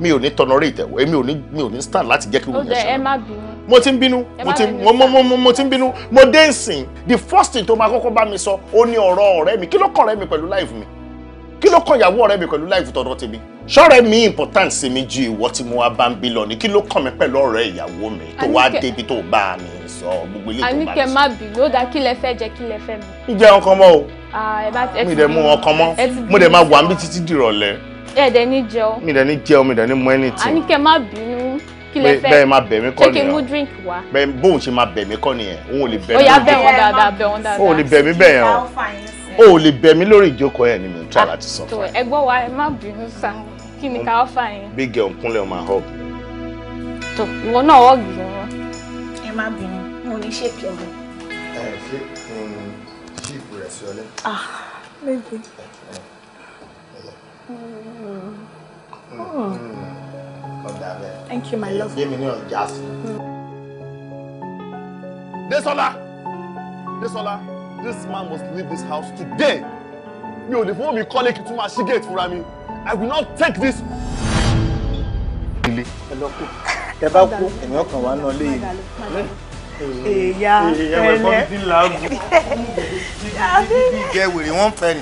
mi ò ní tolerate ẹ̀wọ̀ èmi ò ní mi ò ní stand láti jẹ́ kí wọ́n yẹn ṣe mo ti ń bínú mo ti mo mo mo mo ti ń bínú mo dé nsìn the first thing tó máa kọ́kọ́ bá mi sọ ó ní ọ̀rọ̀ ọ̀rẹ́ mi kí ló kọ̀ ọ̀rẹ́ mi pẹ̀lú life mi kí ló kọ̀ ìyàwó ọ̀rẹ́ mi pẹ̀lú life tọ̀dọ̀ tèmi ṣọ́ọ̀rẹ́ mi important sí mi ju ìwọ tí mo wá bá ń bí lọ ni kí ló kàn mí pẹ̀lú ọ̀rẹ́ ìyàwó mi tó wá débi tó bá a mi sọ gbogbo ilé tó bá a mi sọ. àníkẹ́ má bì ló dáa kí lẹ fẹ́ jẹ kí lẹ fẹ́ ah, mi. o mi dẹ̀ mú ọkàn mọ́ mo ẹ dẹ̀ ní jẹun. mi dẹ̀ ní jẹun mi dẹ̀ ní mú anything. àní kẹ́ má bínú kí lẹ fẹ́ bẹ́ẹ̀ máa bẹ̀ mí kọ́ nìyẹn ṣé kí n mú drink wá. bẹ́ẹ̀ bóun ṣe máa bẹ̀ mí kọ́ nìyẹn òun ò lè bẹ̀ mí. ó yá bẹ̀ wọ́n dáadáa bẹ̀ wọ́n dáadáa. òun ò lè bẹ̀ mí bẹ́ẹ̀ yẹn o ò lè bẹ̀ mí lórí ìjókòó yẹn ni mi ń tọ́ ah, láti sọ fún ẹ. ẹgbọ́n wa ẹ má bínú sa kí ni ká fà yẹn. bí gẹ̀ òǹkúnlẹ̀ ọmọ àhọ́. tó ìwọ náà wọ́ gbìyànjú wọn. ẹ má bínú mo ní ṣèpì ọmọ. ẹ ṣe ṣíìpù rẹ̀ sí ọlẹ́. ah maybe. Mm. Hmm. thank you my love. yémi ní ọjà sí. Desola Desola this man must leave this house today Yo, the lè fọwọ́ mi kọ́lé kí n tún gate fúnra mi I will not take this. ilé hello, hello, hello, hello. bá kú èmi ọkàn wa náà lé yìí èyà ẹlẹ ìjẹ wèrè wọn fẹ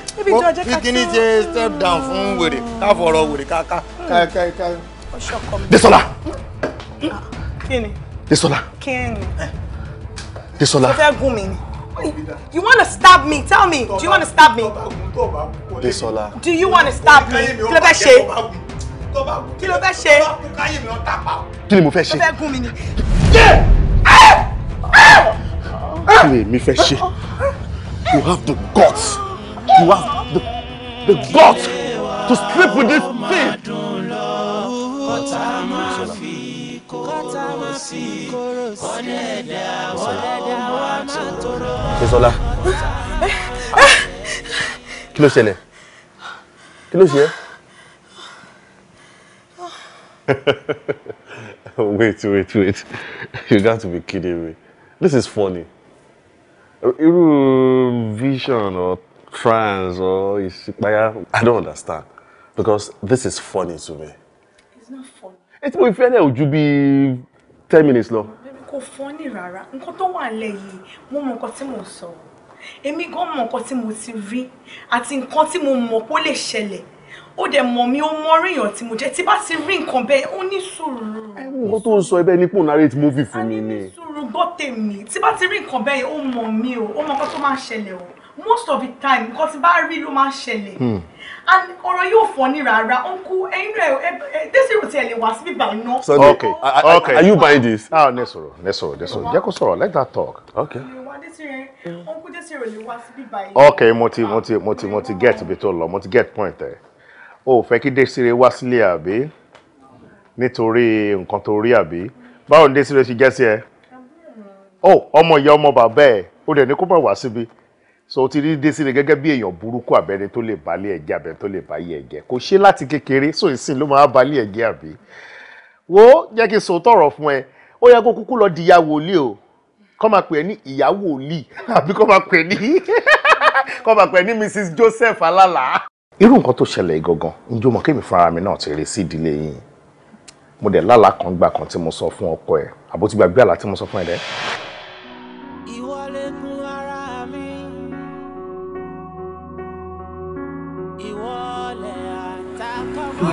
ni kíkíní ṣe step down fún wèrè káfọrọ wèrè káká káká. Hmm. Desola. kíni. Desola. kíni. Eh. Desola. o fẹ́ gún mi ni. You want to stab me? Tell me. Do you want to stab me? Desola. Do you want to stab me? Kí ló fẹ́ ṣe? Kí ló fẹ́ ṣe? Kí ni mo fẹ́ ṣe? O fẹ́ gún mi ni kí ni èmi fẹ́ you have the guts you have the the guts to sleep with this thing. kọ́tà máa fi kọ́tà máa fi wait wait wait you got to be kidding me this is funny irú vision or trance or ìsìpáyà i don't understand because this is funny to me. it's not funny. etí mo fi ẹlẹ́ ojú bíi ten minutes lọ. kò funny rárá nǹkan tó wà lẹ̀ mo mọ nǹkan tí mo sọ èmi gan mọ nǹkan tí mo ti rí àti nǹkan tí mo mọ̀ pé ó lè ṣẹlẹ̀ ó dẹ̀ mọ̀ mí ó mọ ríyàn tí mo jẹ́ tí bá ti rí nǹkan bẹ́ẹ̀ ó ní sùúrù. ẹ wo tó ń sọ ẹbẹ ní pò narrate movie fún mi ni. a ní sùúrù gbọ́ tèmi tí bá ti rí nǹkan bẹ́ẹ̀ ó mọ̀ mí o ó mọ nǹkan tó máa ṣẹlẹ̀ o most of the time nǹkan tí bá rí ló máa ṣẹlẹ̀ hmm. and ọ̀rọ̀ yóò fọ́ ní rárá ọ̀nkú ẹ̀yin rẹ̀ dẹ́sí rò tiẹ̀ lè wá síbí báyìí náà. so okay okay are you buying this. ah ne sọ̀rọ̀ ne sọ̀rọ̀ ne sọ̀rọ̀ jẹ́ kó sọ̀rọ̀ let that talk. okay ọ̀nkú dẹ́sí rò lè wá síbí báyìí. okay mo ti mo ti mo ti mo ti get ibi tó lọ mo ti get point there o ò fẹ́ kí Désiré wá sílé àbí nítorí nǹkan tó rí àbí báwo ni Désiré ṣe jẹ́ sí ẹ o ọmọ ìyá ọmọ bàbá ẹ o dẹ̀ ní kó bọ̀ wá síbi so ti rí Désiré gẹ́gẹ́ bí èèyàn burúkú àbẹ́ni tó lè balẹ̀ ẹ̀jẹ̀ àbẹ́ni tó lè báyé ẹ̀jẹ̀ kò ṣe láti kékeré so ìsìn ló máa balẹ̀ ẹ̀jẹ̀ àbí wo jẹ́ kí n sọ tọrọ fún ẹ ó yẹ kó kúkú lọ di ìyá wòlíì o kọ́ máa pè é ní ìyá wòlíì àbí kọ́ máa pè é ní Mrs Joseph alala irú nǹkan tó ṣẹlẹ̀ gangan ǹjẹ́ mọ̀ kémi fúnra mi náà ti rí sí ìdílé yín mo dẹ̀ lálàá kan gbà kan tí mo sọ fún ọkọ ẹ̀ àbó ti gbàgbé àlá tí mo sọ fún ẹ dẹ́. ìwọlé àtàkọ́ mọ́.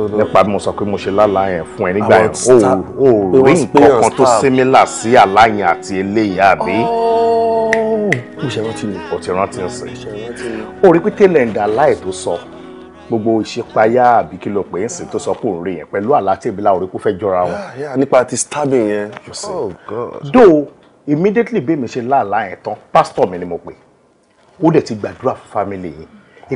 Mm-hmm. nípa mo sọ pé mo ṣe lálàá yẹn fún ẹ nígbà yẹn o ò rí nǹkan kan tó símílà sí àlá yẹn àti eléyìí àbí. Oh! mo ṣe rántí ni. o ti rántí nsìn. o rí pé tẹ́lẹ̀ ń dà láì tó sọ gbogbo ìṣípayá àbí kí ló pè é nsìn tó sọ pé òun rí yẹn pẹ̀lú àlá tèbílà orí kó fẹ́ jọra wọn. Ah, nípa ti stabbing yẹn. oh god. though immediately bí mi ṣe lálàá yẹn tán pásítọ̀ mi ni mo pè ó dẹ̀ ti gbàdúrà fún fámìlì yìí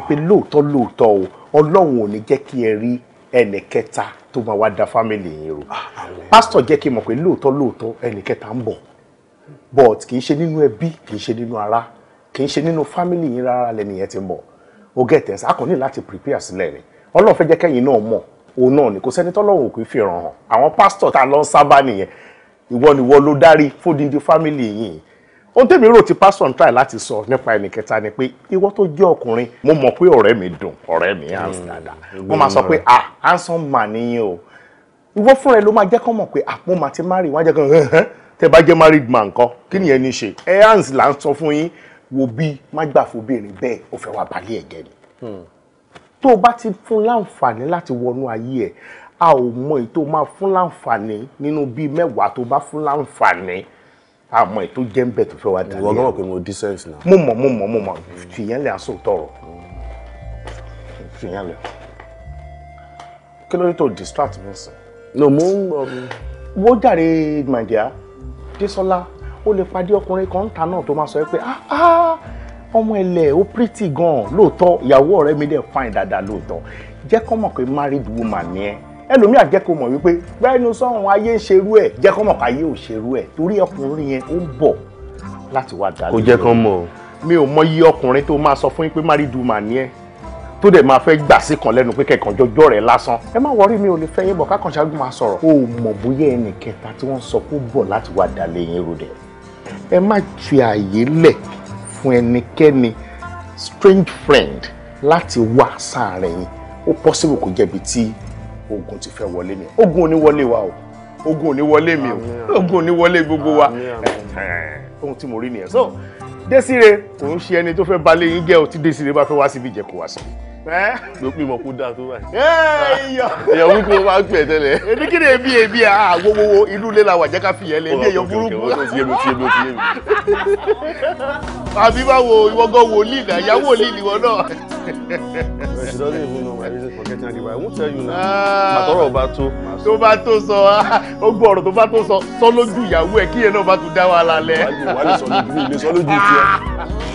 ìpè lóòótọ́ lóòótọ́ o ọlọ́run ò ní jẹ́ kí ẹ rí ẹnì kẹta tó máa wá da fámìlì yín rú ah, pásítọ̀ jẹ́ kí n mọ̀ pé lóòótọ́ lóòótọ́ ẹnì kẹta ń bọ̀ but kì í ṣe nínú ẹbí kì í ṣe nínú ara kì í ṣe nínú fámìlì yín rárá lẹ́nìyẹn ti ń bọ̀ ó gẹ̀tẹ̀ ẹ̀ akọni láti prepare sílẹ̀ ni ọlọ́run fẹ́ jẹ́ kẹ́yìn náà mọ̀ òun náà ni kò sẹ́ni tọ́lọ́run kò fi ràn hàn àwọn pásítọ̀ tá a lọ ń sábà nìyẹn ìwọ ni ìwọ ló dárí fódìndín fámìlì yìí ohun tèmi rò tí pásítọ̀ ń try láti sọ nípa ẹnìkẹta ni pé ìwọ tó jẹ́ ọkùnrin mo mọ̀ pé ọ̀rẹ́ mi dùn ọ̀rẹ́ mi hans hmm. dada wọ́n máa sọ pé ah handsome man nìyẹn o ìwọ fúnra ẹ ló máa jẹ́ kọ́ mọ̀ pé àpò màá ti marry wọ́n á jẹ́ kọ́ hẹ́hẹ́ tẹ́ bá jẹ́ married man kọ́ kí nìyẹn ní ṣe ẹ hans là ń sọ fún yín wo bí má gbà fóbìnrin bẹ́ẹ̀ ó fẹ́ wá balẹ̀ ẹ̀gẹ́ ni hmm. tó o bá ti fún láǹfààní láti wọnú ayé ẹ̀ a ò mọ èyí tó máa fún láǹfààní nínú bíi mẹ́wàá tó bá fún láǹfààní àmọ́ ètò jẹ́ ń bẹ̀ tó fẹ́ wá dalẹ̀. ìwọ pé mo decent na. mo mọ̀ mo mọ̀ mo mọ̀ fìyẹn lè aṣọ tọrọ fìyẹn lè. kí ló dé tó distract mi sìn. no mo ń gbọ́ mi. wo jàre màdìá Désọlá ó lè pàdé ọkùnrin kan ta náà tó máa sọ pé ah, ah, ọmọ ẹlẹ ó pretty gan-an ìyàwó ọ̀rẹ́ mi dẹ̀ fine dáadáa lóòótọ́ jẹ́ kọ́ mọ̀ pé married woman ni ẹ́ ẹlòmíì àjẹ́ kò mọ̀ wípé bẹ́ẹ̀ni sọ́run ayé ń ṣerú ẹ̀ jẹ́ kọ́ mọ̀ káyé ò ṣerú ẹ̀ torí ọkùnrin yẹn ó ń bọ̀ láti wá dalẹ̀. kò jẹ́ kán mọ̀ o. mi ò mọ iye ọkùnrin tó máa sọ fún yín pé márídùmá ni ẹ tó dẹ̀ máa fẹ́ gbà sí kan lẹ́nu pé kẹ̀kan jọjọ́ rẹ̀ lásán. ẹ má wọrí mi ò lè fẹ́ yín bọ̀ kákan ṣáájú máa sọ̀rọ̀. o mọ̀ bóyá ẹnì kẹta tí wọ́n sọ kó bọ̀ láti wá dalẹ̀ yín rodẹ̀. ẹ má fi àyè lẹ̀ fún ẹnikẹ́ni strange friend láti wá sáàrin yín ó possible kó jẹ́bi tí ogun ti fẹ́ wọlé mi ogun ò ní wọlé wa o ogun ò ní wọlé mi o ogun ò ní wọlé gbogbo wa ohun tí mo rí nìyẹn so Desire kò ń ṣe ẹni tó fẹ́ balẹ̀ yín jẹ́ o tí Desire bá fẹ́ wá síbi ìjẹ́ kó wá síbi ló pè mọ́ kó dáa tó báyìí. èèyàn wí kó máa ń pè tẹ́lẹ̀. èmi kí ni èmi èmi à wowowo inú ilé la wà jẹ́ ká fìyẹ́ lé èmi èèyàn burúkú. àbí báwo ìwọ gan wòlíì náà ìyàwó wòlíì nìwọ náà. she doesn't even know my reason for getting angry but I won't tell you now. màtọ́rọ̀ ah. bá tó. tó bá tó sọ ó gbọ́ ọ̀rọ̀ tó bá tó sọ sọ lójú ìyàwó ẹ̀ kí ẹ̀ náà bá tún dá wàhálà lẹ̀. wàá lè sọ lójú ilé sọ lójú tiẹ̀.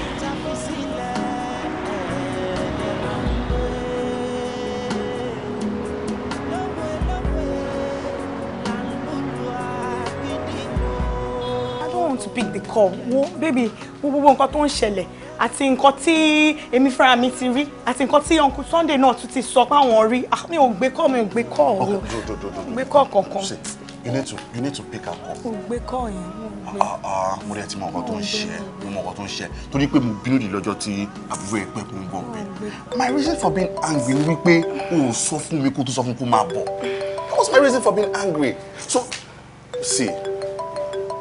kọ̀ wo bébì wo gbogbo nǹkan tó ń ṣẹlẹ̀ àti nǹkan tí èmi fúnra mi ti rí àti nǹkan tí uncle Sunday náà tún ti sọ pé àwọn rí ah, mi ò gbé kọ́ mi ò gbé kọ́ o gbé kọ́ kankan. you need to you need to pick up. o gbé kọ́ yẹn mo gbé. Ah, ah, mo rí ẹ ti mọ nǹkan tó ń ṣe mo mọ nǹkan tó ń ṣe torí pé mo bínú di lọ́jọ́ tí àbúrò ẹ pẹ́ kún bọ̀ bẹ́ẹ̀ my reason for being angry ni wípé o ò sọ fún mi kó tó sọ fún kó máa bọ̀ that was my reason for being angry so see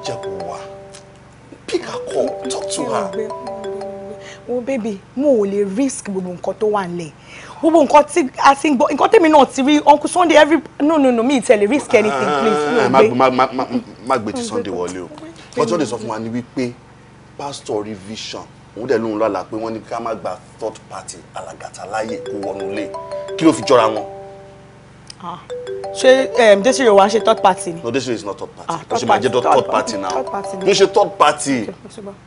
jẹ́ kó o pick her call talk to her. Oh, baby, mo ò lè risk gbogbo nǹkan tó wà nílẹ̀ gbogbo nǹkan tí a ti ń gbọ́ nǹkan tèmi náà ti rí uncle sunday every no no no Me tell you, risk anything ah, please. má gbé ti sunday wọlé o but sunday sọ fún wa ni wípé pastor revision òun dẹ̀ lóun lálàá pé wọ́n ní ká má gba third party alàgàtà láàyè kó wọnú ilé kí ló fi jọra wọn. Ah ṣé um, desire wa ṣe third party ni. no desire is not third party ah, third party, third, third party now third party ṣe third party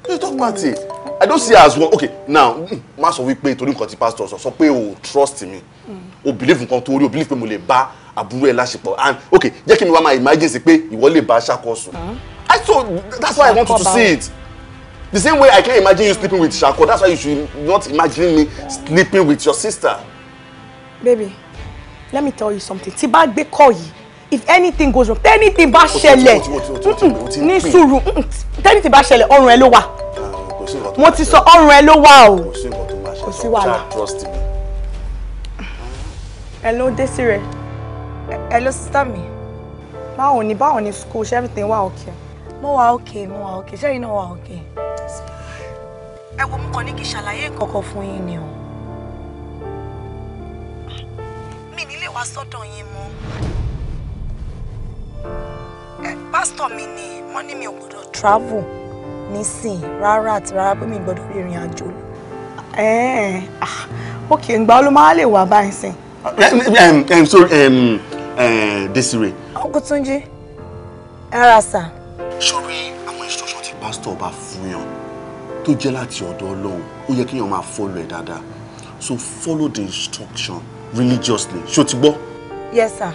no third party i don see her as one okay now mm, má sọ wípé torí nǹkan tí pastor sọ sọ pé o trust me hmm. o believe nǹkan tó rí o believe pé mo lè bá àbúrò ẹ láṣepọ̀ and okay jẹ́ kí mi wá máa imagine sí pé ìwọ lè bá aṣáko hmm. i so that's why i want to see it the same way i can imagine you sleeping with Shako that's why you should not imagine me sleeping with your sister. baby let me tell you something tí bá gbé kọ́ yìí if anything goes wrong anything bá ṣẹlẹ̀ ní sùúrù anything bá ṣẹlẹ̀ ọrùn ẹ ló wà mo ti sọ ọrùn ẹ ló wà o kò sí wàhálà ẹ ló dé sí rẹ ẹ ló sísá mi. báwo ni báwo ni school ṣe everything wa okay. mo wa okay mo wa okay ṣé yín náà wà okay. ẹ wo mo kàn ní kí ṣàlàyé nǹkan fún yín ni o. wá sọ́dọ̀ yín mọ́. pásítọ̀ mi ni wọ́n ní mi ò gbọ́dọ̀ travel nísìn rárá àti rárá pé mi gbọ́dọ̀ rìnrìn àjò. Ah, ok ǹgbà ló máa lè wà báyìí sìn. sorry Desire. Ọkùtúnjí ẹ rà sà. sori àwọn instruction tí pásítọ̀ bá fún yàn tó jẹ́ láti ọ̀dọ̀ Ọlọ́run ó yẹ kéèyàn máa follow ẹ̀ dáadáa so follow the instruction religiously ṣó ti gbọ́. yes sir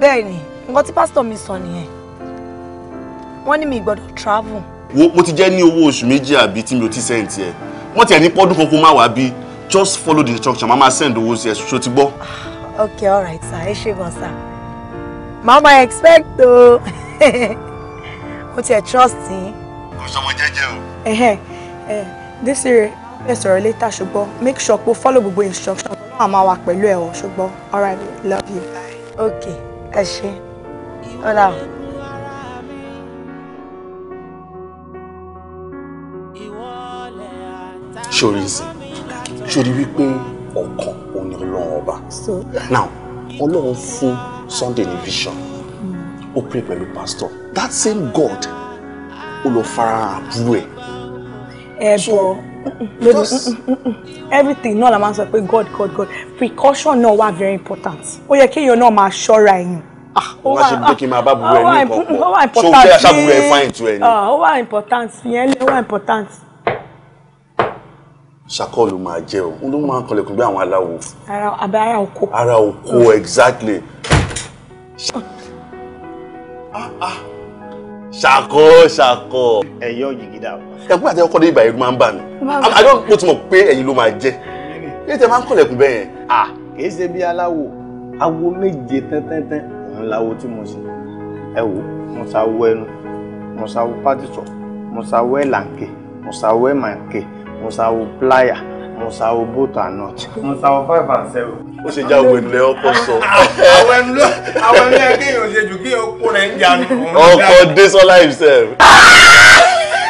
bẹ́ẹ̀ ni nǹkan tí pásítọ̀ mi sọ nìyẹn wọ́n ní mi gbọ́dọ̀ travel. wo mo ti jẹ́ ní owó oṣù méjì àbí tí mi ò ti sẹ́ǹtì ẹ̀ wọ́n ti ẹ̀ ní pọ́dún kankan máa wá bí just follow the instruction màmá send owó sí ẹ̀ ṣó ti gbọ́. Ah, ok alright sir ẹ ṣe gan sir màmá expect o mo ti ẹ̀ trust yín. kò sọmọ jẹ́jẹ́ o. this year ẹ sọ̀rọ̀ létà ṣùgbọ́n make sure pé follow gbogbo instruction náà máa wà pẹ̀lú ẹ̀ o ṣùgbọ́n alright love you. ok ẹ ṣe ọ̀la. sori nsìn sori wípé ọkàn ò ní ọba now ọlọ́run fún Sunday ní vision ó pray pẹ̀lú pastor that same God ó lọ farahàn àbúrò ẹ̀. ẹ bọ baby everything No, la máa sọ pé god god god precaution náà wà very important ó yẹ kéèyàn náà máa ṣọ́ra ẹ̀yìn ah, ó wá ṣe bí kí n máa bá burú ẹ ní ìkọ̀kọ̀ so fẹ́ aṣáburú ẹ fáìn tu ẹ ni. ó wà important yẹn lé wà important. ṣàkọọ̀lù máa jẹ o ló máa ń kọlẹ̀kùn bí àwọn aláwo. ara àbẹ ara oko. ara oko exactly. ah ah ṣàkó ṣàkó. ẹyọ yìgìdà. ẹkún àti ọkọ ní ìbà ẹrú máa ń bà mí àjọ mo ti mọ̀ pé ẹ̀yin ló máa jẹ́ kí tẹ máa ń kọlẹ̀kùn bẹ́ẹ̀ yẹn. à kì í ṣe bí aláwo awo méje tẹ́tẹ́tẹ́ òun láwo tí mo ṣe ẹ wò mo ṣàwọ ẹnu mo ṣàwọ pátìsọ mo ṣàwọ ẹ̀làǹkè mo ṣàwọ ẹ̀màǹkè mo ṣàwọ pláyà Mọ̀sáwó both are not. Mọ̀sáwó five and seven. Ó ṣe já òwe ilẹ̀ ọkọ sọ. Àwọn ẹnu ló àwọn ẹnu ẹ kéèyàn ṣe jù kí okó rẹ̀ ń jánu. Ọkọ Desola himself.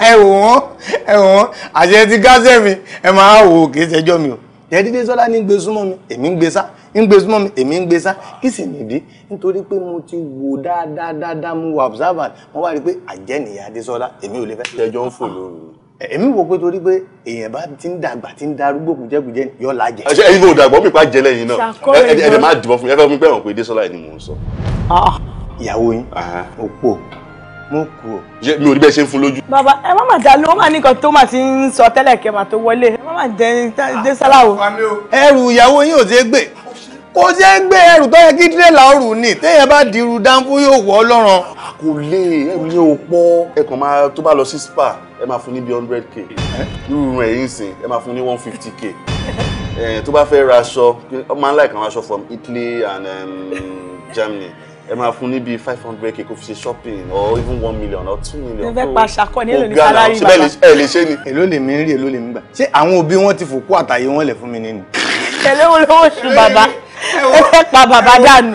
Ẹ wò wọ́n ẹ wò wọ́n àṣẹ ti gáṣẹ́ mi ẹ máa wò ó kì í ṣẹjọ́ mi o. Yẹ́dí Desola ní gbé súnmọ́ mi, èmi ń gbé sá ń gbé súnmọ́ mi èmi ń gbé sá kí sì nìdí nítorí pé mo ti wò dáadáa dáadáa mo wà observant mo wá rí i pé àjẹ́ nìyá Adésọ́lá èmi ò lè fẹ́. ẹjọ́ ń fò lóru èmi wò pé torí pé èèyàn bá ti ń dàgbà ti ń darúgbò kùjẹ́kùjẹ́ yọ lajẹ. ẹ ṣe ẹyin kò dàgbọ́ mi pa jẹlẹ yìí náà ẹ ẹ máa dìbọn fún mi ẹ fẹ́ mi pé ẹ̀wọ̀n pé ni mò ń sọ. Ah, ìyàwó yín mo kú o mo kú o. mi ò rí bẹ́ẹ̀ ṣe ń fún lójú. bàbá ẹ má máa dà ló máa nìkan tó máa ti ń sọ tẹ́lẹ̀ kẹ́ máa tó wọlé ẹ má máa dẹ Désọ́lá o. ẹrù ìyàwó yín ò ṣeé gbé kò ṣe é gbé ẹrù tó yẹ kí tírélà ọrù ni téèyàn bá dirú dánfó yóò wọ ọlọ́run. kò lè ẹrù yẹn ò pọ̀ ẹ kàn máa tó bá lọ sí spa ẹ máa fún ní bí hundred k irú rẹ̀ yìí sìn ẹ máa fún ní one k tó bá fẹ́ ra aṣọ ọ máa ń láì aṣọ from Italy and um, Germany ẹ máa fún ní bíi five k kó fi ṣe shopping or even one million or two million. ẹ fẹ́ pa ṣàkọ ní èlò ní sálárì bàbá ẹ lè ṣe ni. èló lè mi rí èló lè mi gbà ṣé àwọn òbí wọn ti fòkú àtàyè wọn lè fún mi nínú. tẹ̀lé wọn lọ́wọ́ oṣù bàbá ẹ fẹ́ pa bàbá dànù.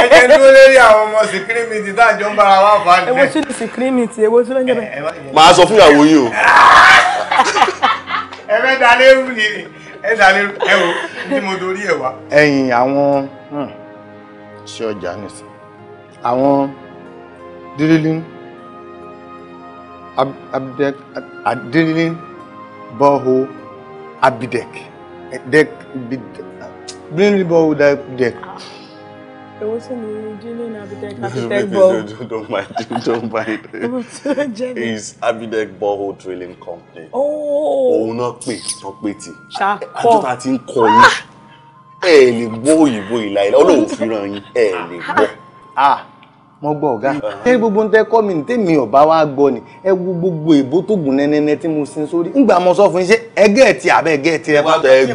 ẹ jẹ́ dúró lórí àwọn ọmọ síkírìmìtì tá à jọ ń bára wá fà á jẹ. ewo tún ní síkírìmìtì ewo tún ló ń jẹ bẹ́ẹ̀. màá sọ fún ìyàwó yìí o. ẹ fẹ́ da lérú yìí ẹ da lérú ẹ wo bí mo dorí ẹ wá. ẹ̀yin àwọn hmm, ṣé ọjà nìsín àwọn dírílín abdek adírílín bọ́ọ̀hó abidek dek bidek. Bring the ball with that deck. It wasn't me. Julian Abidek, Abidek Don't mind it. Don't mind it. It's Abidek Borehole Drilling Company. Oh. Òun náà pè tán pé tì. Ṣàkọ́. Àjọ ta ti ń kọ yín. Ah. Ẹ lè gbọ́ òyìnbó ìlà ìlà olóòfin ràn yín. Ẹ lè gbọ́. Ah mo gbọ́ ọ̀gá ẹ gbogbo ntẹ kọ́ mi tèmi ọ̀bá wa gbọ́ ni ẹ wo gbogbo èbó tó gùn nẹ́nẹ́nẹ́ tí mo sin sórí ńgbà mo sọ fún yín ṣé ẹgẹ́ ti àbẹ́ ẹgẹ́ ti ẹ bá.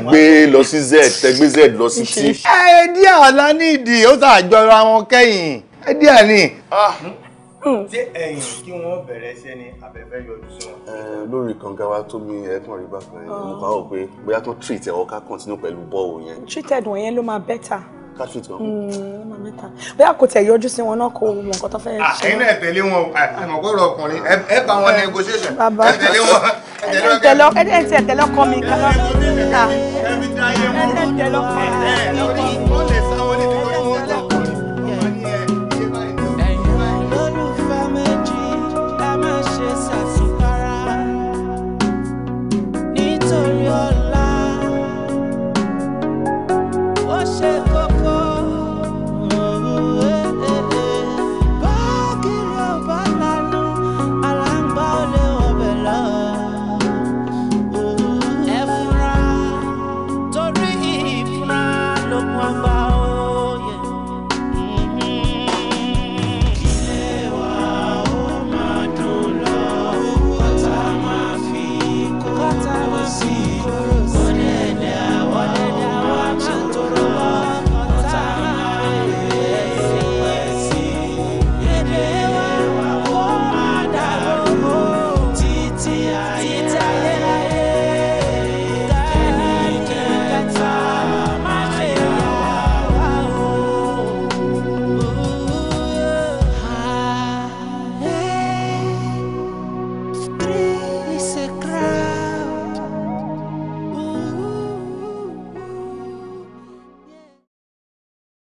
gbé lọ sí z ẹ gbé z lọ sí t. ẹ díẹ̀ ọ̀la ní ìdí ó sà jọra wọn kẹ́yìn ẹ díẹ̀ ni. Ah. ṣé ẹ̀yìn kí wọ́n bẹ̀rẹ̀ iṣẹ́ ni abẹ́fẹ́ yọjú sí wọn. lórí kànga wa tó mi ẹ̀gbọ́n rí bákan yẹn mo kàn á rò pé bóyá tó treat ẹ̀ ọ́ ká continue pẹ̀lú bọ́ọ̀ yẹn. treated wọn yẹn ló máa better cat treat kan. ọmọ hmm, mẹ́ta bóyá kò tẹ̀ yọjú sí wọn náà kó mọ nǹkan tó fẹ́ ah, ṣe. ẹ̀yin náà tẹ̀lé wọn àmọ̀gbọ́rọ̀ ah, ọkùnrin ẹ bá wọn negotiation ẹ tẹ̀lé wọn ah. ẹ tẹ̀lé ọkọ mi. ẹ tẹ̀lé ọkọ mi. ẹ tẹ̀lé ọkọ mi.